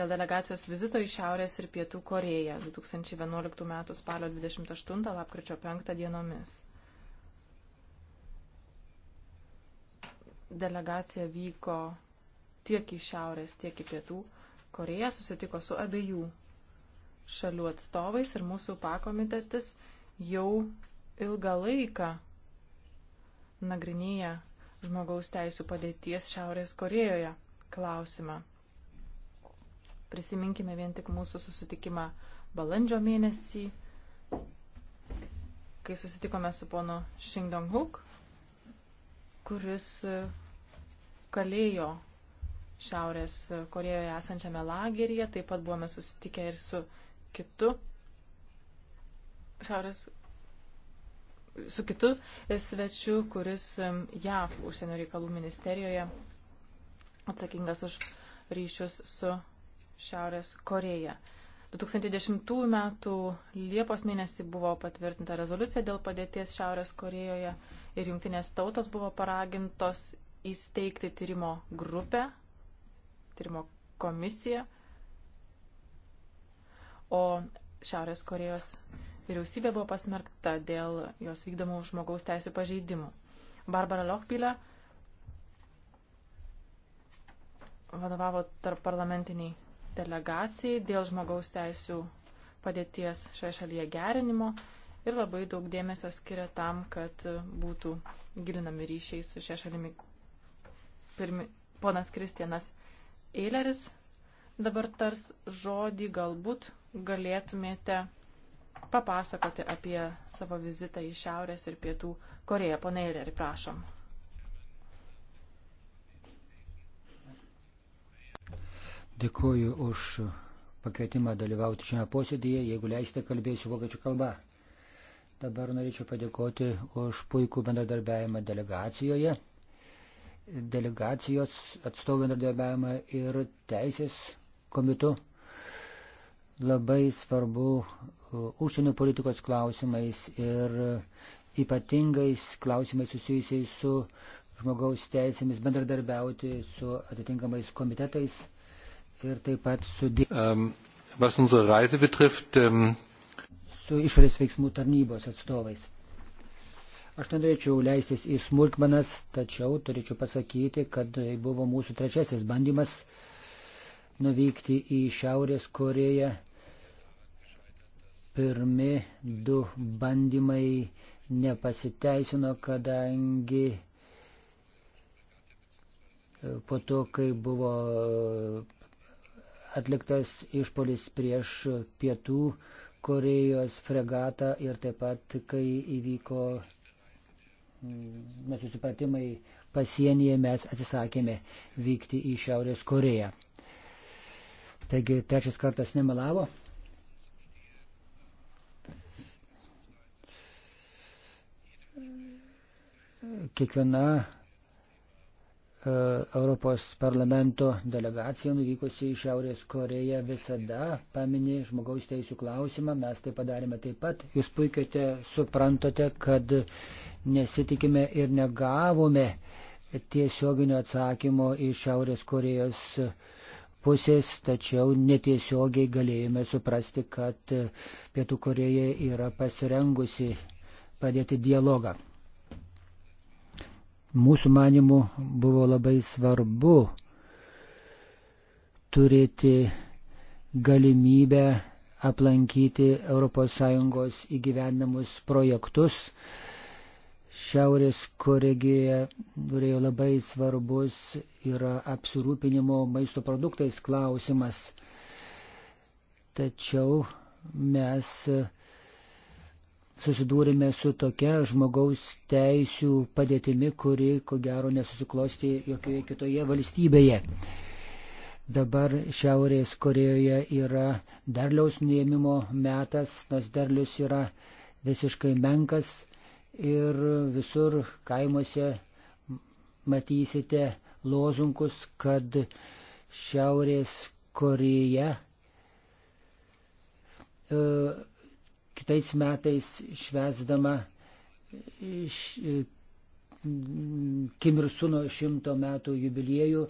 dėl delegacijos vizito į Šiaurės ir Pietų Koreją 2011 m. spalio 28 lapkričio 5 dienomis. Delegacija vyko tiek į Šiaurės, tiek į Pietų Koreją, susitiko su abiejų šalių atstovais ir mūsų pakomitetis jau ilgą laiką nagrinėja žmogaus teisų padėties Šiaurės Korejoje klausimą. Prisiminkime vien tik mūsų susitikimą balandžio mėnesį, kai susitikome su ponu Shingdong Huk, kuris e, kalėjo Šiaurės Korejoje esančiame lageryje, taip pat buvome susitikę ir su kitu Šiaurės su kitu svečiu, kuris JAV užsienio reikalų ministerijoje atsakingas už ryšius su Šiaurės Koreja. 2010 m. Liepos mėnesį buvo patvirtinta rezoliucija dėl padėties Šiaurės Korejoje ir jungtinės tautos buvo paragintos įsteigti tyrimo grupę, tyrimo komisiją, o Šiaurės Korejos vyriausybė buvo pasmerkta dėl jos vykdomų žmogaus teisų pažeidimų. Barbara Lochbilė vadovavo tarp parlamentiniai delegacijai dėl žmogaus teisų padėties šioje šalyje gerinimo ir labai daug dėmesio skiria tam, kad būtų gilinami ryšiai su šia šalimi. Pirmi, ponas Kristianas Eileris dabar tars žodį, galbūt galėtumėte papasakoti apie savo vizitą į Šiaurės ir Pietų Koreją. Pone Eileri, prašom. Dėkuoju už pakvietimą dalyvauti šiame posėdėje. Jeigu leisite, kalbėsiu vokiečių kalba. Dabar norėčiau padėkoti už puikų bendradarbiavimą delegacijoje, delegacijos atstovų bendradarbiavimą ir teisės komitu labai svarbu uh, užsienio politikos klausimais ir uh, ypatingais klausimais susijusiais su žmogaus teisėmis bendradarbiauti su atitinkamais komitetais ir taip pat su, um, betrifft, um... su išorės veiksmų tarnybos atstovais. Aš nenorėčiau leistis į smulkmenas, tačiau turėčiau pasakyti, kad tai buvo mūsų trečiasis bandymas nuvykti į Šiaurės Koreją pirmi du bandymai nepasiteisino, kadangi po to, kai buvo atliktas išpolis prieš pietų Korejos fregatą ir taip pat, kai įvyko nesusipratimai pasienyje, mes atsisakėme vykti į Šiaurės Koreją. Taigi trečias kartas nemelavo. kiekviena e, Europos parlamento delegacija nuvykusi į Šiaurės Koreją visada paminė žmogaus teisų klausimą. Mes tai padarėme taip pat. Jūs puikiai suprantate, kad nesitikime ir negavome tiesioginio atsakymo iš Šiaurės Korejos pusės, tačiau netiesiogiai galėjome suprasti, kad Pietų Koreja yra pasirengusi pradėti dialogą mūsų manimų buvo labai svarbu turėti galimybę aplankyti ES įgyvendamus projektus. Šiaurės Koregijoje turėjo labai svarbus yra apsirūpinimo maisto produktais klausimas. Tačiau mes susidūrime su tokia žmogaus teisų padėtimi, kuri ko gero nesusiklosti jokioje kitoje valstybėje. Dabar Šiaurės Korejoje yra derliaus nuėmimo metas, nors derlius yra visiškai menkas ir visur kaimuose matysite lozunkus, kad Šiaurės Koreja e, kitais metais švesdama š... Kim ir Suno šimto metų jubiliejų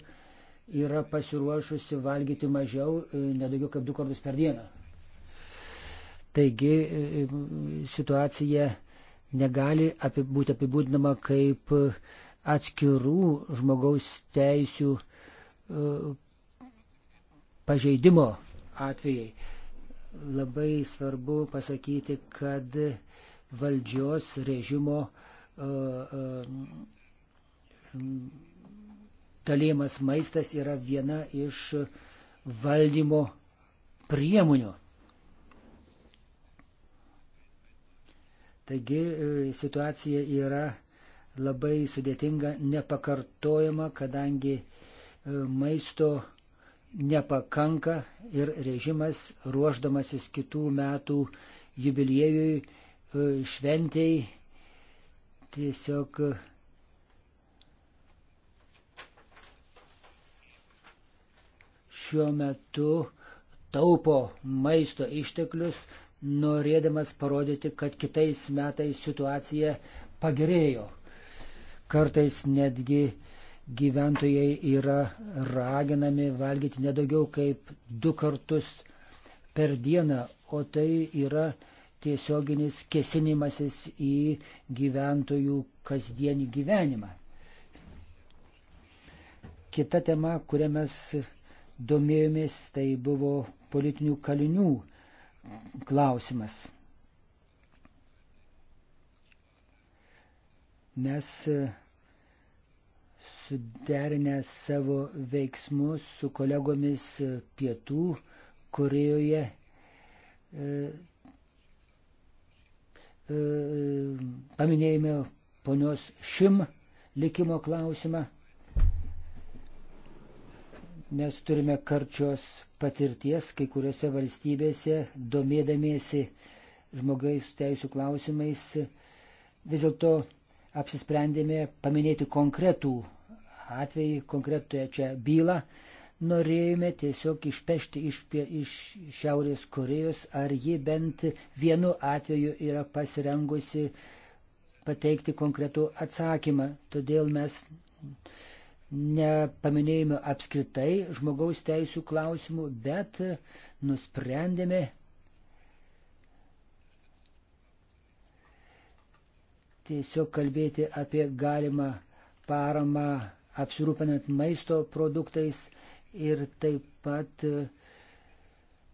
yra pasiruošusi valgyti mažiau, e, nedaugiau kaip du kartus per dieną. Taigi e, e, situacija negali apie, būti apibūdinama kaip atskirų žmogaus teisių pažeidimo atvejai labai svarbu pasakyti, kad valdžios režimo dalymas maistas yra viena iš valdymo priemonių. Taigi e, situacija yra labai sudėtinga, nepakartojama, kadangi e, maisto nepakanka ir režimas ruoždamasis kitų metų jubiliejui, e, šventėjai tiesiog e, šiuo metu taupo maisto išteklius, norėdamas parodyti, kad kitais metais situacija pagerėjo. Kartais netgi uh, gyventojai yra raginami valgyti nedaugiau kaip du kartus per dieną, o tai yra tiesioginis kesinimasis į gyventojų kasdienį gyvenimą. Kita tema, kurią mes domėjomės, tai buvo politinių kalinių klausimas. Mes suderinę savo veiksmus su kolegomis pietų Korejoje. E, e, paminėjome ponios Šim likimo klausimą. Mes turime karčios patirties kai kuriuose valstybėse, domėdamiesi žmogais teisų klausimais, vis dėlto apsisprendėme paminėti konkretų atvejį, konkretoje čia bylą, norėjome tiesiog išpešti iš, iš Šiaurės Korejos, ar ji bent vienu atveju yra pasirengusi pateikti konkretų atsakymą. Todėl mes nepaminėjome apskritai žmogaus teisų klausimų, bet nusprendėme tiesiog kalbėti apie galimą paramą apsirūpinant maisto produktais ir taip pat e,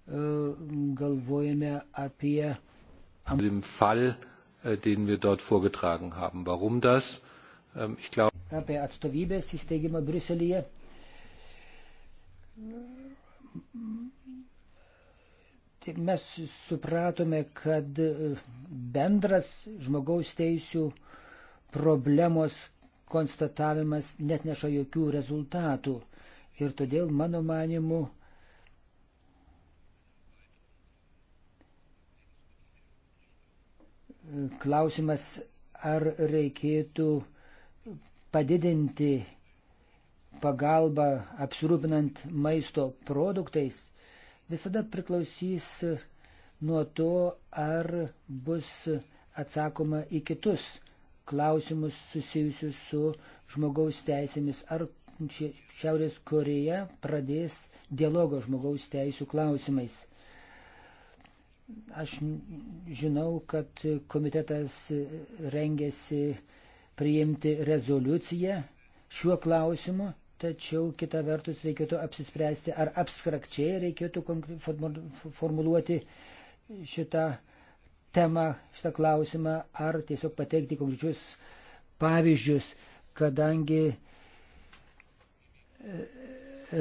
galvojame apie. Dem Fall, äh, den wir dort vorgetragen haben. Warum das? Ähm, ich glaube. Apie atstovybės įsteigimą Briuselyje. Taip mes supratome, kad e, bendras žmogaus teisų problemos konstatavimas net neša jokių rezultatų. Ir todėl, mano manimu, klausimas, ar reikėtų padidinti pagalbą apsirūpinant maisto produktais, visada priklausys nuo to, ar bus atsakoma į kitus klausimus susijusius su žmogaus teisėmis, ar Šiaurės Koreja pradės dialogo žmogaus teisų klausimais. Aš žinau, kad komitetas rengėsi priimti rezoliuciją šiuo klausimu, tačiau kita vertus reikėtų apsispręsti, ar abstrakčiai reikėtų formuluoti šitą klausimą temą, šitą klausimą, ar tiesiog pateikti konkrečius pavyzdžius, kadangi e,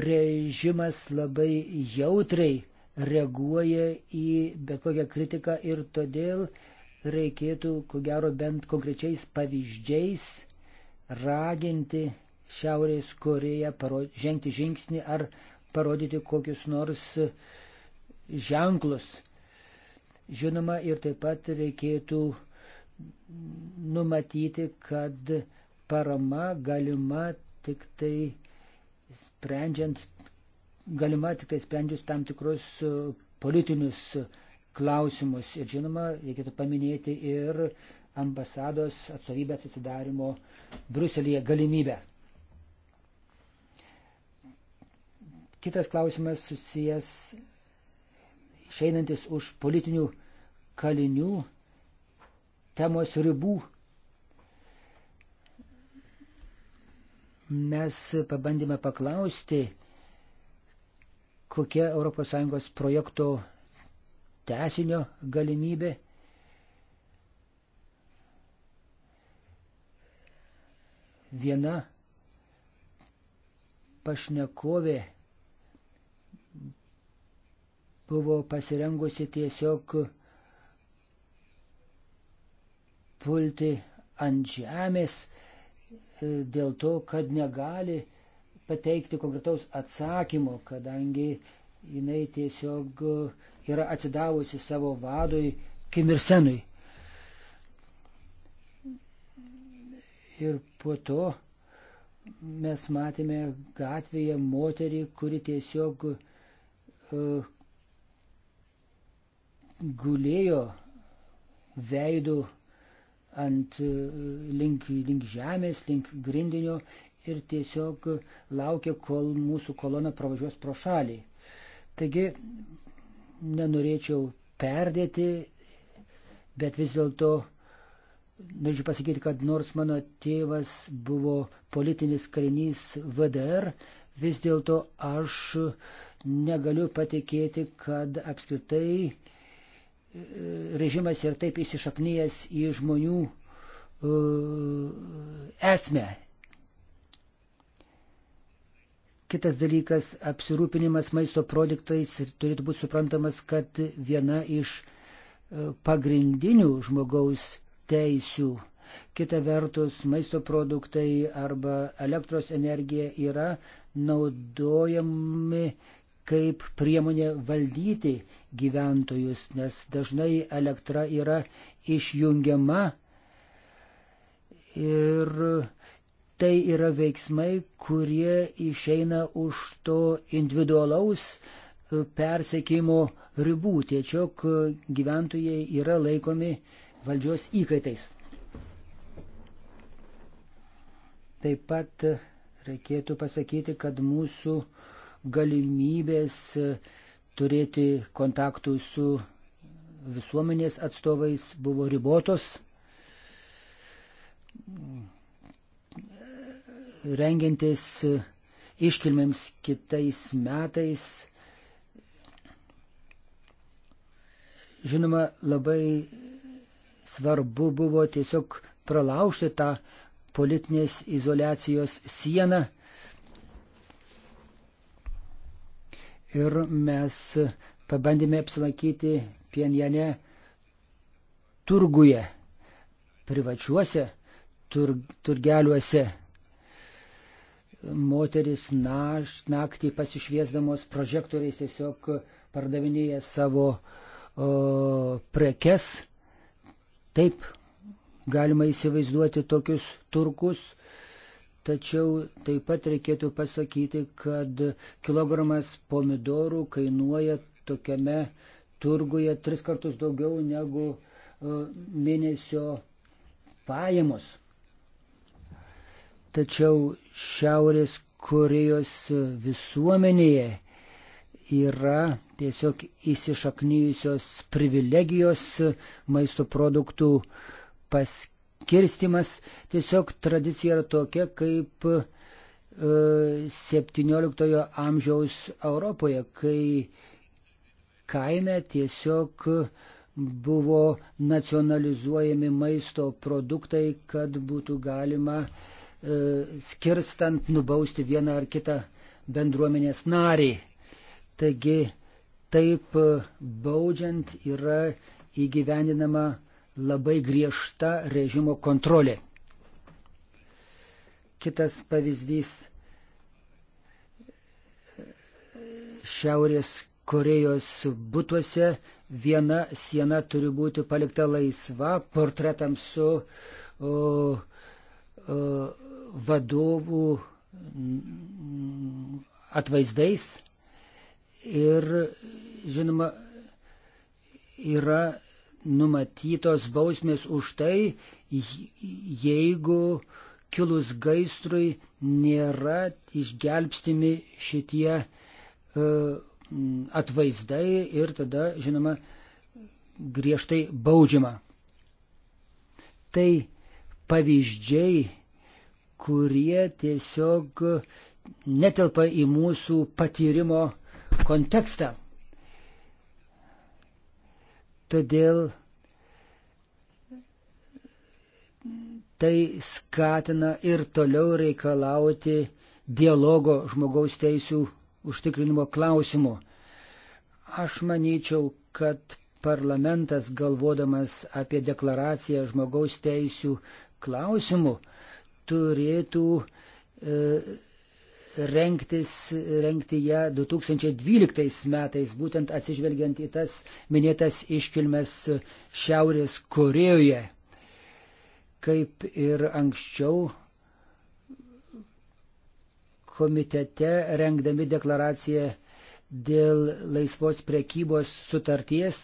režimas labai jautriai reaguoja į bet kokią kritiką ir todėl reikėtų, ko gero, bent konkrečiais pavyzdžiais raginti Šiaurės Koreją žengti žingsnį ar parodyti kokius nors ženklus Žinoma, ir taip pat reikėtų numatyti, kad parama galima tik tai sprendžiant, galima tik tai sprendžius tam tikrus politinius klausimus. Ir žinoma, reikėtų paminėti ir ambasados atsovybės atsidarimo Bruselėje galimybę. Kitas klausimas susijęs išeinantis už politinių kalinių temos ribų. Mes pabandėme paklausti, kokia ES projekto tesinio galimybė. Viena pašnekovė buvo pasirengusi tiesiog pulti ant žemės e, dėl to, kad negali pateikti konkretaus atsakymo, kadangi jinai tiesiog e, yra atsidavusi savo vadui Kimirsenui. Ir po to mes matėme gatvėje moterį, kuri tiesiog uh, gulėjo veidų ant e, link, link žemės, link grindinio ir tiesiog laukė, kol mūsų kolona pravažiuos pro šalį. Taigi nenorėčiau perdėti, bet vis dėlto norėčiau pasakyti, kad nors mano tėvas buvo politinis karinys VDR, vis dėlto aš negaliu patikėti, kad apskritai režimas ir taip įsišaknyjas į žmonių e, esmę. Kitas dalykas - apsirūpinimas maisto produktais turėtų būti suprantamas, kad viena iš e, pagrindinių žmogaus teisių. Kita vertus, maisto produktai arba elektros energija yra naudojami kaip priemonė valdyti gyventojus, nes dažnai elektra yra išjungiama ir tai yra veiksmai, kurie išeina už to individualaus e, persekimo ribų. Tiesiog e, gyventojai yra laikomi valdžios įkaitais. Taip pat e, reikėtų pasakyti, kad mūsų uh, galimybės e, turėti kontaktų su visuomenės atstovais buvo ribotos. Rengiantis iškilmėms kitais metais, žinoma, labai svarbu buvo tiesiog pralaužti tą politinės izolacijos sieną ir mes pabandėme apsilankyti Pienjane turguje, privačiuose tur, turgeliuose. Moteris naš, naktį pasišviesdamos prožektoriais tiesiog pardavinėja savo o, prekes. Taip, galima įsivaizduoti tokius turkus Tačiau taip pat reikėtų pasakyti, kad kilogramas pomidorų kainuoja tokiame turguje tris kartus daugiau negu e, mėnesio pajamos. Tačiau Šiaurės Korejos visuomenėje yra tiesiog įsišaknyjusios privilegijos maisto produktų paskirti kirstimas. Tiesiog tradicija yra tokia, kaip 17 e, amžiaus Europoje, kai kaime tiesiog buvo nacionalizuojami maisto produktai, kad būtų galima e, skirstant nubausti vieną ar kitą bendruomenės narį. Taigi taip e, baudžiant yra įgyvendinama labai griežta režimo kontrolė. Kitas pavyzdys Šiaurės Korejos būtuose viena siena turi būti palikta laisva portretams su o, o, vadovų atvaizdais ir, žinoma, yra numatytos bausmės už tai, jeigu kilus gaisrui nėra išgelbstimi šitie e, atvaizdai ir tada, žinoma, griežtai baudžiama. Tai pavyzdžiai, kurie tiesiog netelpa į mūsų patyrimo kontekstą. Todėl tai skatina ir toliau reikalauti dialogo žmogaus teisų užtikrinimo klausimu. Aš manyčiau, kad parlamentas galvodamas apie deklaraciją žmogaus teisų klausimų turėtų e, rengtis, rengti ją 2012 metais, būtent atsižvelgiant į tas minėtas iškilmes Šiaurės Korejoje. Kaip ir anksčiau komitete rengdami deklaraciją dėl laisvos prekybos sutarties,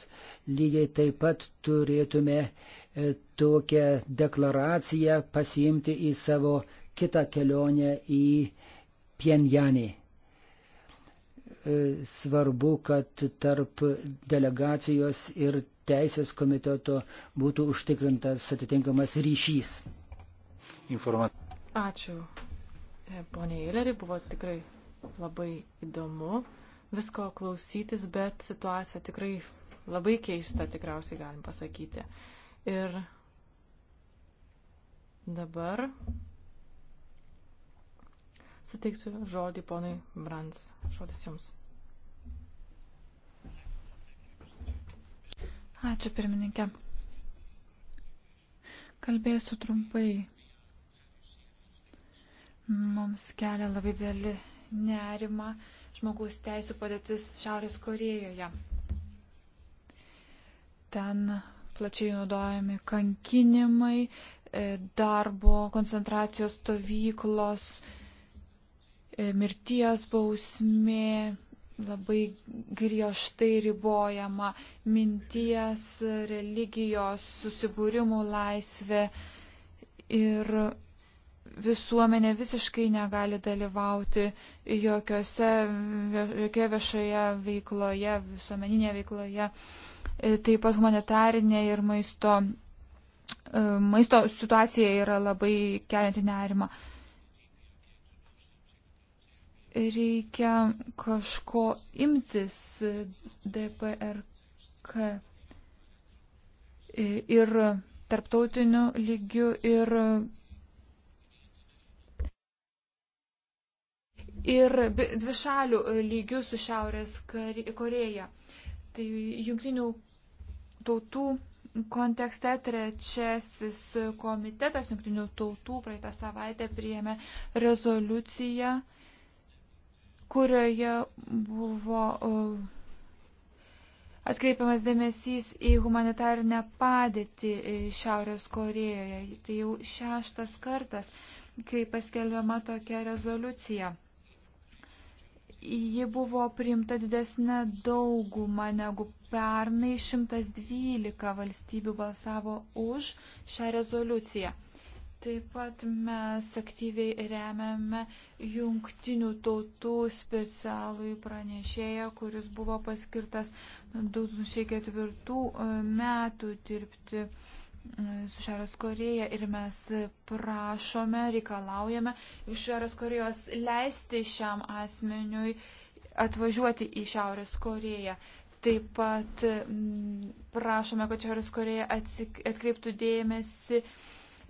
lygiai taip pat turėtume e, tokią deklaraciją pasiimti į savo kitą kelionę į Pienjanį. E, svarbu, kad tarp delegacijos ir teisės komiteto būtų užtikrintas atitinkamas ryšys. Informat. Ačiū. E, Pone Eileri, buvo tikrai labai įdomu visko klausytis, bet situacija tikrai labai keista, tikriausiai galim pasakyti. Ir dabar Suteiksiu žodį ponai Brans. Žodis jums. Ačiū pirmininkė. Kalbėsiu trumpai. Mums kelia labai dėlį nerima žmogaus teisų padėtis Šiaurės Korejoje. Ten plačiai naudojami kankinimai, e, darbo koncentracijos stovyklos, E, mirties bausmė labai griežtai ribojama, minties, religijos, susibūrimų laisvė ir visuomenė visiškai negali dalyvauti jokiose, jokioje viešoje veikloje, visuomeninėje veikloje, e, taip pat humanitarinė ir maisto, e, maisto situacija yra labai kelinti nerima reikia kažko imtis DPRK ir tarptautiniu lygiu ir, ir dvišalių lygiu su Šiaurės Koreja. Tai jungtinių tautų kontekste trečiasis komitetas jungtinių tautų praeitą savaitę priėmė rezoliuciją kurioje buvo e, atkreipiamas dėmesys į humanitarinę padėtį e, Šiaurės Korejoje. Tai jau šeštas kartas, kai paskelbiama tokia rezoliucija. Ji buvo priimta didesnė dauguma negu pernai 112 valstybių balsavo už šią rezoliuciją. Taip pat mes aktyviai remiame jungtinių tautų specialųjį pranešėją, kuris buvo paskirtas 2004 e, metų dirbti e, su Šiaurės Koreja ir mes prašome, reikalaujame iš Šiaurės Korejos leisti šiam asmeniui atvažiuoti į Šiaurės Koreją. Taip pat prašome, kad Šiaurės Koreja atkreiptų dėmesį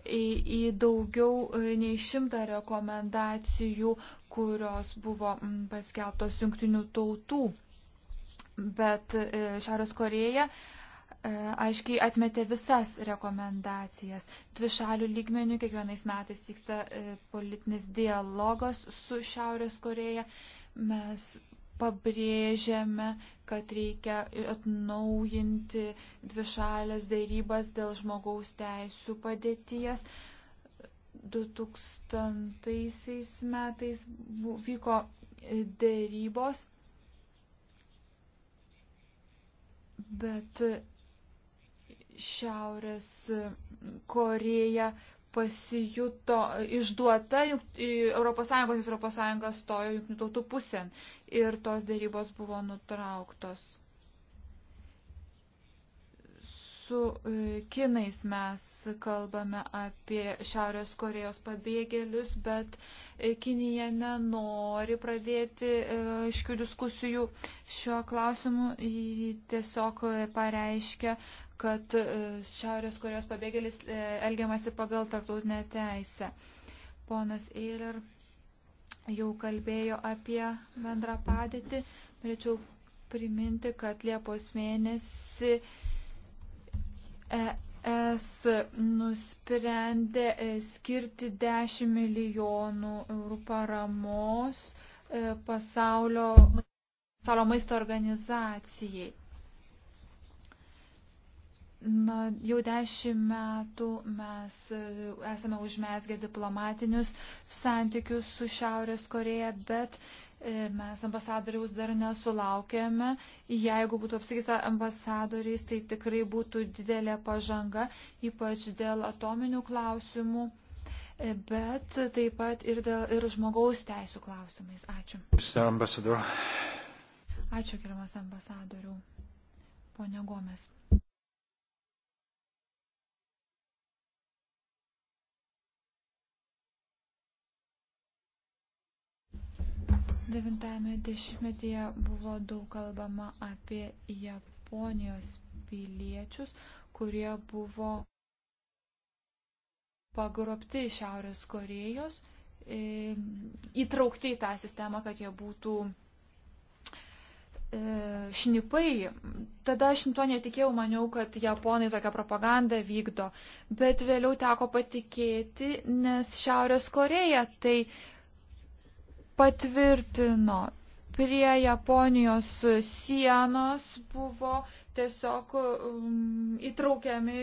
į, į daugiau e, nei šimtą rekomendacijų, kurios buvo paskelbtos jungtinių tautų. Bet e, Šiaurės Koreja e, aiškiai atmetė visas rekomendacijas. Dvišalių lygmenių kiekvienais metais vyksta politinis dialogas su Šiaurės Koreja. Mes pabrėžiame, kad reikia atnaujinti dvišalės dėrybas dėl žmogaus teisų padėties. 2000 metais vyko dėrybos, bet Šiaurės Koreja pasijuto išduota ES, nes ES stojo jungtinių tautų pusėn ir tos dėrybos buvo nutrauktos. Su e, kinais mes kalbame apie Šiaurės Korejos pabėgėlius, bet e, Kinija nenori pradėti e, aiškių diskusijų šiuo klausimu. Ji tiesiog pareiškia, kad e, Šiaurės Korejos pabėgėlis e, elgiamasi pagal tarptautinę teisę. Ponas Eiler jau kalbėjo apie bendrą padėtį. Norėčiau priminti, kad Liepos mėnesį ES nusprendė e, skirti 10 milijonų eurų paramos pasaulio, pasaulio maisto organizacijai. Na, jau dešimt metų mes e, esame užmesgę diplomatinius santykius su Šiaurės Koreja, bet e, mes ambasadoriaus dar nesulaukėme. Jeigu būtų apsakyta ambasadoriais, tai tikrai būtų didelė pažanga, ypač dėl atominių klausimų, e, bet taip pat ir, dėl, ir žmogaus teisų klausimais. Ačiū. Ačiū, gerbiamas ambasadoriu. Pone Gomes. Devintame dešimtmetyje buvo daug kalbama apie Japonijos piliečius, kurie buvo pagrobti iš Šiaurės Korejos, e, įtraukti į tą sistemą, kad jie būtų e, šnipai. Tada aš to netikėjau, maniau, kad japonai tokią propagandą vykdo, bet vėliau teko patikėti, nes Šiaurės Koreja tai patvirtino. Prie Japonijos sienos buvo tiesiog um, įtraukiami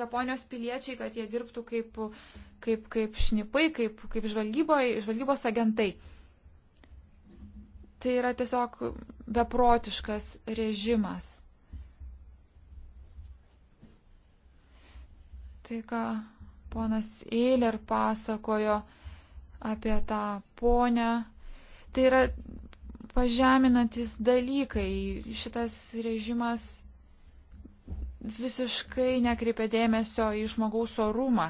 Japonijos piliečiai, kad jie dirbtų kaip, kaip, kaip šnipai, kaip, kaip žvalgybos agentai. Tai yra tiesiog beprotiškas režimas. Tai ką ponas Eiler pasakojo, apie tą ponę. Tai yra pažeminantis dalykai. Šitas režimas visiškai nekreipia dėmesio į žmogaus orumą.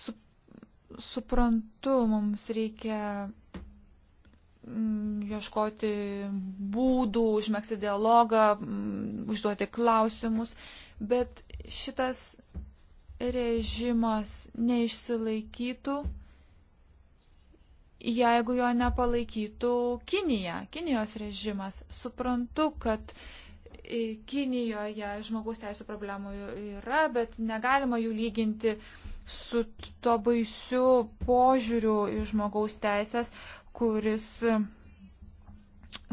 Su, suprantu, mums reikia mm, ieškoti būdų, užmėgsti dialogą, mm, užduoti klausimus, bet šitas režimas neišsilaikytų, jeigu jo nepalaikytų Kinija, Kinijos režimas. Suprantu, kad e, Kinijoje žmogaus teisų problemų yra, bet negalima jų lyginti su to baisiu požiūriu į žmogaus teisės, kuris,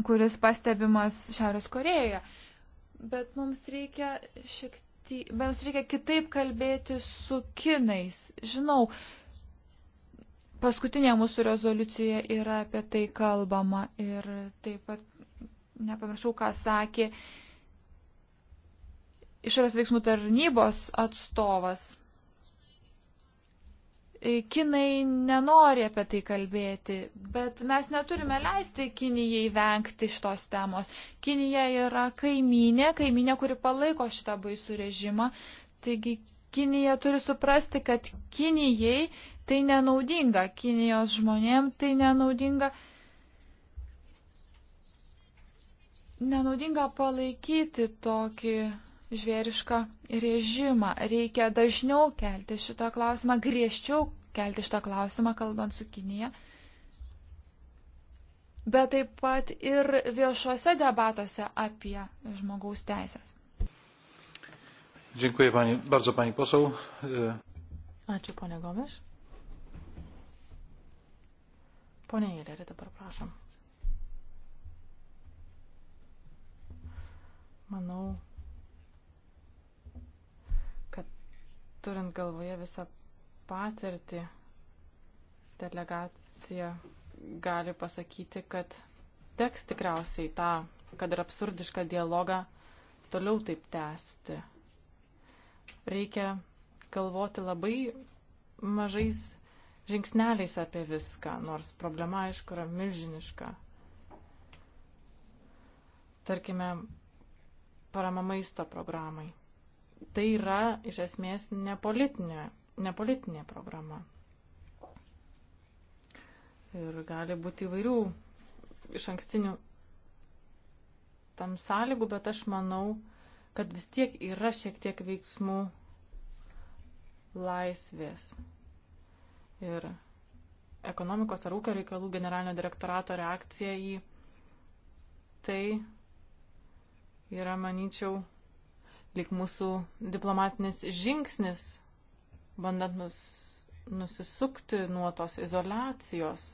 kuris pastebimas Šiaurės Korejoje. Bet mums reikia šiek ateity, mums reikia kitaip kalbėti su kinais. Žinau, paskutinė mūsų rezoliucija yra apie tai kalbama ir taip pat nepamiršau, ką sakė išorės veiksmų tarnybos atstovas. E, kinai nenori apie tai kalbėti, bet mes neturime leisti Kinijai vengti šitos temos. Kinija yra kaiminė, kaiminė, kuri palaiko šitą baisų režimą. Taigi Kinija turi suprasti, kad Kinijai tai nenaudinga, Kinijos žmonėm tai nenaudinga. Nenaudinga palaikyti tokį žvėrišką režimą. Reikia dažniau kelti šitą klausimą, griežčiau kelti šitą klausimą, kalbant su Kinija. Bet taip pat ir viešuose debatuose apie žmogaus teisės. Dziękuję pani, bardzo pani poseł. Ačiū, ponia Gomes. Ponia Ilerė, dabar prašom. Manau, turint galvoje visą patirtį, delegacija gali pasakyti, kad teks tikriausiai tą, kad ir absurdišką dialogą toliau taip tęsti. Reikia galvoti labai mažais žingsneliais apie viską, nors problema aišku yra milžiniška. Tarkime, parama maisto programai tai yra iš esmės nepolitinė, nepolitinė programa. Ir gali būti įvairių iš ankstinių tam sąlygų, bet aš manau, kad vis tiek yra šiek tiek veiksmų laisvės. Ir ekonomikos ar ūkio reikalų generalinio direktorato reakcija į tai yra, manyčiau, lik mūsų diplomatinis žingsnis, bandant nus, nusisukti nuo tos izolacijos.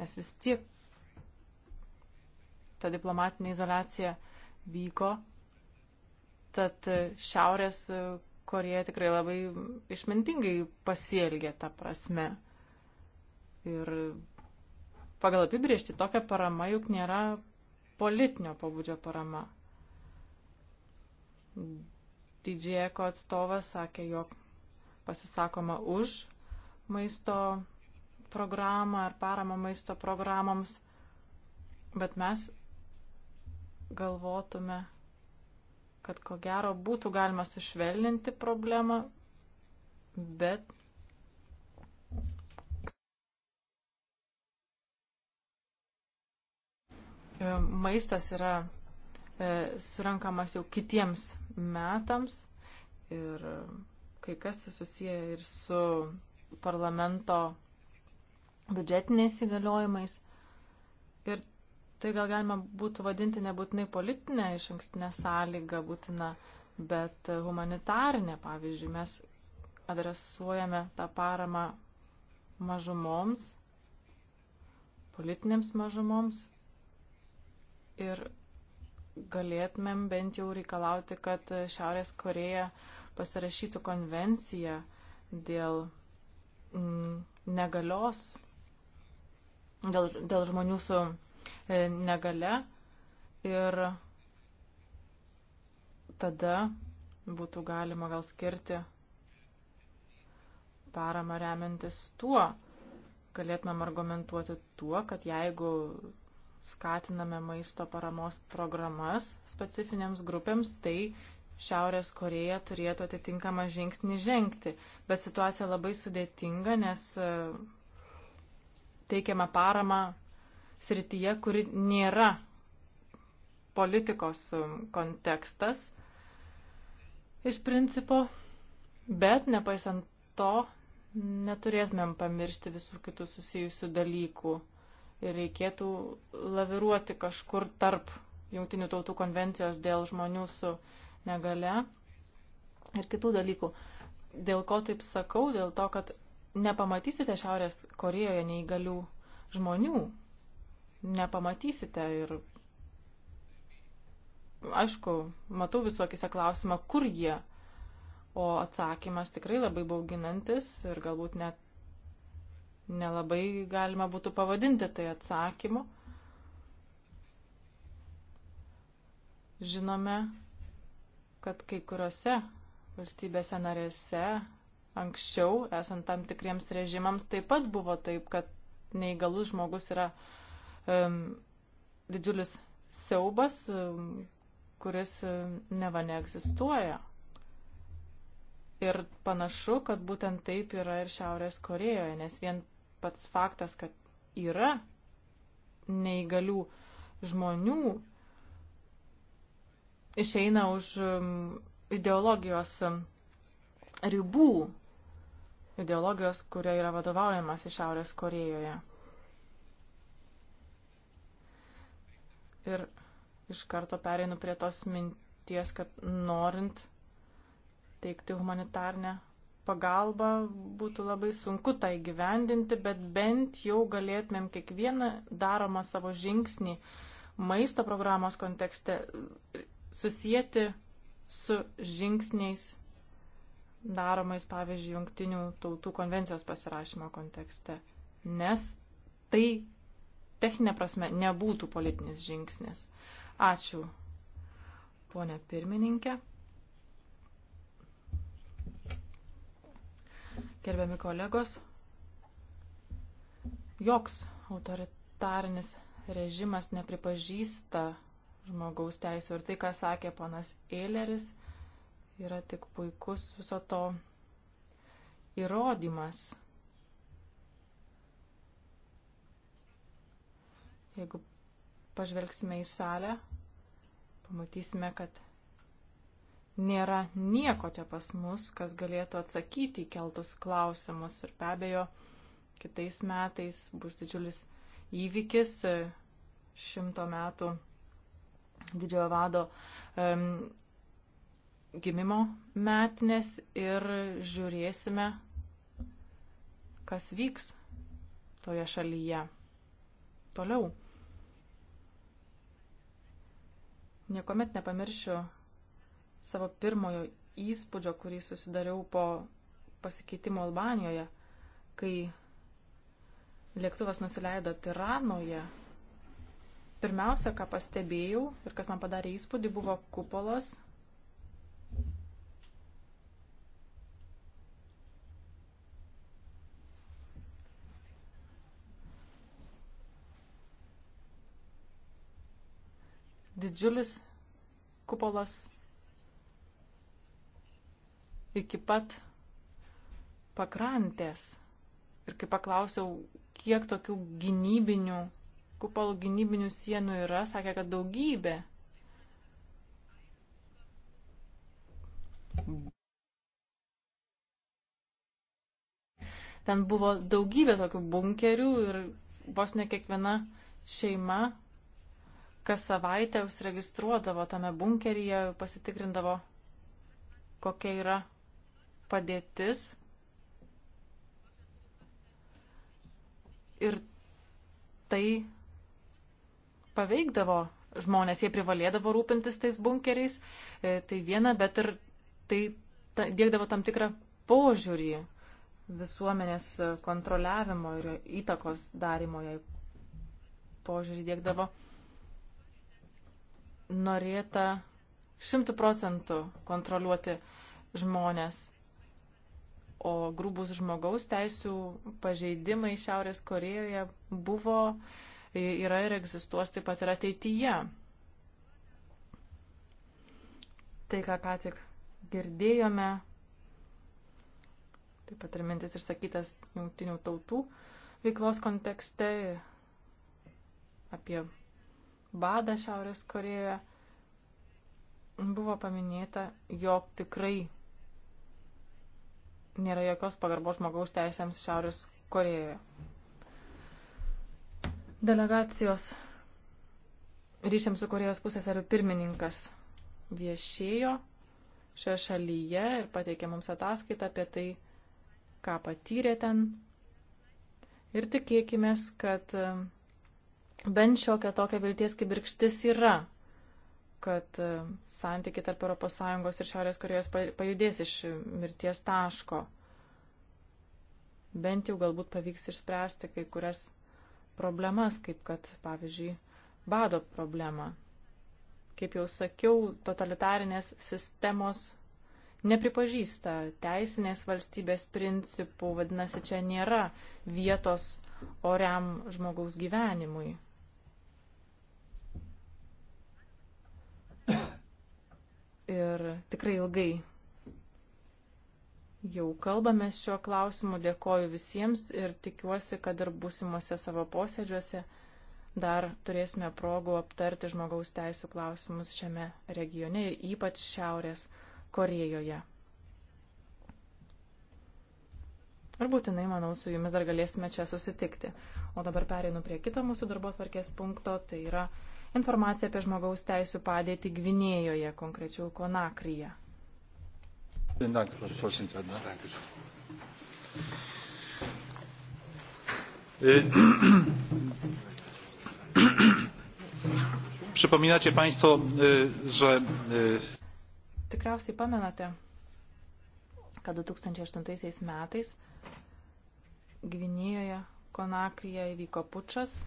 Nes vis tiek ta diplomatinė izolacija vyko, tad Šiaurės Koreja tikrai labai išmintingai pasielgė tą prasme. Ir pagal apibriežti tokia parama juk nėra politinio pabudžio parama. Didžieko atstovas sakė, jog pasisakoma už maisto programą ar paramą maisto programoms, bet mes galvotume, kad ko gero būtų galima sušvelninti problemą, bet e, maistas yra E, surankamas jau kitiems metams ir kai kas susiję ir su parlamento biudžetiniais įgaliojimais. Ir tai gal galima būtų vadinti nebūtinai politinę iš ankstinę sąlygą būtiną, bet humanitarinę, pavyzdžiui, mes adresuojame tą paramą mažumoms, politinėms mažumoms ir galėtumėm bent jau reikalauti, kad Šiaurės Koreja pasirašytų konvenciją dėl mm, negalios, dėl, dėl žmonių su e, negale ir tada būtų galima gal skirti paramą remiantis tuo. Galėtumėm argumentuoti tuo, kad jeigu skatiname maisto paramos programas specifinėms grupėms, tai Šiaurės Koreja turėtų atitinkamą žingsnį žengti. Bet situacija labai sudėtinga, nes e, teikiame paramą srityje, kuri nėra politikos e, kontekstas iš principo. Bet nepaisant to, neturėtumėm pamiršti visų kitų susijusių dalykų reikėtų laviruoti kažkur tarp Jungtinių tautų konvencijos dėl žmonių su negale ir kitų dalykų. Dėl ko taip sakau? Dėl to, kad nepamatysite Šiaurės Korejoje neįgalių žmonių. Nepamatysite ir aišku, matau visuokise klausimą, kur jie. O atsakymas tikrai labai bauginantis ir galbūt net nelabai galima būtų pavadinti tai atsakymu. Žinome, kad kai kuriuose valstybėse narėse anksčiau, esant tam tikriems režimams, taip pat buvo taip, kad neįgalus žmogus yra um, didžiulis siaubas, um, kuris um, neva neegzistuoja. Ir panašu, kad būtent taip yra ir Šiaurės Korejoje, nes vien pats faktas, kad yra neįgalių žmonių, išeina už um, ideologijos um, ribų, ideologijos, kuria yra vadovaujamas iš Šiaurės Korejoje. Ir iš karto pereinu prie tos minties, kad norint teikti humanitarnę pagalba būtų labai sunku tai gyvendinti, bet bent jau galėtumėm kiekvieną daromą savo žingsnį maisto programos kontekste susijęti su žingsniais daromais, pavyzdžiui, jungtinių tautų konvencijos pasirašymo kontekste. Nes tai techninė prasme nebūtų politinis žingsnis. Ačiū, ponė pirmininkė. gerbiami kolegos, joks autoritarinis režimas nepripažįsta žmogaus teisų ir tai, ką sakė ponas Eileris, yra tik puikus viso to įrodymas. Jeigu pažvelgsime į salę, pamatysime, kad nėra nieko čia pas mus, kas galėtų atsakyti į keltus klausimus. Ir be abejo, kitais metais bus didžiulis įvykis e, šimto metų didžiojo vado um, gimimo metnės ir žiūrėsime, kas vyks toje šalyje. Toliau. Niekuomet nepamiršiu savo pirmojo įspūdžio, kurį susidariau po pasikeitimo Albanijoje, kai lėktuvas nusileido Tiranoje. Pirmiausia, ką pastebėjau ir kas man padarė įspūdį, buvo kupolas. Didžiulis kupolas iki pat pakrantės. Ir kai paklausiau, kiek tokių gynybinių, kupolų gynybinių sienų yra, sakė, kad daugybė. Ten buvo daugybė tokių bunkerių ir vos ne kiekviena šeima kas savaitę užsiregistruodavo tame bunkeryje, pasitikrindavo, kokia yra padėtis ir tai paveikdavo žmonės, jie privalėdavo rūpintis tais bunkeriais, e, tai viena, bet ir tai ta, dėkdavo tam tikrą požiūrį visuomenės kontroliavimo ir įtakos darimo, jei požiūrį dėkdavo norėta šimtų procentų kontroliuoti žmonės O grūbus žmogaus teisų pažeidimai Šiaurės Korejoje buvo, yra ir egzistuos taip pat ir ateityje. Tai, ką ką tik girdėjome, taip pat ir mintis išsakytas jungtinių tautų veiklos kontekste apie badą Šiaurės Korejoje, buvo paminėta, jog tikrai nėra jokios pagarbos žmogaus teisėms Šiaurės Korejoje. Delegacijos ryšiams su Korejos pusėsariu pirmininkas viešėjo šioje šalyje ir pateikė mums ataskaitą apie tai, ką patyrė ten. Ir tikėkime, kad bent šiokia tokia vilties kibirkštis yra kad e, santykiai tarp ES ir Šiaurės Korejos pajudės iš mirties taško. Bent jau galbūt pavyks išspręsti kai kurias problemas, kaip kad, pavyzdžiui, bado problemą. Kaip jau sakiau, totalitarinės sistemos nepripažįsta teisinės valstybės principų, vadinasi, čia nėra vietos oriam žmogaus gyvenimui. ir tikrai ilgai jau kalbame šiuo klausimu. Dėkoju visiems ir tikiuosi, kad ir būsimuose savo posėdžiuose dar turėsime progų aptarti žmogaus teisų klausimus šiame regione ir ypač Šiaurės Korejoje. Ir būtinai, manau, su jumis dar galėsime čia susitikti. O dabar pereinu prie kito mūsų darbo tvarkės punkto, tai yra informaciją apie žmogaus teisų padėtį Gvinėjoje, konkrečiau Konakryje. Przypominacie Państwo, że. Tikriausiai pamenate, kad 2008 metais Gvinėjoje Konakryje įvyko pučas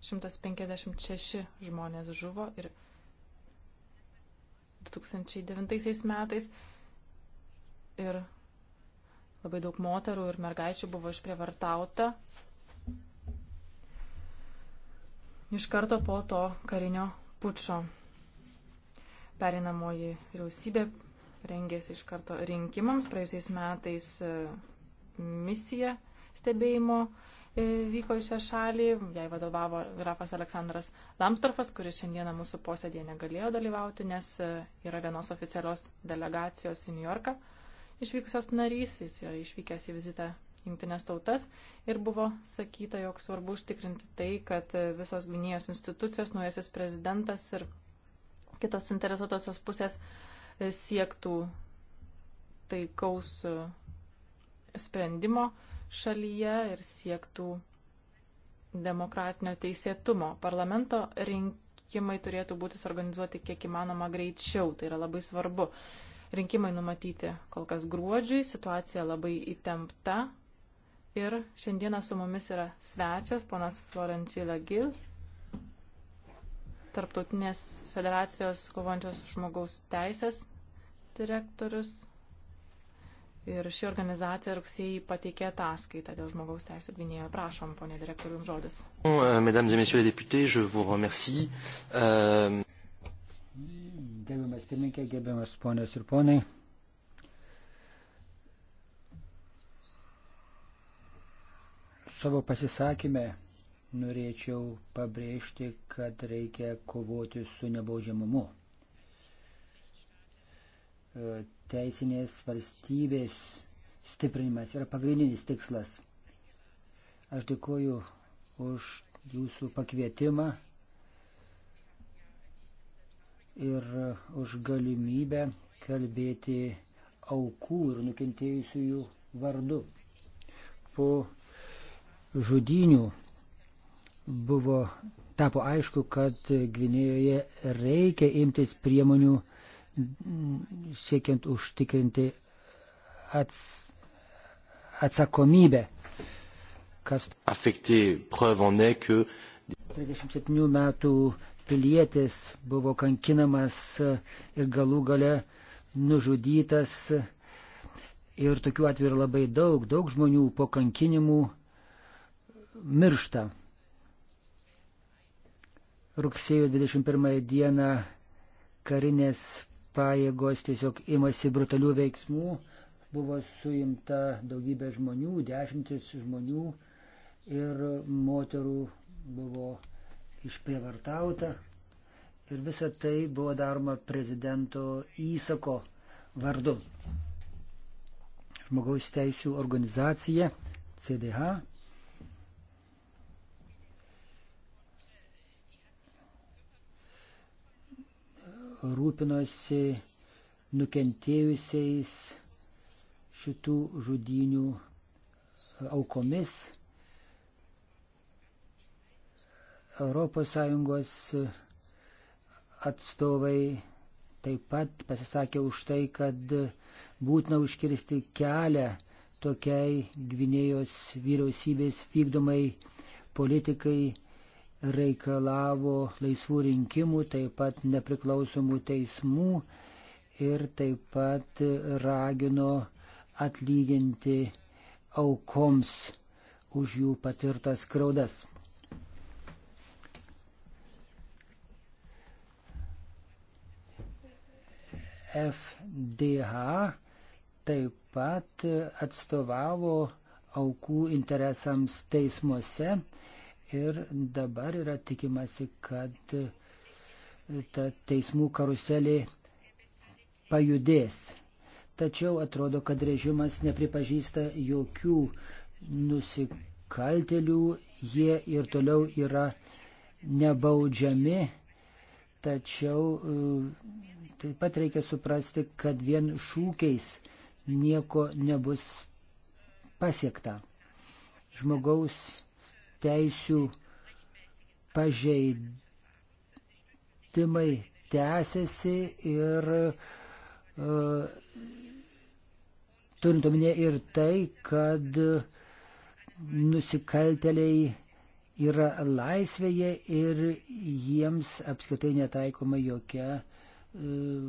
156 žmonės žuvo ir 2009 metais ir labai daug moterų ir mergaičių buvo išprievartauta. Iš karto po to karinio pučio perinamoji vyriausybė rengėsi iš karto rinkimams. Praėjusiais metais misija stebėjimo E, vyko į šią šalį, jai vadovavo grafas Aleksandras Lamstorfas, kuris šiandieną mūsų posėdėje negalėjo dalyvauti, nes e, yra vienos oficialios delegacijos į New Yorką išvykusios narys, jis yra išvykęs į vizitą jungtinės tautas ir buvo sakyta, jog svarbu užtikrinti tai, kad e, visos gynėjos institucijos, naujasis prezidentas ir kitos suinteresuotosios pusės siektų taikaus sprendimo šalyje ir siektų demokratinio teisėtumo. Parlamento rinkimai turėtų būti suorganizuoti kiek įmanoma greičiau, tai yra labai svarbu. Rinkimai numatyti kol kas gruodžiui, situacija labai įtempta ir šiandieną su mumis yra svečias, ponas Florencijla Gil, Tarptautinės federacijos kovančios žmogaus teisės direktorius Ir ši organizacija rugsėjai pateikė ataskaitą dėl žmogaus teisų gynėjo. Prašom, ponė direktorių, jums žodis. Euh, mesdames et messieurs les députés, je vous remercie. Uh... Gerbiamas pirmininkė, gerbiamas ponės ir ponai. Savo pasisakymę norėčiau pabrėžti, kad reikia kovoti su nebaudžiamumu. E, teisinės valstybės stiprinimas yra pagrindinis tikslas. Aš dėkoju už jūsų pakvietimą ir už galimybę kalbėti aukų ir nukentėjusiųjų vardu. Po žudinių buvo tapo aišku, kad Gvinėjoje reikia imtis priemonių siekiant užtikrinti ats, atsakomybę. Kas... Afekti, preuve en est, que... 37 metų pilietis buvo kankinamas ir galų gale nužudytas. Ir tokių atvejų yra labai daug. Daug žmonių po kankinimų miršta. Rugsėjo 21 dieną karinės pajėgos tiesiog imasi brutalių veiksmų, buvo suimta daugybė žmonių, dešimtis žmonių ir moterų buvo išprievartauta. Ir visa tai buvo daroma prezidento įsako vardu. Žmogaus teisų organizacija CDH rūpinosi nukentėjusiais šitų žudinių e, aukomis. ES atstovai taip pat pasisakė už tai, kad būtina užkirsti kelią tokiai Gvinėjos vyriausybės vykdomai politikai reikalavo laisvų rinkimų, taip pat nepriklausomų teismų ir taip pat ragino atlyginti aukoms už jų patirtas kraudas. FDH taip pat atstovavo aukų interesams teismuose ir dabar yra tikimasi, kad ta teismų karuselė pajudės. Tačiau atrodo, kad režimas nepripažįsta jokių nusikaltelių, jie ir toliau yra nebaudžiami. Tačiau e, taip pat reikia suprasti, kad vien šūkiais nieko nebus pasiekta. Žmogaus teisių pažeidimai tęsiasi ir uh, turint omenyje ir tai, kad nusikalteliai yra laisvėje ir jiems apskritai netaikoma jokia uh,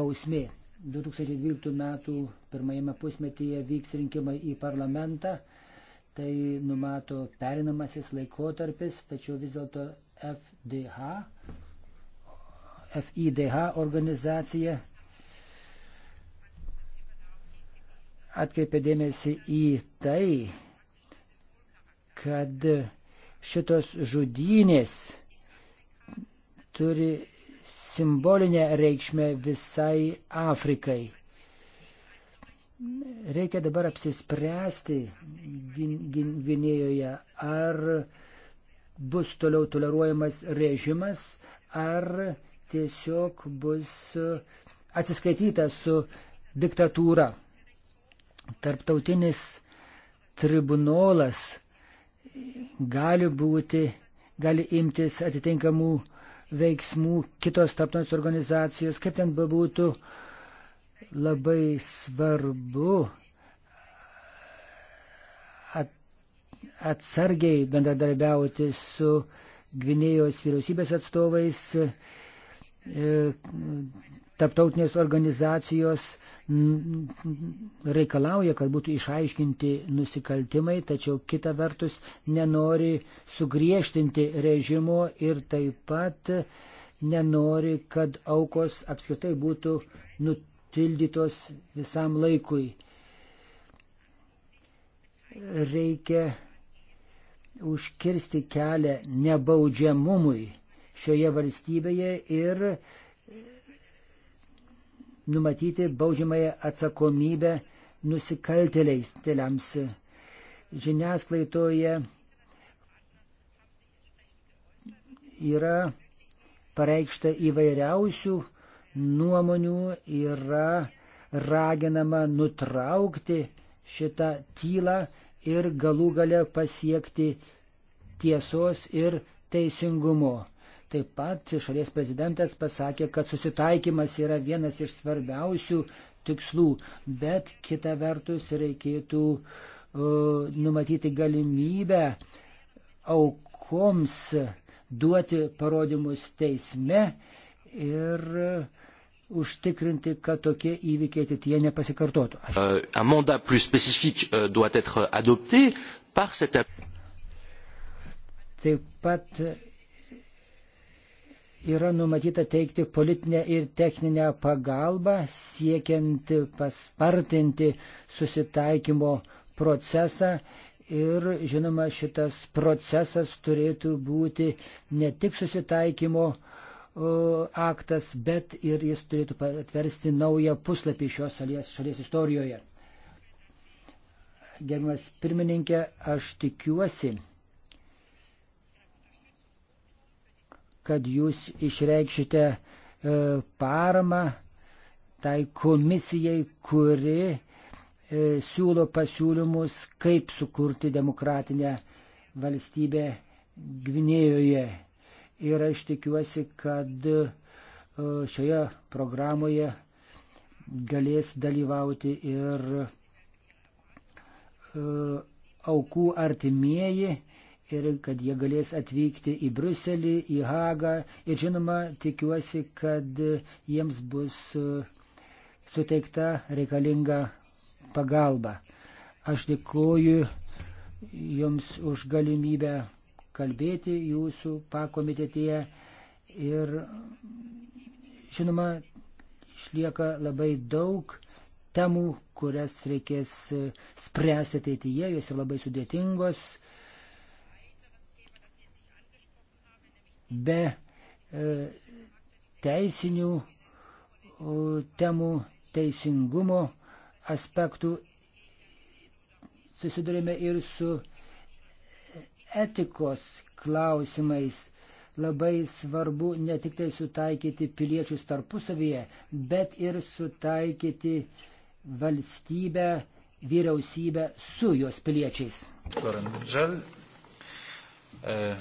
bausmė. 2012 metų pirmajame pusmetyje vyks rinkimai į parlamentą. Tai numato perinamasis laikotarpis, tačiau vis dėlto FDH, FIDH organizacija atkreipė dėmesį į tai, kad šitos žudynės turi simbolinę reikšmę visai Afrikai. Reikia dabar apsispręsti Gvinėjoje, ar bus toliau toleruojamas režimas, ar tiesiog bus atsiskaityta su diktatūra. Tarptautinis tribunolas gali būti, gali imtis atitinkamų veiksmų kitos tarptautinės organizacijos, kaip ten bebūtų, labai svarbu atsargiai bendradarbiauti su Gvinėjos vyriausybės atstovais, e, Tarptautinės organizacijos reikalauja, kad būtų išaiškinti nusikaltimai, tačiau kita vertus nenori sugriežtinti režimo ir taip pat nenori, kad aukos apskritai būtų nutildytos visam laikui. Reikia užkirsti kelią nebaudžiamumui šioje valstybėje ir numatyti baudžiamąją atsakomybę nusikaltėliais tėliams. Žiniasklaidoje yra pareikšta įvairiausių nuomonių, yra raginama nutraukti šitą tylą ir galų gale pasiekti tiesos ir teisingumo. Taip pat šalies prezidentas pasakė, kad susitaikymas yra vienas iš svarbiausių tikslų, bet kita vertus reikėtų uh, numatyti galimybę aukoms duoti parodymus teisme ir užtikrinti, kad tokie įvykiai ateityje nepasikartotų. Aš... Euh, euh, Taip pat yra numatyta teikti politinę ir techninę pagalbą siekiant paspartinti susitaikymo procesą. Ir žinoma, šitas procesas turėtų būti ne tik susitaikymo aktas, bet ir jis turėtų atversti naują puslapį šios šalies, šalies istorijoje. Gerbimas pirmininkė, aš tikiuosi, kad jūs išreikšite e, paramą tai komisijai, kuri e, siūlo pasiūlymus, kaip sukurti demokratinę valstybę Gvinėjoje. Ir aš tikiuosi, kad e, šioje programoje galės dalyvauti ir e, aukų artimieji, ir kad jie galės atvykti į Bruselį, į Hagą. Ir žinoma, tikiuosi, kad jiems bus e, suteikta reikalinga pagalba. Aš dėkuoju Jums už galimybę kalbėti Jūsų pakomitetėje ir žinoma, išlieka labai daug temų, kurias reikės e, spręsti ateityje, jos yra labai sudėtingos. be e, teisinių temų, teisingumo aspektų susidurime ir su etikos klausimais. Labai svarbu ne tik tai sutaikyti piliečius tarpusavyje, bet ir sutaikyti valstybę, vyriausybę su jos piliečiais. Florent Žel, e,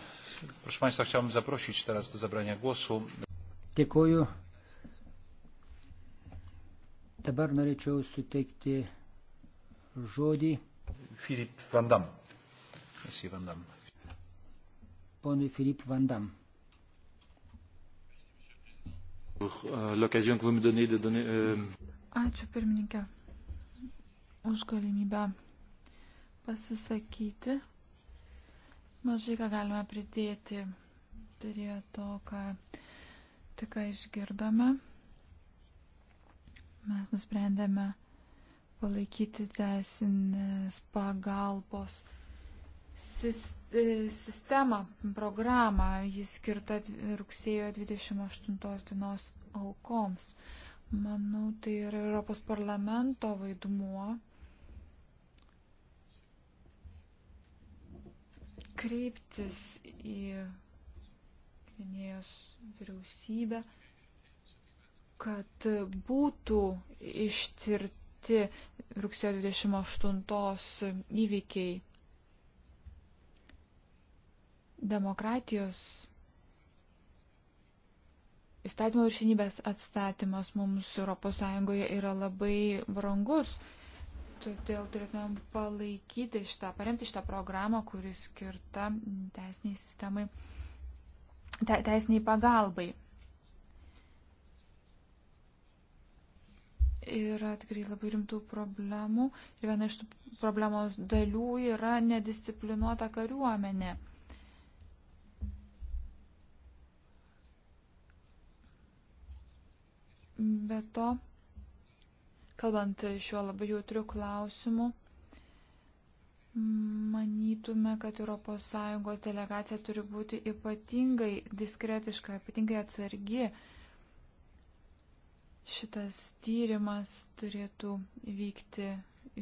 Proszę Państwa, chciałbym zaprosić teraz do zabrania głosu. Dėkuoju. Dabar norėčiau suteikti žodį. Filip Vandam. Esi Vandam. Ponui Filip Vandam. Euh, euh, Ačiū pirmininkė už galimybę pasisakyti Mažai ką galime pridėti. Turėjo to, ką tik išgirdome. Mes nusprendėme palaikyti teisinės pagalbos sistemą, programą. Jis skirta rugsėjo 28 dienos aukoms. Manau, tai yra Europos parlamento vaidmuo kreiptis į Gvinėjos vyriausybę, kad būtų ištirti rugsėjo 28 įvykiai demokratijos įstatymo viršinybės atstatymas mums ES yra labai brangus Todėl turėtumėm palaikyti šitą, paremti šitą programą, kuris skirta teisiniai sistemai, te, teisiniai pagalbai. Yra tikrai labai rimtų problemų ir viena iš tų problemos dalių yra nedisciplinuota kariuomenė. Be to, kalbant šiuo labai jautriu klausimu, manytume, kad ES delegacija turi būti ypatingai diskretiška, ypatingai atsargi. Šitas tyrimas turėtų vykti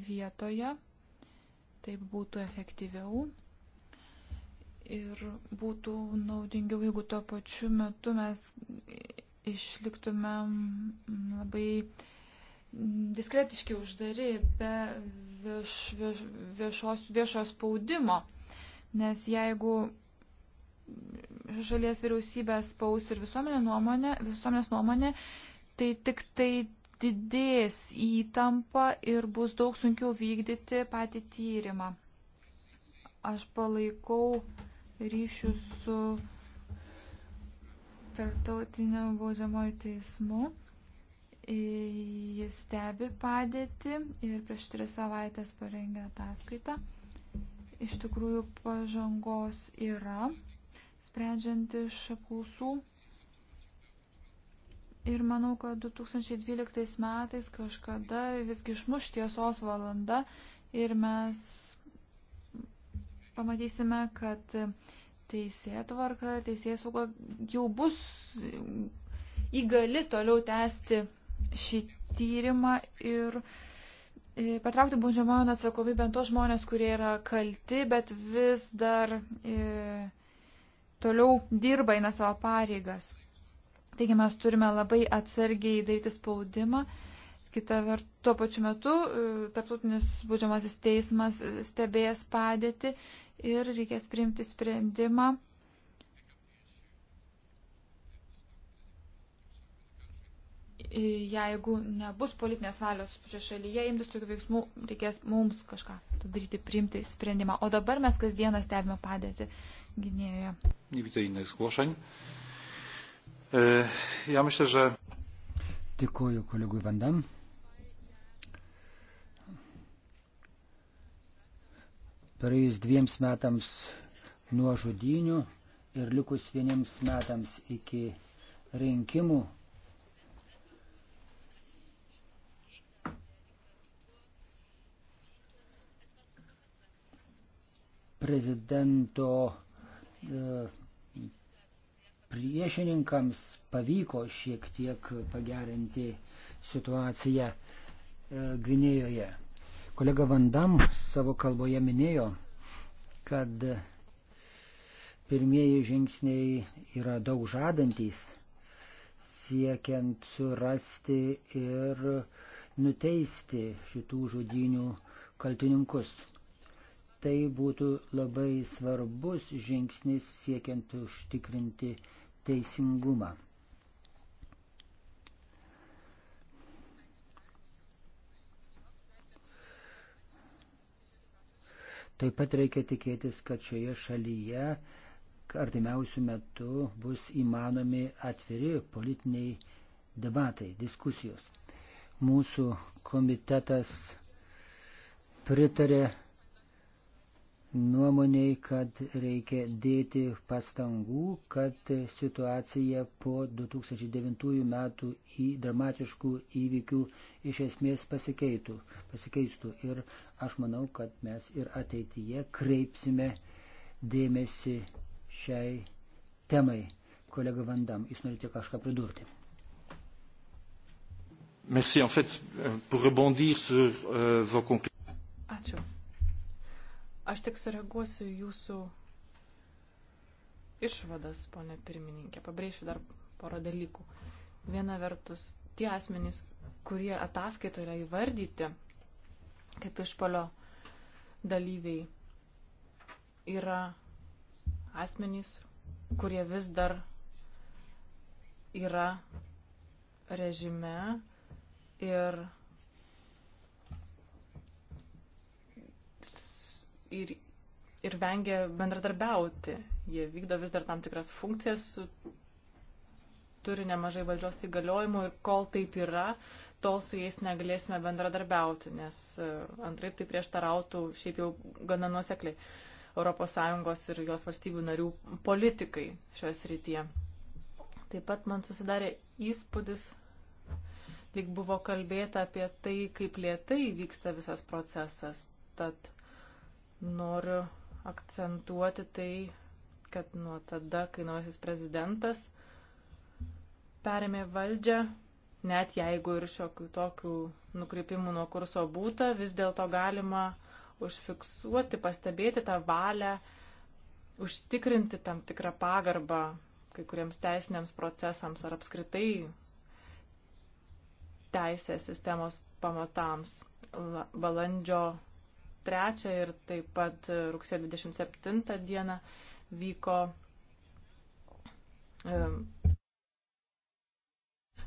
vietoje, taip būtų efektyviau ir būtų naudingiau, jeigu tuo pačiu metu mes išliktumėm labai diskretiški uždari, be vieš, vieš, viešos, viešo spaudimo. Nes jeigu šalies vyriausybės spaus ir visuomenė nuomonė, visuomenės nuomonė, tai tik tai didės įtampa ir bus daug sunkiau vykdyti patį tyrimą. Aš palaikau ryšių su tarptautiniu baudžiamoju teismu jis stebi padėtį ir prieš tris savaitės parengė ataskaitą. Iš tikrųjų pažangos yra, sprendžiant iš apklausų. Ir manau, kad 2012 metais kažkada visgi išmuš tiesos valanda ir mes pamatysime, kad teisė tvarka, teisė sauga jau bus įgali toliau tęsti šį tyrimą ir e, patraukti baudžiamojo atsakomybę tos žmonės, kurie yra kalti, bet vis dar e, toliau dirba, eina savo pareigas. Taigi mes turime labai atsargiai daryti spaudimą. Kita vert, tuo pačiu metu e, tarptautinis baudžiamasis teismas stebės padėti ir reikės priimti sprendimą jeigu nebus politinės valios šioje šalyje imtis tokių veiksmų, reikės mums kažką daryti, priimti sprendimą. O dabar mes kasdieną stebime padėti gynėjoje. Nevidzę innych zgłoszeń. E, ja myślę, że... Dėkuoju kolegui Vandam. Praėjus dviems metams nuo žudinių ir likus vieniems metams iki rinkimų prezidento e, priešininkams pavyko šiek tiek pagerinti situaciją e, Gvinėjoje. Kolega Vandam savo kalboje minėjo, kad pirmieji žingsniai yra daug žadantys, siekiant surasti ir nuteisti šitų žudinių kaltininkus. Tai būtų labai svarbus žingsnis siekiant užtikrinti teisingumą. Taip pat reikia tikėtis, kad šioje šalyje artimiausių metų bus įmanomi atviri politiniai debatai, diskusijos. Mūsų komitetas pritarė nuomoniai, kad reikia dėti pastangų, kad situacija po 2009 metų į dramatiškų įvykių iš esmės pasikeitų, pasikeistų. Ir aš manau, kad mes ir ateityje kreipsime dėmesį šiai temai. Kolega Vandam, jūs norite kažką pridurti? Merci, en fait, pour rebondir sur euh, vos conclusions. Ačiū. Aš tik sureaguosiu jūsų išvadas, ponė pirmininkė. Pabrėšiu dar porą dalykų. Viena vertus, tie asmenys, kurie ataskaitoje yra įvardyti kaip išpolio dalyviai, yra asmenys, kurie vis dar yra režime ir ir, ir vengia bendradarbiauti. Jie vykdo vis dar tam tikras funkcijas, turi nemažai valdžios įgaliojimų ir kol taip yra, tol su jais negalėsime bendradarbiauti, nes e, antraip tai prieštarautų šiaip jau gana nuosekliai ES ir jos valstybių narių politikai šioje srityje. Taip pat man susidarė įspūdis, lyg buvo kalbėta apie tai, kaip lietai vyksta visas procesas. Tad noriu akcentuoti tai, kad nuo tada, kai naujasis prezidentas perėmė valdžią, net jeigu ir šiokių tokių nukreipimų nuo kurso būta, vis dėlto galima užfiksuoti, pastebėti tą valią, užtikrinti tam tikrą pagarbą kai kuriems teisiniams procesams ar apskritai teisės sistemos pamatams. Balandžio 3 ir taip pat rugsėjo 27 dieną vyko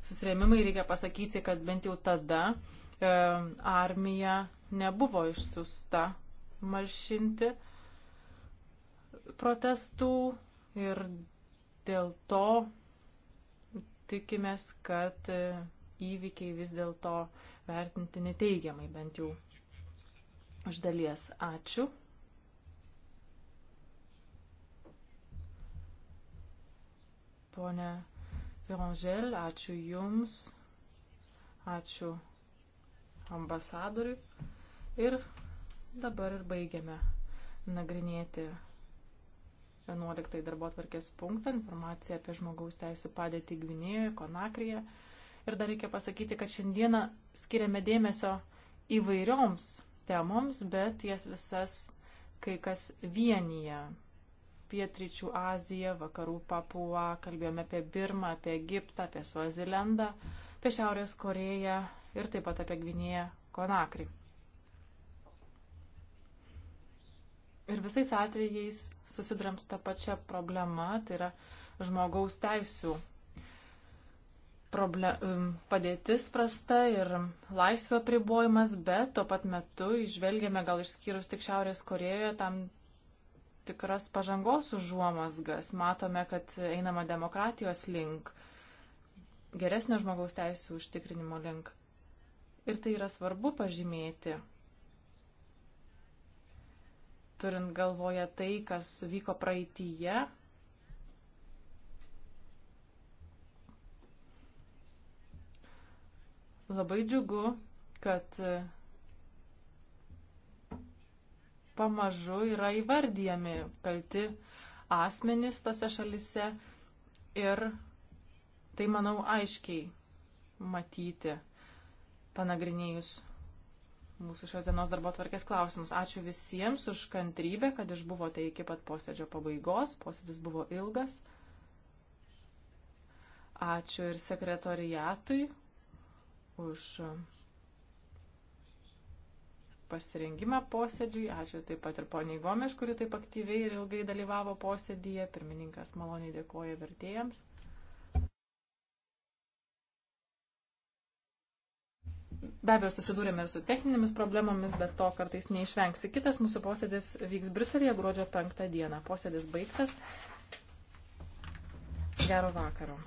susirėmimai. Reikia pasakyti, kad bent jau tada armija nebuvo išsiusta malšinti protestų ir dėl to tikimės, kad e, įvykiai vis dėlto vertinti neteigiamai, bent jau Iš dalies ačiū. Pone Vironžel, ačiū Jums, ačiū ambasadoriui. Ir dabar ir baigiame nagrinėti 11 darbo atvarkės punktą informaciją apie žmogaus teisų padėtį Gvinėjoje, Konakryje. Ir dar reikia pasakyti, kad šiandieną skiriame dėmesio įvairioms temoms, bet jas visas kai kas vienyje. Pietryčių Aziją, vakarų Papuą, kalbėjome apie Birmą, apie Egiptą, apie Svazilendą, apie Šiaurės Koreją ir taip pat apie Gvinėją Konakry. Ir visais atvejais susidurėm su ta pačia problema, tai yra žmogaus teisų problem, padėtis prasta ir laisvė pribojimas, bet tuo pat metu išvelgėme gal išskyrus tik Šiaurės Korejoje tam tikras pažangos užuomasgas. Matome, kad einama demokratijos link, geresnio žmogaus teisų užtikrinimo link. Ir tai yra svarbu pažymėti. Turint galvoje tai, kas vyko praeitįje, Labai džiugu, kad e, pamažu yra įvardyjami kalti asmenys tose šalise ir tai, manau, aiškiai matyti, panagrinėjus mūsų šios dienos darbo tvarkės klausimus. Ačiū visiems už kantrybę, kad išbuvote iki pat posėdžio pabaigos. Posėdis buvo ilgas. Ačiū ir sekretoriatui už pasirengimą posėdžiui. Ačiū taip pat ir poniai Gomeš, kuri taip aktyviai ir ilgai dalyvavo posėdyje. Pirmininkas maloniai dėkoja vertėjams. Be abejo, susidūrėme ir su techninėmis problemomis, bet to kartais neišvengsi. Kitas mūsų posėdis vyks Briuselėje gruodžio 5 dieną. Posėdis baigtas. Gero vakaro.